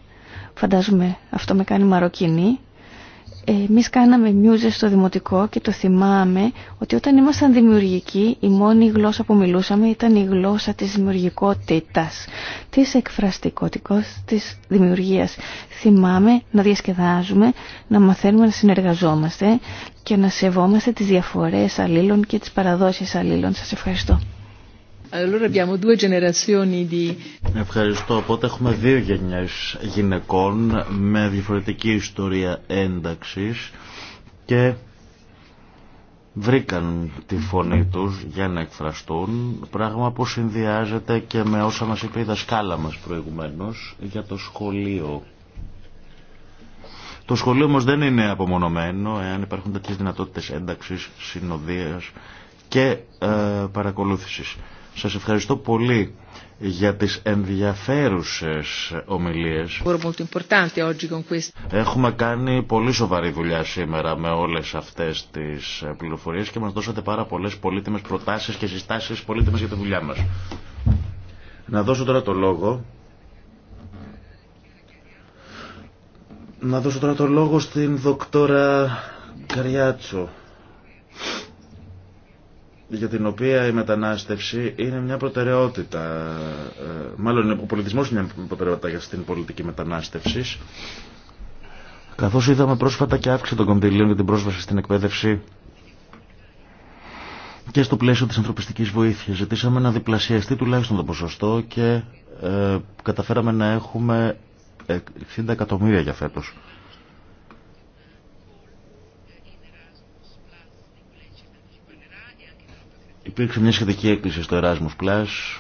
φαντάζομαι αυτό με κάνει Μαροκινή. Εμείς κάναμε μιούζες στο δημοτικό και το θυμάμαι ότι όταν ήμασταν δημιουργικοί η μόνη γλώσσα που μιλούσαμε ήταν η γλώσσα της δημιουργικότητας, της εκφραστικότητας, της δημιουργίας. Θυμάμαι να διασκεδάζουμε, να μαθαίνουμε να συνεργαζόμαστε και να σεβόμαστε τις διαφορές αλλήλων και τις παραδόσεις αλλήλων. Σας ευχαριστώ. Ευχαριστώ. Οπότε έχουμε δύο γενιές γυναικών με διαφορετική ιστορία ένταξης και βρήκαν τη φωνή τους για να εκφραστούν, πράγμα που συνδυάζεται και με όσα μας είπε η δασκάλα μας προηγουμένως για το σχολείο. Το σχολείο όμως δεν είναι απομονωμένο, εάν υπάρχουν τέτοιες δυνατότητες ένταξης, συνοδείας και ε, παρακολούθησης. Σας ευχαριστώ πολύ για τις ενδιαφέρουσες ομιλίες. Έχουμε κάνει πολύ σοβαρή δουλειά σήμερα με όλες αυτές τις πληροφορίες και μας δώσατε πάρα πολλές πολύτιμες προτάσεις και συστάσεις πολύτιμες για τη δουλειά μας. Να δώσω τώρα το λόγο να δώσω τώρα το λόγο στην δοκτόρα Καριάτσο για την οποία η μετανάστευση είναι μια προτεραιότητα, ε, μάλλον ο πολιτισμός είναι μια προτεραιότητα για την πολιτική μετανάστευση, καθώς είδαμε πρόσφατα και αύξηση των κονδυλίων για την πρόσβαση στην εκπαίδευση και στο πλαίσιο της ανθρωπιστικής βοήθειας. Ζητήσαμε να διπλασιαστεί τουλάχιστον το ποσοστό και ε, καταφέραμε να έχουμε 60 εκατομμύρια για φέτος. Υπήρξε μια σχετική έκκληση στο Erasmus Plus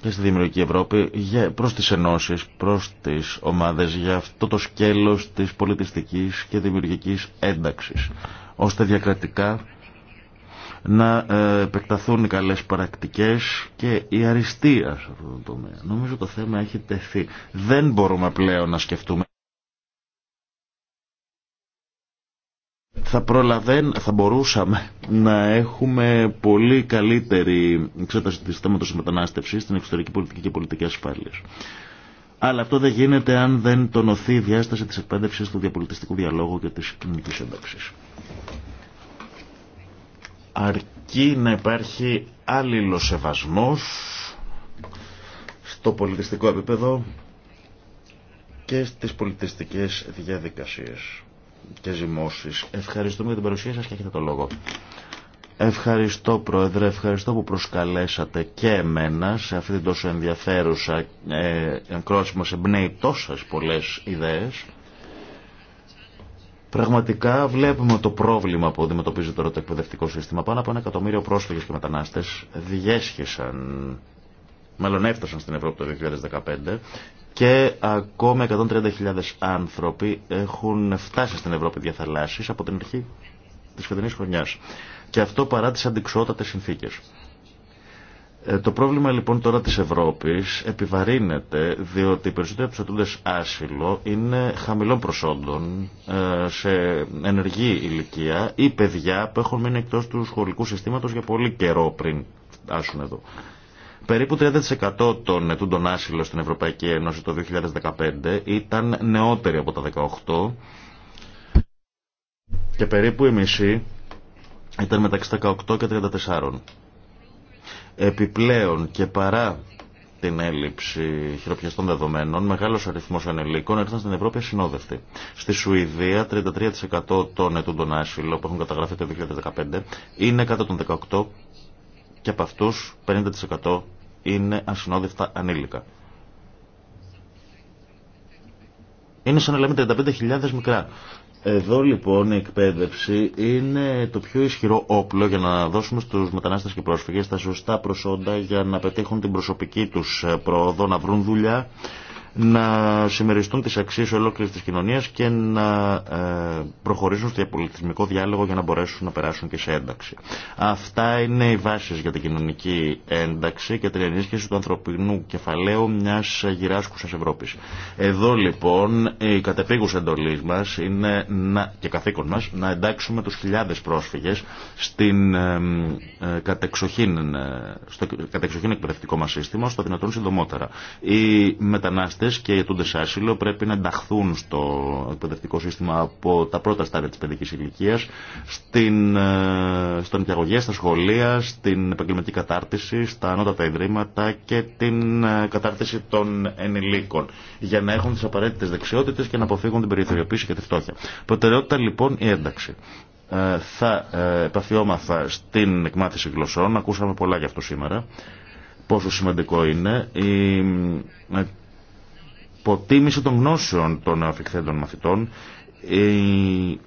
και στη Δημιουργική Ευρώπη προς τις ενώσεις, προς τις ομάδες για αυτό το σκέλος της πολιτιστικής και δημιουργικής ένταξης, ώστε διακρατικά να ε, επεκταθούν οι καλές πρακτικές και η αριστεία σε αυτό το τομέα. Νομίζω το θέμα έχει τεθεί. Δεν μπορούμε πλέον να σκεφτούμε θα, προλαβαίν, θα μπορούσαμε να έχουμε πολύ καλύτερη εξέταση της θέματος μετανάστευσης στην εξωτερική πολιτική και πολιτική ασφάλεια. Αλλά αυτό δεν γίνεται αν δεν τονωθεί η διάσταση της εκπαίδευσης του διαπολιτιστικού διαλόγου και της κοινωνικής ένταξης. Αρκεί να υπάρχει αλληλοσεβασμός στο πολιτιστικό επίπεδο και στις πολιτιστικές διαδικασίες και ζυμώσεις. Ευχαριστούμε για την παρουσία σα και έχετε το λόγο. Ευχαριστώ Πρόεδρε, ευχαριστώ που προσκαλέσατε και εμένα σε αυτή την τόσο ενδιαφέρουσα ε, εγκρόση μας εμπνέει τόσες πολλές ιδέες. Πραγματικά βλέπουμε το πρόβλημα που αντιμετωπίζει τώρα το εκπαιδευτικό σύστημα. Πάνω από ένα εκατομμύριο πρόσφυγες και μετανάστες διέσχισαν, μάλλον έφτασαν στην Ευρώπη το 2015 και ακόμα 130.000 άνθρωποι έχουν φτάσει στην Ευρώπη διαθαλάσσης από την αρχή της φετινής χρονιάς. Και αυτό παρά τις αντικσότατες συνθήκες. Ε, το πρόβλημα λοιπόν τώρα της Ευρώπης επιβαρύνεται διότι οι περισσότεροι τους άσυλο είναι χαμηλών προσόντων ε, σε ενεργή ηλικία ή παιδιά που έχουν μείνει εκτός του σχολικού συστήματος για πολύ καιρό πριν φτάσουν εδώ. Περίπου 30% των ετούντων άσυλων στην Ευρωπαϊκή Ένωση το 2015 ήταν νεότεροι από τα 18 και περίπου η μισή ήταν μεταξύ 18 και 34. Επιπλέον και παρά την έλλειψη χειροπιαστών δεδομένων, μεγάλος αριθμός ανελίκων έρθαν στην Ευρώπη ασυνόδευτοι. Στη Σουηδία, 33% των ετούντων άσυλων που έχουν καταγραφεί το 2015 είναι κατά των 18 και από αυτούς 50% είναι ασυνόδευτα ανήλικα. Είναι σαν να λέμε 35.000 μικρά. Εδώ λοιπόν η εκπαίδευση είναι το πιο ισχυρό όπλο για να δώσουμε στους μετανάστες και πρόσφυγες τα σωστά προσόντα για να πετύχουν την προσωπική τους ε, πρόοδο, να βρουν δουλειά να συμμεριστούν τις αξίες ολόκληρης της κοινωνίας και να ε, προχωρήσουν στο διαπολιτισμικό διάλογο για να μπορέσουν να περάσουν και σε ένταξη. Αυτά είναι οι βάσεις για την κοινωνική ένταξη και την ενίσχυση του ανθρωπινού κεφαλαίου μιας γυράσκουσας Ευρώπης. Εδώ λοιπόν η κατεπήγουσα εντολή μας είναι να, και καθήκον μας να εντάξουμε τους χιλιάδες πρόσφυγες στην, ε, κατεξοχήν, ε, στο κατεξοχήν εκπαιδευτικό μας σύστημα στο δυνατόν συντομότερα και οι αιτούντε άσυλο πρέπει να ενταχθούν στο εκπαιδευτικό σύστημα από τα πρώτα στάδια τη παιδική ηλικία, ε, στον νοικιαγωγία, στα σχολεία, στην επαγγελματική κατάρτιση, στα ανώτατα ιδρύματα και την ε, κατάρτιση των ενηλίκων για να έχουν τι απαραίτητε δεξιότητε και να αποφύγουν την περιθωριοποίηση και τη φτώχεια. Προτεραιότητα λοιπόν η ένταξη ε, θα επαφιόμαθα στην εκμάθηση γλωσσών, ακούσαμε πολλά γι' αυτό σήμερα, πόσο σημαντικό είναι. Η υποτίμηση των γνώσεων των αφιχθέντων μαθητών, οι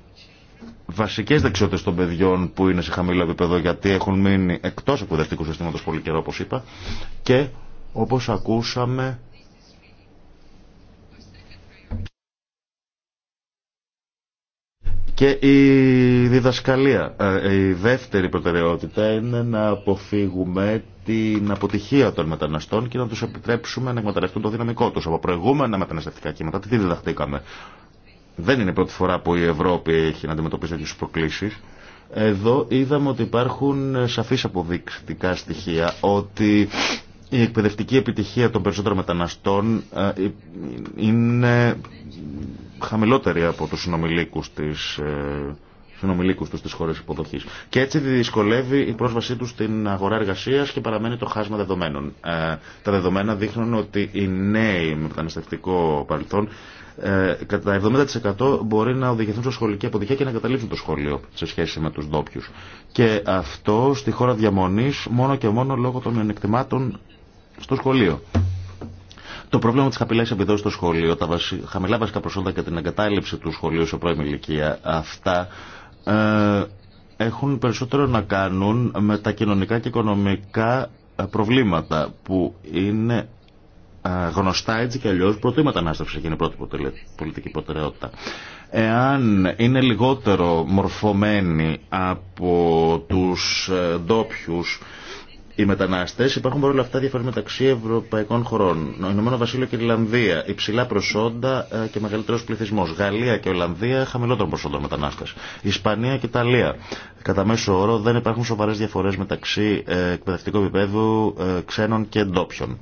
βασικές δεξιότητες των παιδιών που είναι σε χαμηλό επίπεδο γιατί έχουν μείνει εκτός εκπαιδευτικού συστήματος πολύ καιρό όπως είπα και όπως ακούσαμε Και η διδασκαλία. Ε, η δεύτερη προτεραιότητα είναι να αποφύγουμε την αποτυχία των μεταναστών και να τους επιτρέψουμε να εκμεταλλευτούν το δυναμικό τους. Από προηγούμενα μεταναστευτικά κύματα τι διδαχτήκαμε. Δεν είναι η πρώτη φορά που η Ευρώπη έχει να αντιμετωπίσει τέτοιες προκλήσεις. Εδώ είδαμε ότι υπάρχουν ε, σαφείς αποδεικτικά στοιχεία ότι η εκπαιδευτική επιτυχία των περισσότερων μεταναστών ε, είναι χαμηλότερη από τους συνομιλίκους της ε, συνομιλίκους τους υποδοχή. υποδοχής. Και έτσι δυσκολεύει η πρόσβασή τους στην αγορά εργασίας και παραμένει το χάσμα δεδομένων. Ε, τα δεδομένα δείχνουν ότι οι νέοι με μεταναστευτικό παρελθόν ε, κατά 70% μπορεί να οδηγηθούν σε σχολική αποτυχία και να καταλήξουν το σχολείο σε σχέση με τους ντόπιου. Και αυτό στη χώρα διαμονής μόνο και μόνο λόγω των μειονεκτημάτων στο σχολείο. Το πρόβλημα τη χαμηλή επιδόση στο σχολείο, τα βασι... χαμηλά βασικά προσόντα και την εγκατάλειψη του σχολείου σε πρώιμη ηλικία, αυτά ε, έχουν περισσότερο να κάνουν με τα κοινωνικά και οικονομικά ε, προβλήματα που είναι ε, γνωστά έτσι και αλλιώ πρώτοι η μετανάστευση η πρώτη πολιτική προτεραιότητα. Εάν είναι λιγότερο μορφωμένοι από τους ντόπιου οι μετανάστε. Υπάρχουν παρόλα αυτά διαφορέ μεταξύ ευρωπαϊκών χωρών. Ηνωμένο Βασίλειο και Ιρλανδία, υψηλά προσόντα ε, και μεγαλύτερο πληθυσμό. Γαλλία και Ολλανδία, χαμηλότερο προσόντα μετανάστες. Ισπανία και Ιταλία. Κατά μέσο όρο δεν υπάρχουν σοβαρέ διαφορέ μεταξύ ε, εκπαιδευτικού επίπεδου ε, ξένων και ντόπιων.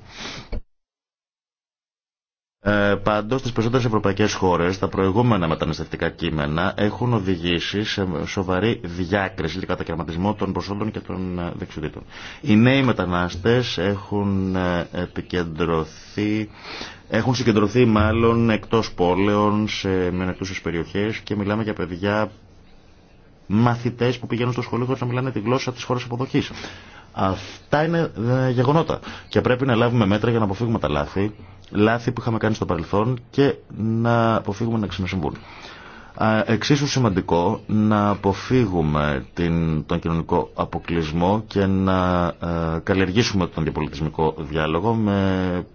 Ε, Πάντω, στι περισσότερε ευρωπαϊκέ χώρε τα προηγούμενα μεταναστευτικά κείμενα έχουν οδηγήσει σε σοβαρή διάκριση και κατακαιρματισμό των προσόντων και των ε, δεξιοτήτων. Οι νέοι μετανάστε έχουν ε, επικεντρωθεί. Έχουν συγκεντρωθεί μάλλον εκτό πόλεων, σε μειονεκτούσε περιοχέ και μιλάμε για παιδιά Μαθητέ που πηγαίνουν στο σχολείο χωρί να μιλάνε τη γλώσσα τη χώρα αποδοχή. Αυτά είναι ε, γεγονότα και πρέπει να λάβουμε μέτρα για να αποφύγουμε τα λάθη λάθη που είχαμε κάνει στο παρελθόν και να αποφύγουμε να ξανασυμβούν. Εξίσου σημαντικό να αποφύγουμε την, τον κοινωνικό αποκλεισμό και να ε, καλλιεργήσουμε τον διαπολιτισμικό διάλογο με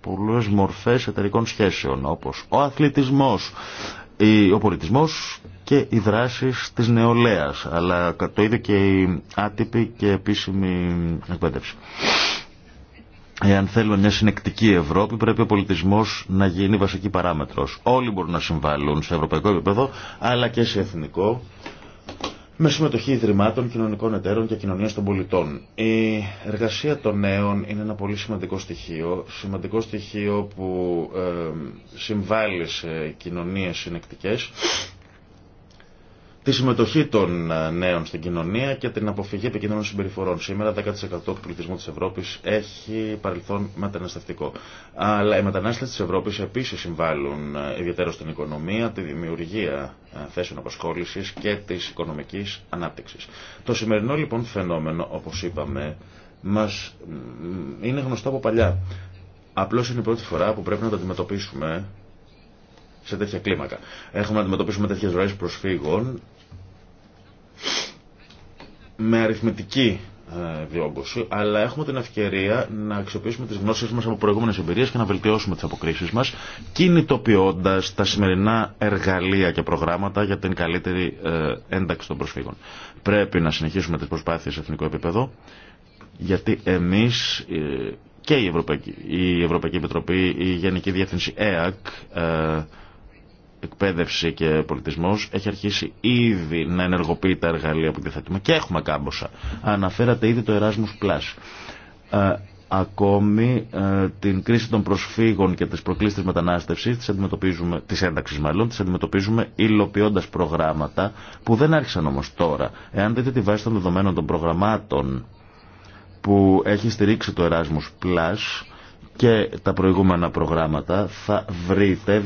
πολλές μορφές εταιρικών σχέσεων όπως ο αθλητισμός, ο πολιτισμός και οι δράσεις της νεολαίας αλλά το ίδιο και η άτυπη και επίσημη εκπαίδευση. Εάν θέλουμε μια συνεκτική Ευρώπη, πρέπει ο πολιτισμό να γίνει βασική παράμετρο. Όλοι μπορούν να συμβάλλουν σε ευρωπαϊκό επίπεδο, αλλά και σε εθνικό, με συμμετοχή ιδρυμάτων, κοινωνικών εταίρων και κοινωνία των πολιτών. Η εργασία των νέων είναι ένα πολύ σημαντικό στοιχείο. Σημαντικό στοιχείο που ε, συμβάλλει σε κοινωνίε συνεκτικέ τη συμμετοχή των ε, νέων στην κοινωνία και την αποφυγή επικίνδυνων συμπεριφορών. Σήμερα 10% του πληθυσμού της Ευρώπης έχει παρελθόν μεταναστευτικό. Αλλά οι μετανάστες της Ευρώπης επίσης συμβάλλουν ε, ιδιαίτερα στην οικονομία, τη δημιουργία ε, θέσεων απασχόλησης και της οικονομικής ανάπτυξης. Το σημερινό λοιπόν φαινόμενο, όπως είπαμε, μας είναι γνωστό από παλιά. Απλώς είναι η πρώτη φορά που πρέπει να το αντιμετωπίσουμε σε τέτοια κλίμακα. Έχουμε να αντιμετωπίσουμε τέτοιε ροέ προσφύγων με αριθμητική ε, διόγκωση, αλλά έχουμε την ευκαιρία να αξιοποιήσουμε τις γνώσεις μας από προηγούμενες εμπειρίες και να βελτιώσουμε τις αποκρίσεις μας, κινητοποιώντας τα σημερινά εργαλεία και προγράμματα για την καλύτερη ε, ένταξη των προσφύγων. Πρέπει να συνεχίσουμε τις προσπάθειες σε εθνικό επίπεδο, γιατί εμείς ε, και η Ευρωπαϊκή, η Ευρωπαϊκή Επιτροπή, η Γενική Διεύθυνση ΕΑΚ, εκπαίδευση και πολιτισμός έχει αρχίσει ήδη να ενεργοποιεί τα εργαλεία που διαθέτουμε και έχουμε κάμποσα. Αναφέρατε ήδη το Erasmus Plus. Ε, ακόμη ε, την κρίση των προσφύγων και τη προκλήση της μετανάστευσης τις αντιμετωπίζουμε, της ένταξης μάλλον, τις αντιμετωπίζουμε υλοποιώντα προγράμματα που δεν άρχισαν όμως τώρα. Εάν δείτε τη βάση των δεδομένων των προγραμμάτων που έχει στηρίξει το Erasmus Plus και τα προηγούμενα προγράμματα θα βρείτε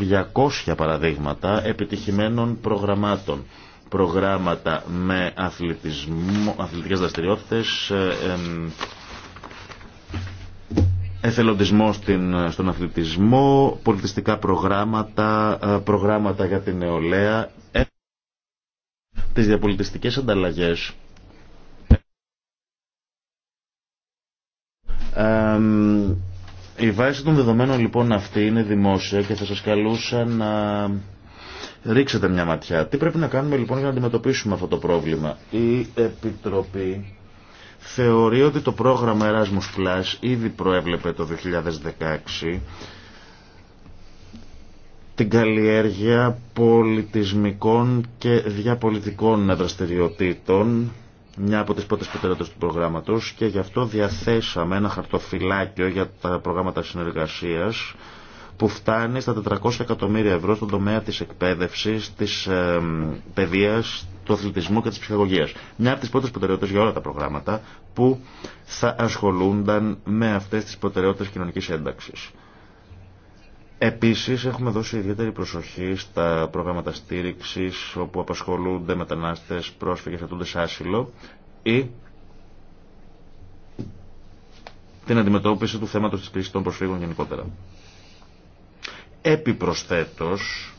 200 παραδείγματα επιτυχημένων προγραμμάτων. Προγράμματα με αθλητισμό, αθλητικές δραστηριότητες, ε, εθελοντισμό στην, στον αθλητισμό, πολιτιστικά προγράμματα, ε, προγράμματα για την νεολαία, ε, τις διαπολιτιστικές ανταλλαγές. Η βάση των δεδομένων λοιπόν αυτή είναι δημόσια και θα σας καλούσα να ρίξετε μια ματιά. Τι πρέπει να κάνουμε λοιπόν για να αντιμετωπίσουμε αυτό το πρόβλημα. Η Επιτροπή θεωρεί ότι το πρόγραμμα Erasmus Plus ήδη προέβλεπε το 2016 την καλλιέργεια πολιτισμικών και διαπολιτικών δραστηριοτήτων μια από τις πρώτες προτεραιότητες του προγράμματος και γι' αυτό διαθέσαμε ένα χαρτοφυλάκιο για τα προγράμματα συνεργασίας που φτάνει στα 400 εκατομμύρια ευρώ στον τομέα της εκπαίδευσης, της ε, παιδείας, του αθλητισμού και της ψυχαγωγίας. Μια από τις πρώτες προτεραιότητες για όλα τα προγράμματα που θα ασχολούνταν με αυτές τις προτεραιότητες κοινωνικής ένταξης. Επίσης έχουμε δώσει ιδιαίτερη προσοχή στα προγράμματα στήριξης όπου απασχολούνται μετανάστες, πρόσφυγες, ατούντες άσυλο ή την αντιμετώπιση του θέματος της κρίσης των προσφύγων γενικότερα. Επιπροσθέτως,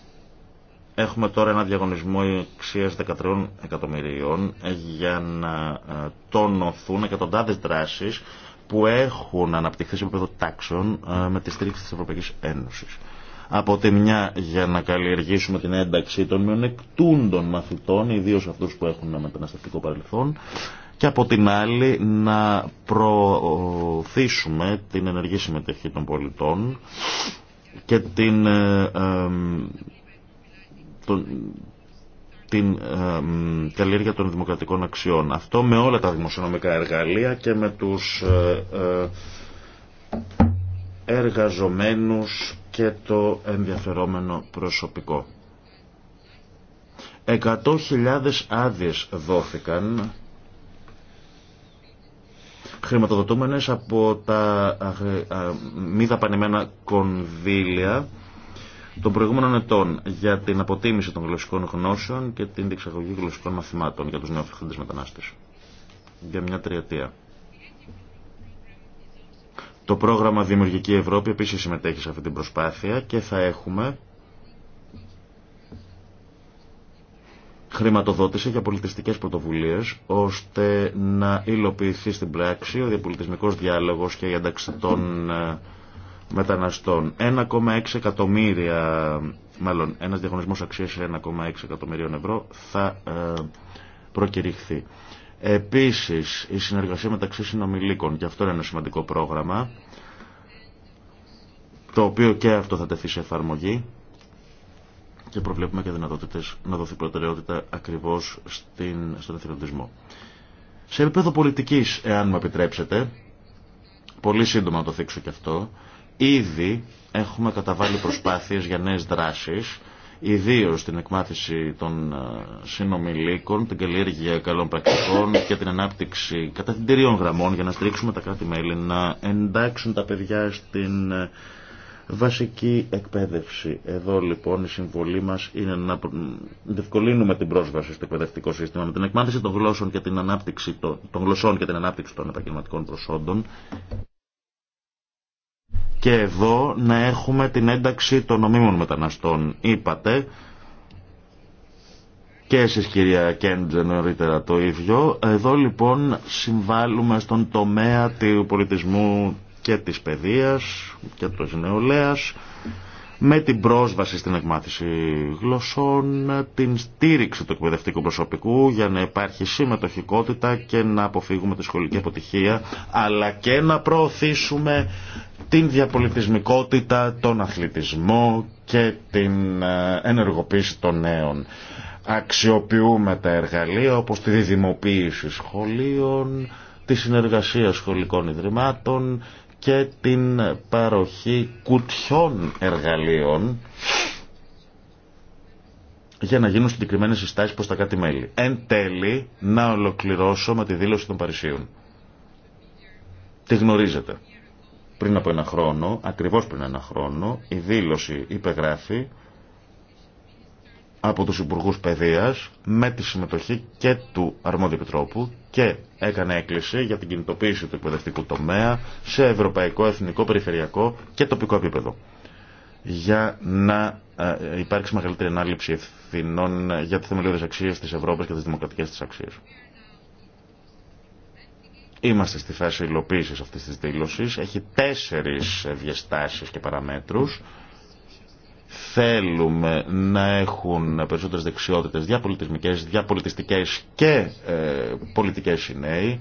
έχουμε τώρα ένα διαγωνισμό αξίας 13 εκατομμυρίων για να ε, τόνωθούν εκατοντάδες δράσεις που έχουν αναπτυχθεί σε επίπεδο τάξεων ε, με τη στήριξη της Ευρωπαϊκής Ένωσης. Από τη μια για να καλλιεργήσουμε την ένταξη των μειονεκτούντων μαθητών, ιδίως αυτούς που έχουν ένα μεταναστευτικό παρελθόν, και από την άλλη να προωθήσουμε την ενεργή συμμετοχή των πολιτών και την, ε, ε, την καλλιέργεια των δημοκρατικών αξιών. Αυτό με όλα τα δημοσιονομικά εργαλεία και με τους ε, ε, εργαζομένους και το ενδιαφερόμενο προσωπικό. 100.000 άδειες δόθηκαν χρηματοδοτούμενες από τα ε, μη δαπανημένα κονδύλια των προηγούμενων ετών για την αποτίμηση των γλωσσικών γνώσεων και την διεξαγωγή γλωσσικών μαθημάτων για τους νεοφυχθέντες μετανάστες. Για μια τριετία. Το πρόγραμμα Δημιουργική Ευρώπη επίσης συμμετέχει σε αυτή την προσπάθεια και θα έχουμε χρηματοδότηση για πολιτιστικές πρωτοβουλίες ώστε να υλοποιηθεί στην πράξη ο διαπολιτισμικός διάλογος και η ένταξη των ε, μεταναστών. 1,6 εκατομμύρια, μάλλον ένας διαγωνισμός αξίας 1,6 εκατομμυρίων ευρώ θα ε, προκηρυχθεί. Επίσης, η συνεργασία μεταξύ συνομιλίκων, και αυτό είναι ένα σημαντικό πρόγραμμα, το οποίο και αυτό θα τεθεί σε εφαρμογή και προβλέπουμε και δυνατότητες να δοθεί προτεραιότητα ακριβώς στον εθελοντισμό. Σε επίπεδο πολιτικής, εάν μου επιτρέψετε, πολύ σύντομα να το θίξω και αυτό, Ήδη έχουμε καταβάλει προσπάθειες για νέες δράσεις, ιδίως την εκμάθηση των ε, συνομιλίκων, την καλλιέργεια καλών πρακτικών και την ανάπτυξη καταθυντηρίων γραμμών για να στρίξουμε τα κράτη-μέλη να εντάξουν τα παιδιά στην ε, βασική εκπαίδευση. Εδώ λοιπόν η συμβολή μας είναι να διευκολύνουμε την πρόσβαση στο εκπαιδευτικό σύστημα με την εκμάθηση των γλώσσων και την ανάπτυξη των, των γλωσσών και την ανάπτυξη των επαγγελματικών προσόντων και εδώ να έχουμε την ένταξη των νομίμων μεταναστών. Είπατε και εσείς κυρία Κέντζε νωρίτερα το ίδιο. Εδώ λοιπόν συμβάλλουμε στον τομέα του πολιτισμού και της παιδείας και της νεολαίας με την πρόσβαση στην εκμάθηση γλωσσών, την στήριξη του εκπαιδευτικού προσωπικού για να υπάρχει συμμετοχικότητα και να αποφύγουμε τη σχολική αποτυχία, αλλά και να προωθήσουμε την διαπολιτισμικότητα, τον αθλητισμό και την ε, ενεργοποίηση των νέων. Αξιοποιούμε τα εργαλεία όπως τη διδημοποίηση σχολείων, τη συνεργασία σχολικών ιδρυμάτων και την παροχή κουτιών εργαλείων για να γίνουν συγκεκριμένε συστάσει προ τα κάτι μέλη. Εν τέλει, να ολοκληρώσω με τη δήλωση των Παρισίων. Τη γνωρίζετε. Πριν από ένα χρόνο, ακριβώς πριν ένα χρόνο, η δήλωση υπεγράφει από τους Υπουργούς Παιδείας με τη συμμετοχή και του Αρμόδιου Επιτρόπου και έκανε έκκληση για την κινητοποίηση του εκπαιδευτικού τομέα σε ευρωπαϊκό, εθνικό, περιφερειακό και τοπικό επίπεδο για να ε, υπάρξει μεγαλύτερη ανάληψη ευθυνών για τις θεμελιώδες αξίες της Ευρώπης και τις δημοκρατικές της αξίες. Είμαστε στη φάση υλοποίησης αυτής της δήλωσης. Έχει τέσσερις διαστάσεις και παραμέτρους θέλουμε να έχουν περισσότερες δεξιότητες διαπολιτισμικές, διαπολιτιστικές και ε, πολιτικές οι νέοι,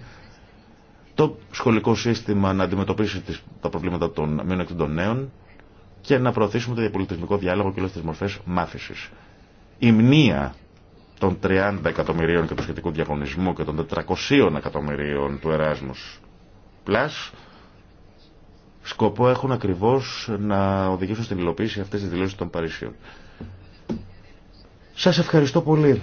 το σχολικό σύστημα να αντιμετωπίσει τα προβλήματα των των νέων και να προωθήσουμε το διαπολιτισμικό διάλογο και όλες τις μορφές μάθησης. Η μνήα των 30 εκατομμυρίων και του σχετικού διαγωνισμού και των 400 εκατομμυρίων του Erasmus Plus σκοπό έχουν ακριβώς να οδηγήσουν στην υλοποίηση αυτές τις δηλώσεις των Παρισιών. Σας ευχαριστώ πολύ.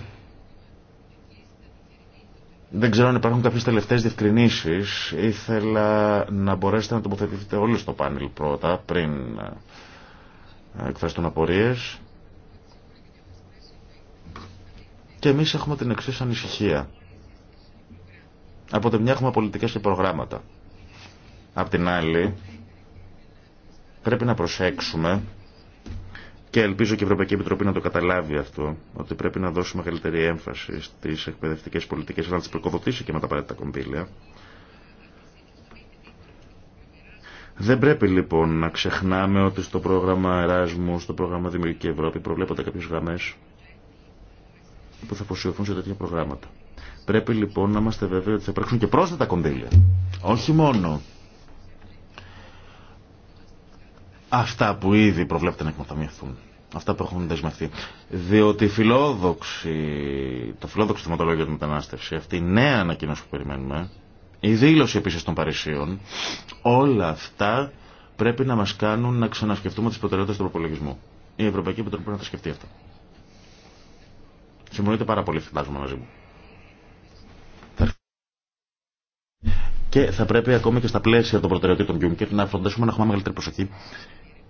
Δεν ξέρω αν υπάρχουν κάποιες τελευταίες διευκρινήσεις. Ήθελα να μπορέσετε να τοποθετηθείτε όλοι στο πάνελ πρώτα, πριν ε, εκφραστούν απορίες. Και εμείς έχουμε την εξής ανησυχία. Από τη μια έχουμε πολιτικές και προγράμματα. Απ' την άλλη, Πρέπει να προσέξουμε και ελπίζω και η Ευρωπαϊκή Επιτροπή να το καταλάβει αυτό, ότι πρέπει να δώσουμε μεγαλύτερη έμφαση στι εκπαιδευτικέ πολιτικέ, να τι προκοδοτήσει και με τα απαραίτητα κονδύλια. Δεν πρέπει λοιπόν να ξεχνάμε ότι στο πρόγραμμα Εράσμου, στο πρόγραμμα Δημιουργική Ευρώπη προβλέπονται κάποιε γραμμέ που θα αποσιωθούν σε τέτοια προγράμματα. Πρέπει λοιπόν να είμαστε βέβαιοι ότι θα υπάρξουν και πρόσθετα κονδύλια. Όχι μόνο αυτά που ήδη προβλέπεται να εκμεταμιευθούν. Αυτά που έχουν δεσμευτεί. Διότι φιλόδοξη, το φιλόδοξο θεματολόγιο τη μετανάστευση, αυτή η νέα ανακοίνωση που περιμένουμε, η δήλωση επίση των Παρισίων, όλα αυτά πρέπει να μα κάνουν να ξανασκεφτούμε τι προτεραιότητε του προπολογισμού. Η Ευρωπαϊκή Επιτροπή πρέπει να τα σκεφτεί αυτά. Συμφωνείτε πάρα πολύ, φαντάζομαι μαζί μου. Και θα πρέπει ακόμη και στα πλαίσια των προτεραιοτήτων Γιούνκερ να φροντίσουμε να έχουμε μεγαλύτερη προσοχή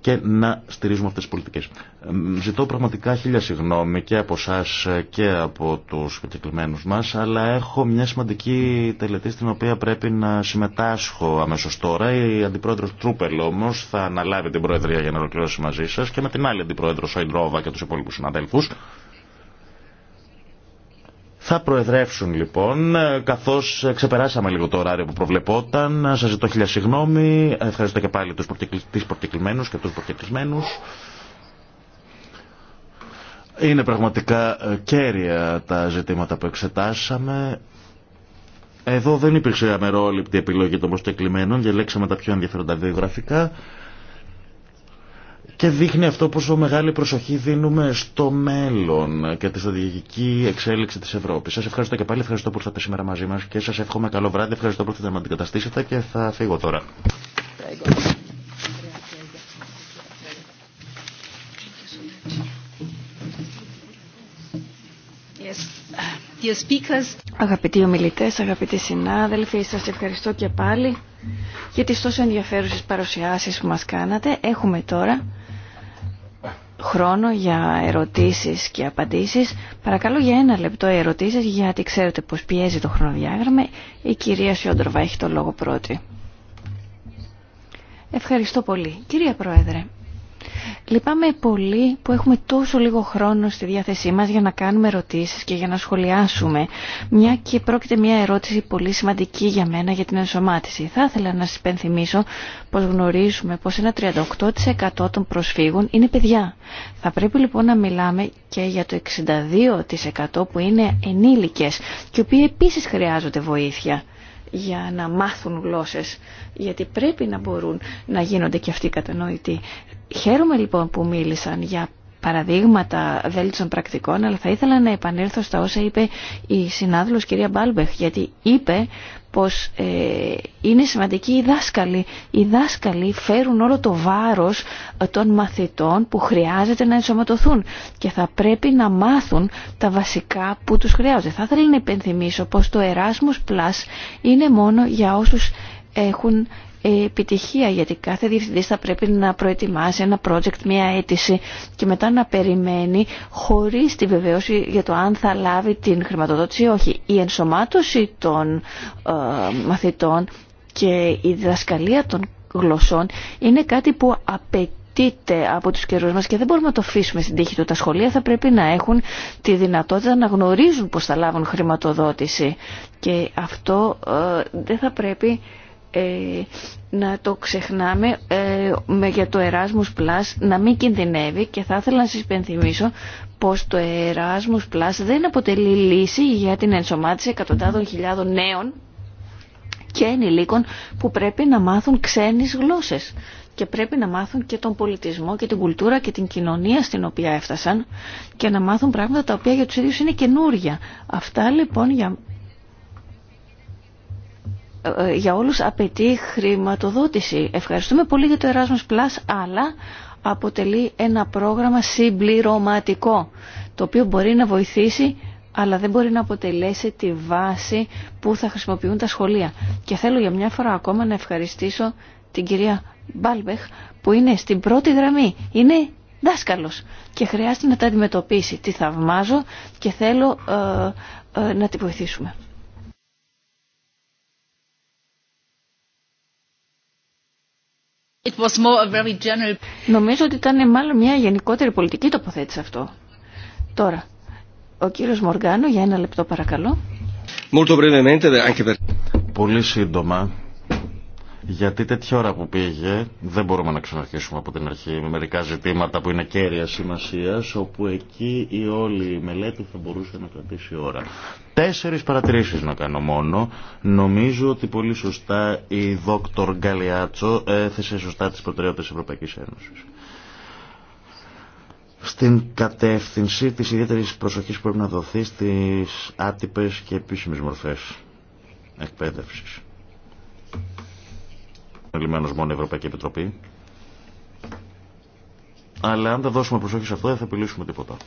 και να στηρίζουμε αυτές τις πολιτικές. Ζητώ πραγματικά χίλια συγγνώμη και από εσά και από τους επικεκλημένους μας, αλλά έχω μια σημαντική τελετή στην οποία πρέπει να συμμετάσχω αμέσως τώρα. Η Αντιπρόεδρος Τρούπελ όμως θα αναλάβει την Προεδρία για να ολοκληρώσει μαζί σας και με την άλλη Αντιπρόεδρο Σοϊντρόβα και τους υπόλοιπους συναδέλφους. Θα προεδρεύσουν λοιπόν, καθώς ξεπεράσαμε λίγο το ωράριο που προβλεπόταν. Σας ζητώ χίλια συγγνώμη, ευχαριστώ και πάλι τους προκεκλημένους και τους προκεκλημένους. Είναι πραγματικά ε, κέρια τα ζητήματα που εξετάσαμε. Εδώ δεν υπήρξε αμερόληπτη επιλογή των προσκεκλημένων, διαλέξαμε τα πιο ενδιαφέροντα βιογραφικά. Και δείχνει αυτό πόσο μεγάλη προσοχή δίνουμε στο μέλλον και τη στρατηγική εξέλιξη της Ευρώπης. Σας ευχαριστώ και πάλι, ευχαριστώ που ήρθατε σήμερα μαζί μα και σας εύχομαι καλό βράδυ, ευχαριστώ που ήρθατε να με αντικαταστήσετε και θα φύγω τώρα. Αγαπητοί ομιλητές, αγαπητοί συνάδελφοι, σας ευχαριστώ και πάλι για τι τόσο ενδιαφέρουσε παρουσιάσει που μα κάνατε. Έχουμε τώρα χρόνο για ερωτήσεις και απαντήσεις. Παρακαλώ για ένα λεπτό ερωτήσεις γιατί ξέρετε πως πιέζει το χρονοδιάγραμμα. Η κυρία Σιόντροβα έχει το λόγο πρώτη. Ευχαριστώ πολύ. Κυρία Πρόεδρε, Λυπάμαι πολύ που έχουμε τόσο λίγο χρόνο στη διάθεσή μας για να κάνουμε ερωτήσεις και για να σχολιάσουμε, μια και πρόκειται μια ερώτηση πολύ σημαντική για μένα για την ενσωμάτιση. Θα ήθελα να σας υπενθυμίσω πως γνωρίζουμε πως ένα 38% των προσφύγων είναι παιδιά. Θα πρέπει λοιπόν να μιλάμε και για το 62% που είναι ενήλικες και οι οποίοι επίσης χρειάζονται βοήθεια για να μάθουν γλώσσες, γιατί πρέπει να μπορούν να γίνονται και αυτοί κατανοητοί. Χαίρομαι λοιπόν που μίλησαν για παραδείγματα βέλτιστων πρακτικών, αλλά θα ήθελα να επανέλθω στα όσα είπε η συνάδελφος κυρία Μπάλμπεχ, γιατί είπε πως ε, είναι σημαντικοί οι δάσκαλοι. Οι δάσκαλοι φέρουν όλο το βάρος ε, των μαθητών που χρειάζεται να ενσωματωθούν και θα πρέπει να μάθουν τα βασικά που τους χρειάζονται. Θα ήθελα να υπενθυμίσω πως το Erasmus Plus είναι μόνο για όσους έχουν επιτυχία γιατί κάθε διευθυντής θα πρέπει να προετοιμάσει ένα project, μια αίτηση και μετά να περιμένει χωρίς τη βεβαίωση για το αν θα λάβει την χρηματοδότηση ή όχι. Η ενσωμάτωση των ε, μαθητών και η διδασκαλία των γλωσσών είναι κάτι που απαιτείται από τους καιρούς μας και δεν μπορούμε να το αφήσουμε στην τύχη του. Τα σχολεία θα πρέπει να έχουν τη δυνατότητα να γνωρίζουν πώς θα λάβουν χρηματοδότηση και αυτό ε, δεν θα πρέπει ε, να το ξεχνάμε ε, με, για το Erasmus Plus να μην κινδυνεύει και θα ήθελα να σας υπενθυμίσω πως το Erasmus Plus δεν αποτελεί λύση για την ενσωμάτηση εκατοντάδων χιλιάδων νέων και ενηλίκων που πρέπει να μάθουν ξένες γλώσσες και πρέπει να μάθουν και τον πολιτισμό και την κουλτούρα και την κοινωνία στην οποία έφτασαν και να μάθουν πράγματα τα οποία για τους ίδιους είναι καινούργια. Αυτά λοιπόν για ε, για όλους απαιτεί χρηματοδότηση. Ευχαριστούμε πολύ για το Erasmus Plus, αλλά αποτελεί ένα πρόγραμμα συμπληρωματικό, το οποίο μπορεί να βοηθήσει αλλά δεν μπορεί να αποτελέσει τη βάση που θα χρησιμοποιούν τα σχολεία. Και θέλω για μια φορά ακόμα να ευχαριστήσω την κυρία Μπάλμπεχ που είναι στην πρώτη γραμμή. Είναι δάσκαλος και χρειάζεται να τα αντιμετωπίσει. Τη θαυμάζω και θέλω ε, ε, να τη βοηθήσουμε. Νομίζω ότι ήταν μάλλον μια γενικότερη πολιτική τοποθέτηση αυτό. Τώρα, ο κύριος Μοργάνο για ένα λεπτό παρακαλώ. Πολύ σύντομα, γιατί τέτοια ώρα που πήγε δεν μπορούμε να ξαναρχίσουμε από την αρχή με μερικά ζητήματα που είναι κέρια σημασία, όπου εκεί η όλη η μελέτη θα μπορούσε να κρατήσει ώρα. τεσσερι παρατηρησει να κάνω μόνο. Νομίζω ότι πολύ σωστά η δόκτωρ Γκαλιάτσο έθεσε σωστά τι προτεραιότητε τη Ευρωπαϊκή Ένωση. στην κατεύθυνση τη ιδιαίτερη προσοχή που πρέπει να δοθεί στι άτυπε και επίσημε μορφέ εκπαίδευση λιμένος μόνο η Ευρωπαϊκή Επιτροπή. Αλλά αν δεν δώσουμε προσοχή σε αυτό δεν θα επιλύσουμε τίποτα.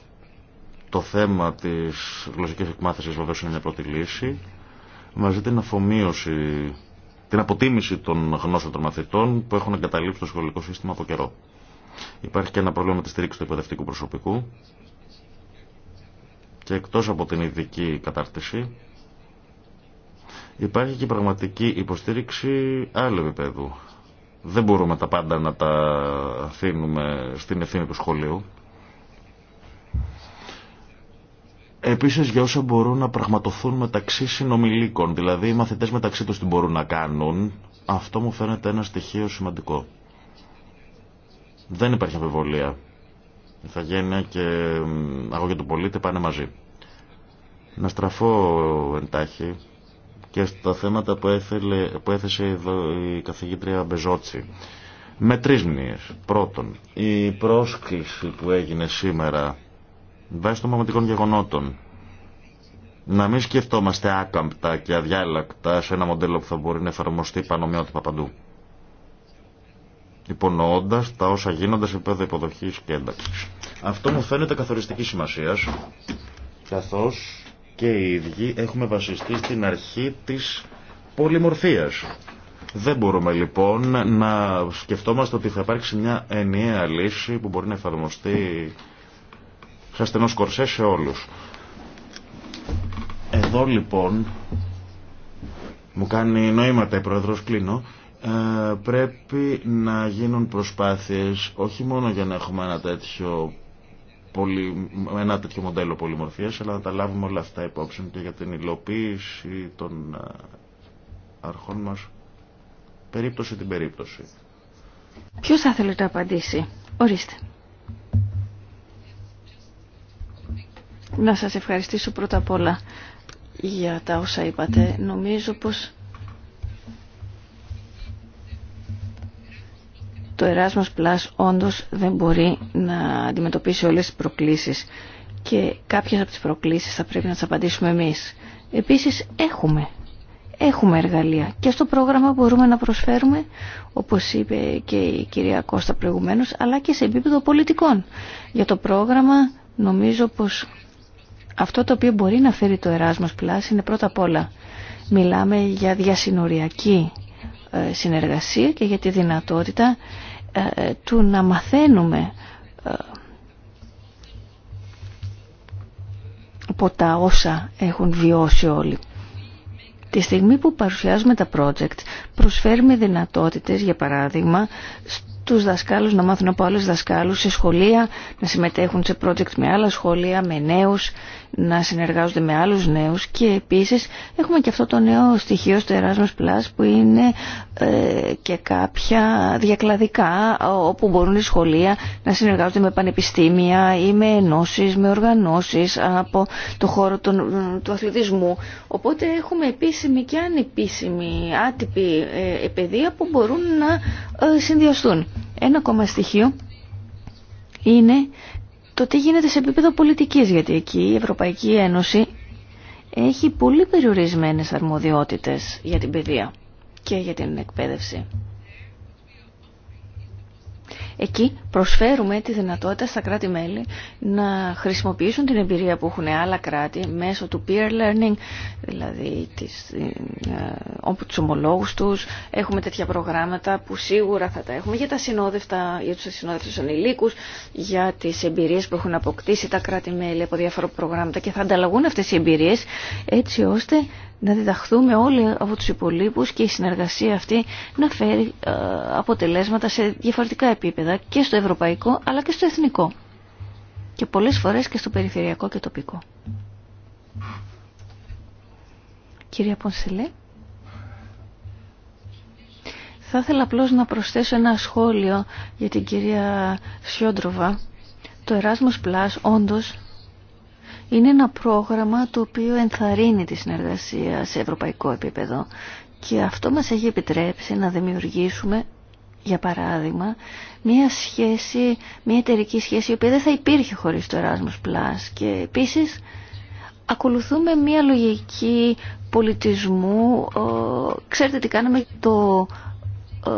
Το θέμα της γλωσσικής εκμάθησης βεβαίως είναι μια πρώτη λύση. Μαζί την αφομοίωση, την αποτίμηση των γνώσεων των μαθητών που έχουν εγκαταλείψει το σχολικό σύστημα από καιρό. Υπάρχει και ένα πρόβλημα της τη του εκπαιδευτικού προσωπικού και εκτός από την ειδική κατάρτιση Υπάρχει και πραγματική υποστήριξη άλλου επίπεδου. Δεν μπορούμε τα πάντα να τα αφήνουμε στην ευθύνη του σχολείου. Επίσης για όσα μπορούν να πραγματοθούν μεταξύ συνομιλίκων, δηλαδή οι μαθητές μεταξύ τους τι μπορούν να κάνουν, αυτό μου φαίνεται ένα στοιχείο σημαντικό. Δεν υπάρχει αμφιβολία. Θα Θαγένεια και και του πολίτη πάνε μαζί. Να στραφώ ε, εντάχει και στα θέματα που, που έθεσε εδώ η καθηγήτρια Μπεζότσι. Με τρεις μνήες. Πρώτον, η πρόσκληση που έγινε σήμερα βάσει των πραγματικών γεγονότων να μην σκεφτόμαστε άκαμπτα και αδιάλακτα σε ένα μοντέλο που θα μπορεί να εφαρμοστεί πανομοιότυπα παντού. Υπονοώντα τα όσα γίνονται σε επίπεδο υποδοχή και ένταξη. Αυτό μου φαίνεται καθοριστική σημασία, καθώ και οι ίδιοι έχουμε βασιστεί στην αρχή της πολυμορφίας. Δεν μπορούμε λοιπόν να σκεφτόμαστε ότι θα υπάρξει μια ενιαία λύση που μπορεί να εφαρμοστεί σε στενό σκορσέ σε όλους. Εδώ λοιπόν μου κάνει νοήματα η Πρόεδρος Κλίνο ε, πρέπει να γίνουν προσπάθειες όχι μόνο για να έχουμε ένα τέτοιο πολυ... ένα τέτοιο μοντέλο πολυμορφίας, αλλά να τα λάβουμε όλα αυτά υπόψη και για την υλοποίηση των ε, αρχών μας, περίπτωση την περίπτωση. Ποιος θα θέλετε να απαντήσει. Ορίστε. Να σας ευχαριστήσω πρώτα απ' όλα για τα όσα είπατε. Νομίζω πως το Erasmus Plus όντως δεν μπορεί να αντιμετωπίσει όλες τις προκλήσεις και κάποιες από τις προκλήσεις θα πρέπει να τις απαντήσουμε εμείς. Επίσης έχουμε, έχουμε εργαλεία και στο πρόγραμμα μπορούμε να προσφέρουμε, όπως είπε και η κυρία Κώστα προηγουμένως, αλλά και σε επίπεδο πολιτικών. Για το πρόγραμμα νομίζω πως αυτό το οποίο μπορεί να φέρει το Erasmus Plus είναι πρώτα απ' όλα μιλάμε για διασυνοριακή ε, συνεργασία και για τη δυνατότητα ε, ε, του να μαθαίνουμε ε, από τα όσα έχουν βιώσει όλοι. Τη στιγμή που παρουσιάζουμε τα project προσφέρουμε δυνατότητες για παράδειγμα τους δασκάλους να μάθουν από άλλους δασκάλους σε σχολεία, να συμμετέχουν σε project με άλλα σχολεία, με νέους, να συνεργάζονται με άλλους νέους και επίσης έχουμε και αυτό το νέο στοιχείο στο Erasmus Plus που είναι ε, και κάποια διακλαδικά όπου μπορούν οι σχολεία να συνεργάζονται με πανεπιστήμια ή με ενώσεις, με οργανώσεις από το χώρο του αθλητισμού. Οπότε έχουμε επίσημη και ανεπίσημη άτυπη ε, επαιδεία που μπορούν να ε, συνδυαστούν. Ένα ακόμα στοιχείο είναι το τι γίνεται σε επίπεδο πολιτικής, γιατί εκεί η Ευρωπαϊκή Ένωση έχει πολύ περιορισμένες αρμοδιότητες για την παιδεία και για την εκπαίδευση. Εκεί προσφέρουμε τη δυνατότητα στα κράτη-μέλη να χρησιμοποιήσουν την εμπειρία που έχουν άλλα κράτη μέσω του peer learning, δηλαδή τις, ε, όπου τους ομολόγους τους. Έχουμε τέτοια προγράμματα που σίγουρα θα τα έχουμε για, τα συνόδευτα, για τους ανηλίκους, για τις εμπειρίες που έχουν αποκτήσει τα κράτη-μέλη από διάφορα προγράμματα και θα ανταλλαγούν αυτές οι εμπειρίες έτσι ώστε να διδαχθούμε όλοι από τους υπολείπους και η συνεργασία αυτή να φέρει ε, αποτελέσματα σε διαφορετικά επίπεδα και στο ευρωπαϊκό αλλά και στο εθνικό και πολλές φορές και στο περιφερειακό και τοπικό. Κυρία Πονσελέ. Θα ήθελα απλώ να προσθέσω ένα σχόλιο για την κυρία Σιόντροβα. Το Erasmus Plus όντως είναι ένα πρόγραμμα το οποίο ενθαρρύνει τη συνεργασία σε ευρωπαϊκό επίπεδο και αυτό μας έχει επιτρέψει να δημιουργήσουμε για παράδειγμα, μια σχέση, μια εταιρική σχέση η οποία δεν θα υπήρχε χωρίς το Erasmus Plus και επίσης ακολουθούμε μια λογική πολιτισμού. Ξέρετε τι κάναμε το ε,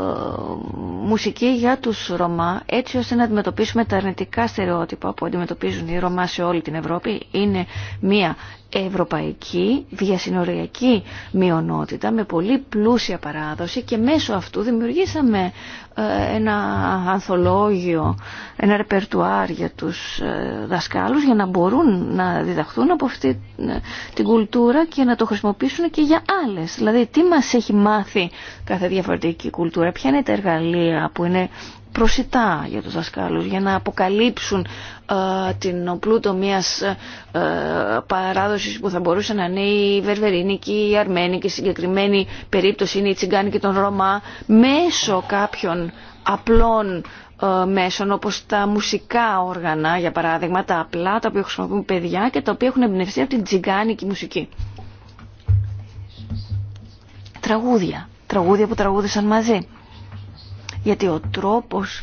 μουσική για τους Ρωμά έτσι ώστε να αντιμετωπίσουμε τα αρνητικά στερεότυπα που αντιμετωπίζουν οι Ρωμά σε όλη την Ευρώπη είναι μια ευρωπαϊκή διασυνοριακή μειονότητα με πολύ πλούσια παράδοση και μέσω αυτού δημιουργήσαμε ε, ένα ανθολόγιο, ένα ρεπερτουάρ για τους ε, δασκάλους για να μπορούν να διδαχθούν από αυτή ε, την κουλτούρα και να το χρησιμοποιήσουν και για άλλες. Δηλαδή τι μας έχει μάθει κάθε διαφορετική κουλτούρα, ποια είναι τα εργαλεία που είναι προσιτά για τους δασκάλους, για να αποκαλύψουν ε, την πλούτο μιας ε, ε, παράδοσης που θα μπορούσε να είναι η βερβερίνικη, η αρμένικη, συγκεκριμένη περίπτωση είναι η τσιγκάνικη των Ρωμά, μέσω κάποιων απλών ε, μέσων όπως τα μουσικά όργανα, για παράδειγμα, τα απλά, τα οποία χρησιμοποιούν παιδιά και τα οποία έχουν εμπνευστεί από την τσιγκάνικη μουσική. Τραγούδια, τραγούδια που τραγούδησαν μαζί γιατί ο τρόπος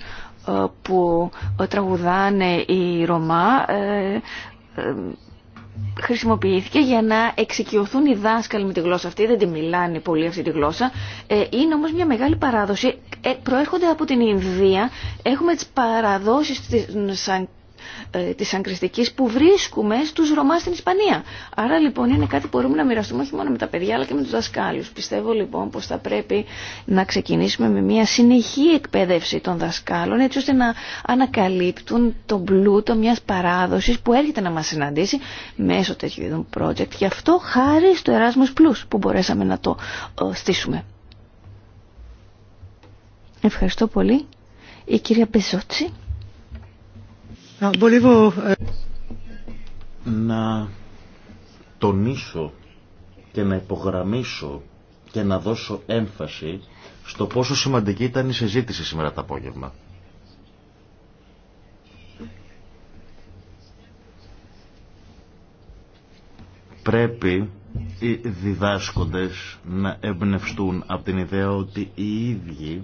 ε, που ε, τραγουδάνε οι Ρωμά ε, χρησιμοποιήθηκε για να εξοικειωθούν οι δάσκαλοι με τη γλώσσα αυτή, δεν τη μιλάνε πολύ αυτή τη γλώσσα. είναι όμως μια μεγάλη παράδοση, προέρχονται από την Ινδία, έχουμε τις παραδόσεις της Σαν Τη ε, της που βρίσκουμε στους Ρωμά στην Ισπανία. Άρα λοιπόν είναι κάτι που μπορούμε να μοιραστούμε όχι μόνο με τα παιδιά αλλά και με τους δασκάλους. Πιστεύω λοιπόν πως θα πρέπει να ξεκινήσουμε με μια συνεχή εκπαίδευση των δασκάλων έτσι ώστε να ανακαλύπτουν τον πλούτο μιας παράδοσης που έρχεται να μας συναντήσει μέσω τέτοιου είδου project. Γι' αυτό χάρη στο Erasmus Plus που μπορέσαμε να το ε, στήσουμε. Ευχαριστώ πολύ. Η κυρία Μπεζότση. Euh, να τονίσω και να υπογραμμίσω και να δώσω έμφαση στο πόσο σημαντική ήταν η συζήτηση σήμερα το απόγευμα. Πρέπει οι διδάσκοντες να εμπνευστούν από την ιδέα ότι οι ίδιοι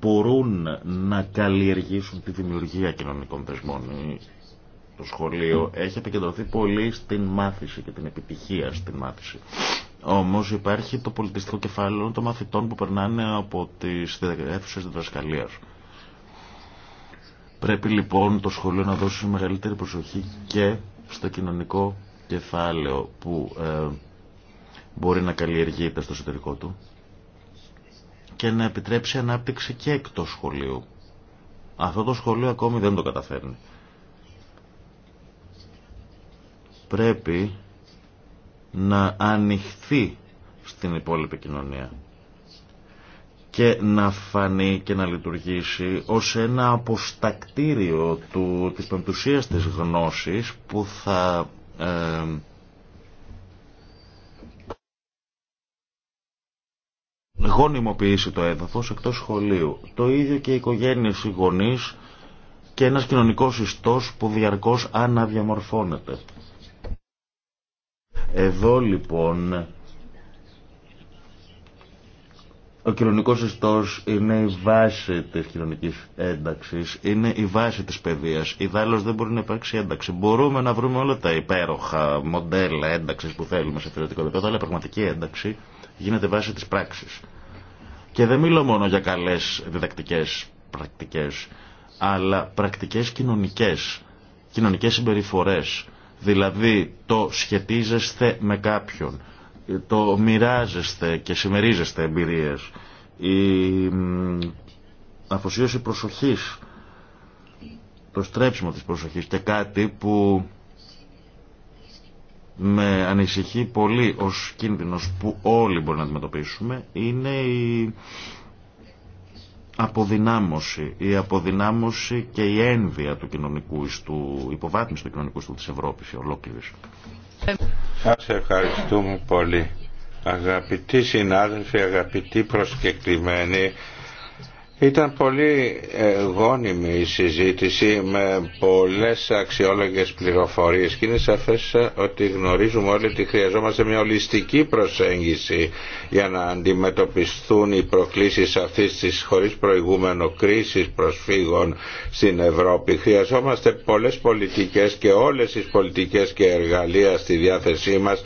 μπορούν να καλλιεργήσουν τη δημιουργία κοινωνικών δεσμών. Το σχολείο έχει επικεντρωθεί πολύ στην μάθηση και την επιτυχία στην μάθηση. Όμως υπάρχει το πολιτιστικό κεφάλαιο των μαθητών που περνάνε από τις αίθουσες διδασκαλίας. Πρέπει λοιπόν το σχολείο να δώσει μεγαλύτερη προσοχή και στο κοινωνικό κεφάλαιο που ε, μπορεί να καλλιεργείται στο εσωτερικό του και να επιτρέψει ανάπτυξη και εκτός σχολείου. Αυτό το σχολείο ακόμη δεν το καταφέρνει. Πρέπει να ανοιχθεί στην υπόλοιπη κοινωνία και να φανεί και να λειτουργήσει ως ένα αποστακτήριο του, της πεμπτουσίας της γνώσης που θα ε, γόνιμοποιήσει το έδαφος εκτός σχολείου. Το ίδιο και οι οικογένειες, οι γονείς και ένας κοινωνικός ιστός που διαρκώς αναδιαμορφώνεται. Εδώ λοιπόν ο κοινωνικός ιστός είναι η βάση της κοινωνικής ένταξης, είναι η βάση της παιδείας. Ιδάλλως δεν μπορεί να υπάρξει ένταξη. Μπορούμε να βρούμε όλα τα υπέροχα μοντέλα ένταξης που θέλουμε σε θεωρητικό επίπεδο, αλλά πραγματική ένταξη γίνεται βάση της πράξης. Και δεν μιλώ μόνο για καλές διδακτικές πρακτικές, αλλά πρακτικές κοινωνικές, κοινωνικές συμπεριφορές. Δηλαδή το σχετίζεστε με κάποιον, το μοιράζεστε και συμμερίζεστε εμπειρίες, η αφοσίωση προσοχής, το στρέψιμο της προσοχής και κάτι που με ανησυχεί πολύ ως κίνδυνος που όλοι μπορεί να αντιμετωπίσουμε είναι η αποδυνάμωση, η αποδυνάμωση και η ένδυα του κοινωνικού ιστού, υποβάθμιση του κοινωνικού ιστού της Ευρώπης ολόκληρης. Σας ευχαριστούμε πολύ. Αγαπητοί συνάδελφοι, αγαπητοί προσκεκλημένοι, ήταν πολύ γόνιμη η συζήτηση με πολλές αξιόλογες πληροφορίες και είναι σαφές ότι γνωρίζουμε όλοι ότι χρειαζόμαστε μια ολιστική προσέγγιση για να αντιμετωπιστούν οι προκλήσεις αυτής της χωρίς προηγούμενο κρίσης προσφύγων στην Ευρώπη. Χρειαζόμαστε πολλές πολιτικές και όλες τις πολιτικές και εργαλεία στη διάθεσή μας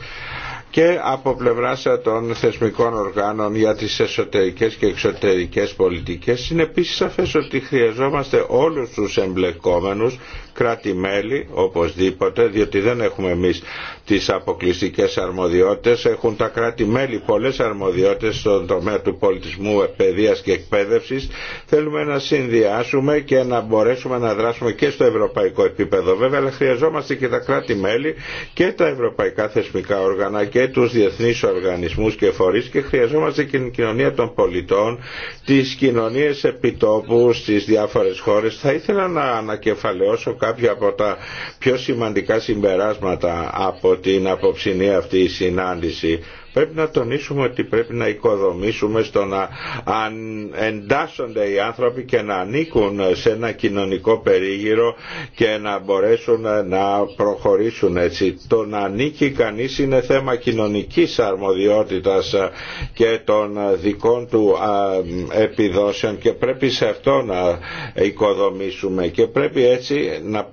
και από πλευράς των θεσμικών οργάνων για τις εσωτερικές και εξωτερικές πολιτικές είναι επίσης σαφές ότι χρειαζόμαστε όλους τους εμπλεκόμενους κράτη-μέλη οπωσδήποτε, διότι δεν έχουμε εμείς τις αποκλειστικές αρμοδιότητες, έχουν τα κράτη-μέλη πολλές αρμοδιότητες στον τομέα του πολιτισμού, παιδείας και εκπαίδευσης. Θέλουμε να συνδυάσουμε και να μπορέσουμε να δράσουμε και στο ευρωπαϊκό επίπεδο βέβαια, αλλά χρειαζόμαστε και τα κράτη-μέλη και τα ευρωπαϊκά θεσμικά όργανα και τους διεθνείς οργανισμούς και φορείς και χρειαζόμαστε και την κοινωνία των πολιτών, τις κοινωνίες επιτόπου στις διάφορες χώρες. Θα ήθελα να ανακεφαλαιώσω κάποια από τα πιο σημαντικά συμπεράσματα από την απόψινή αυτή συνάντηση Πρέπει να τονίσουμε ότι πρέπει να οικοδομήσουμε στο να εντάσσονται οι άνθρωποι και να ανήκουν σε ένα κοινωνικό περίγυρο και να μπορέσουν να προχωρήσουν έτσι. Το να ανήκει κανείς είναι θέμα κοινωνικής αρμοδιότητας και των δικών του επιδόσεων και πρέπει σε αυτό να οικοδομήσουμε και πρέπει έτσι να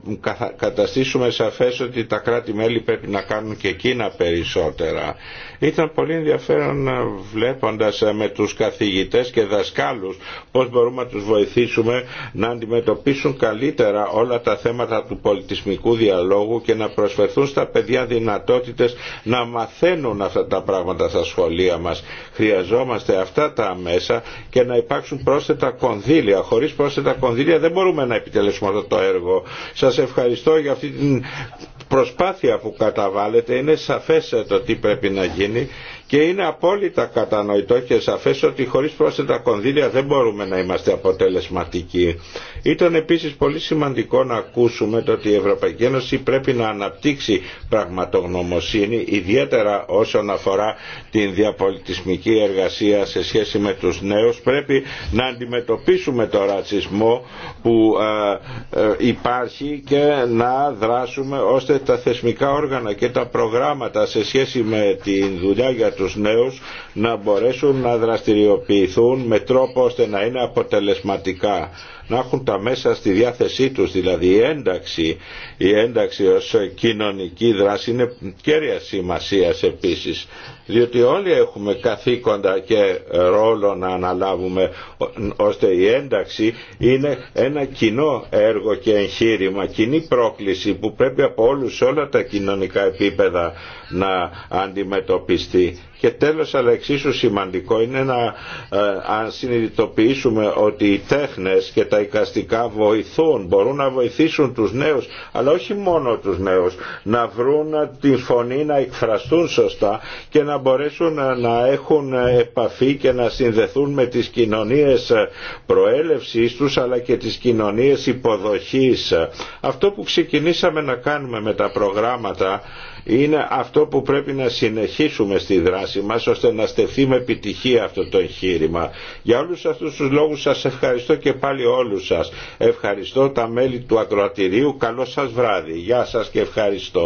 καταστήσουμε σαφές ότι τα κράτη-μέλη πρέπει να κάνουν και εκείνα περισσότερα ήταν πολύ ενδιαφέρον ε, βλέποντας ε, με τους καθηγητές και δασκάλους πώς μπορούμε να τους βοηθήσουμε να αντιμετωπίσουν καλύτερα όλα τα θέματα του πολιτισμικού διαλόγου και να προσφερθούν στα παιδιά δυνατότητες να μαθαίνουν αυτά τα πράγματα στα σχολεία μας. Χρειαζόμαστε αυτά τα μέσα και να υπάρξουν πρόσθετα κονδύλια. Χωρίς πρόσθετα κονδύλια δεν μπορούμε να επιτελέσουμε αυτό το έργο. Σας ευχαριστώ για αυτή την προσπάθεια που καταβάλλετε. Είναι σαφές ε, το τι πρέπει να γίνει σημαίνει και είναι απόλυτα κατανοητό και σαφές ότι χωρίς πρόσθετα κονδύλια δεν μπορούμε να είμαστε αποτελεσματικοί. Ήταν επίσης πολύ σημαντικό να ακούσουμε το ότι η Ευρωπαϊκή Ένωση πρέπει να αναπτύξει πραγματογνωμοσύνη, ιδιαίτερα όσον αφορά την διαπολιτισμική εργασία σε σχέση με τους νέους. Πρέπει να αντιμετωπίσουμε το ρατσισμό που ε, ε, υπάρχει και να δράσουμε ώστε τα θεσμικά όργανα και τα προγράμματα σε σχέση με τη δουλειά για τους νέους να μπορέσουν να δραστηριοποιηθούν με τρόπο ώστε να είναι αποτελεσματικά να έχουν τα μέσα στη διάθεσή τους δηλαδή η ένταξη η ένταξη ως κοινωνική δράση είναι κέρια σημασία επίσης διότι όλοι έχουμε καθήκοντα και ρόλο να αναλάβουμε ώστε η ένταξη είναι ένα κοινό έργο και εγχείρημα κοινή πρόκληση που πρέπει από όλους όλα τα κοινωνικά επίπεδα να αντιμετωπιστεί και τέλος αλλά εξίσου σημαντικό είναι να ε, συνειδητοποιήσουμε ότι οι τέχνες και τα οικαστικά βοηθούν, μπορούν να βοηθήσουν τους νέους, αλλά όχι μόνο τους νέους, να βρουν τη φωνή να εκφραστούν σωστά και να μπορέσουν να έχουν επαφή και να συνδεθούν με τις κοινωνίες προέλευσης τους αλλά και τις κοινωνίες υποδοχής. Αυτό που ξεκινήσαμε να κάνουμε με τα προγράμματα είναι αυτό που πρέπει να συνεχίσουμε στη δράση μας ώστε να στεφθεί με επιτυχία αυτό το εγχείρημα. Για όλους αυτούς τους λόγους σας ευχαριστώ και πάλι όλους σας. Ευχαριστώ τα μέλη του ακροατηρίου. Καλό σας βράδυ. Γεια σας και ευχαριστώ.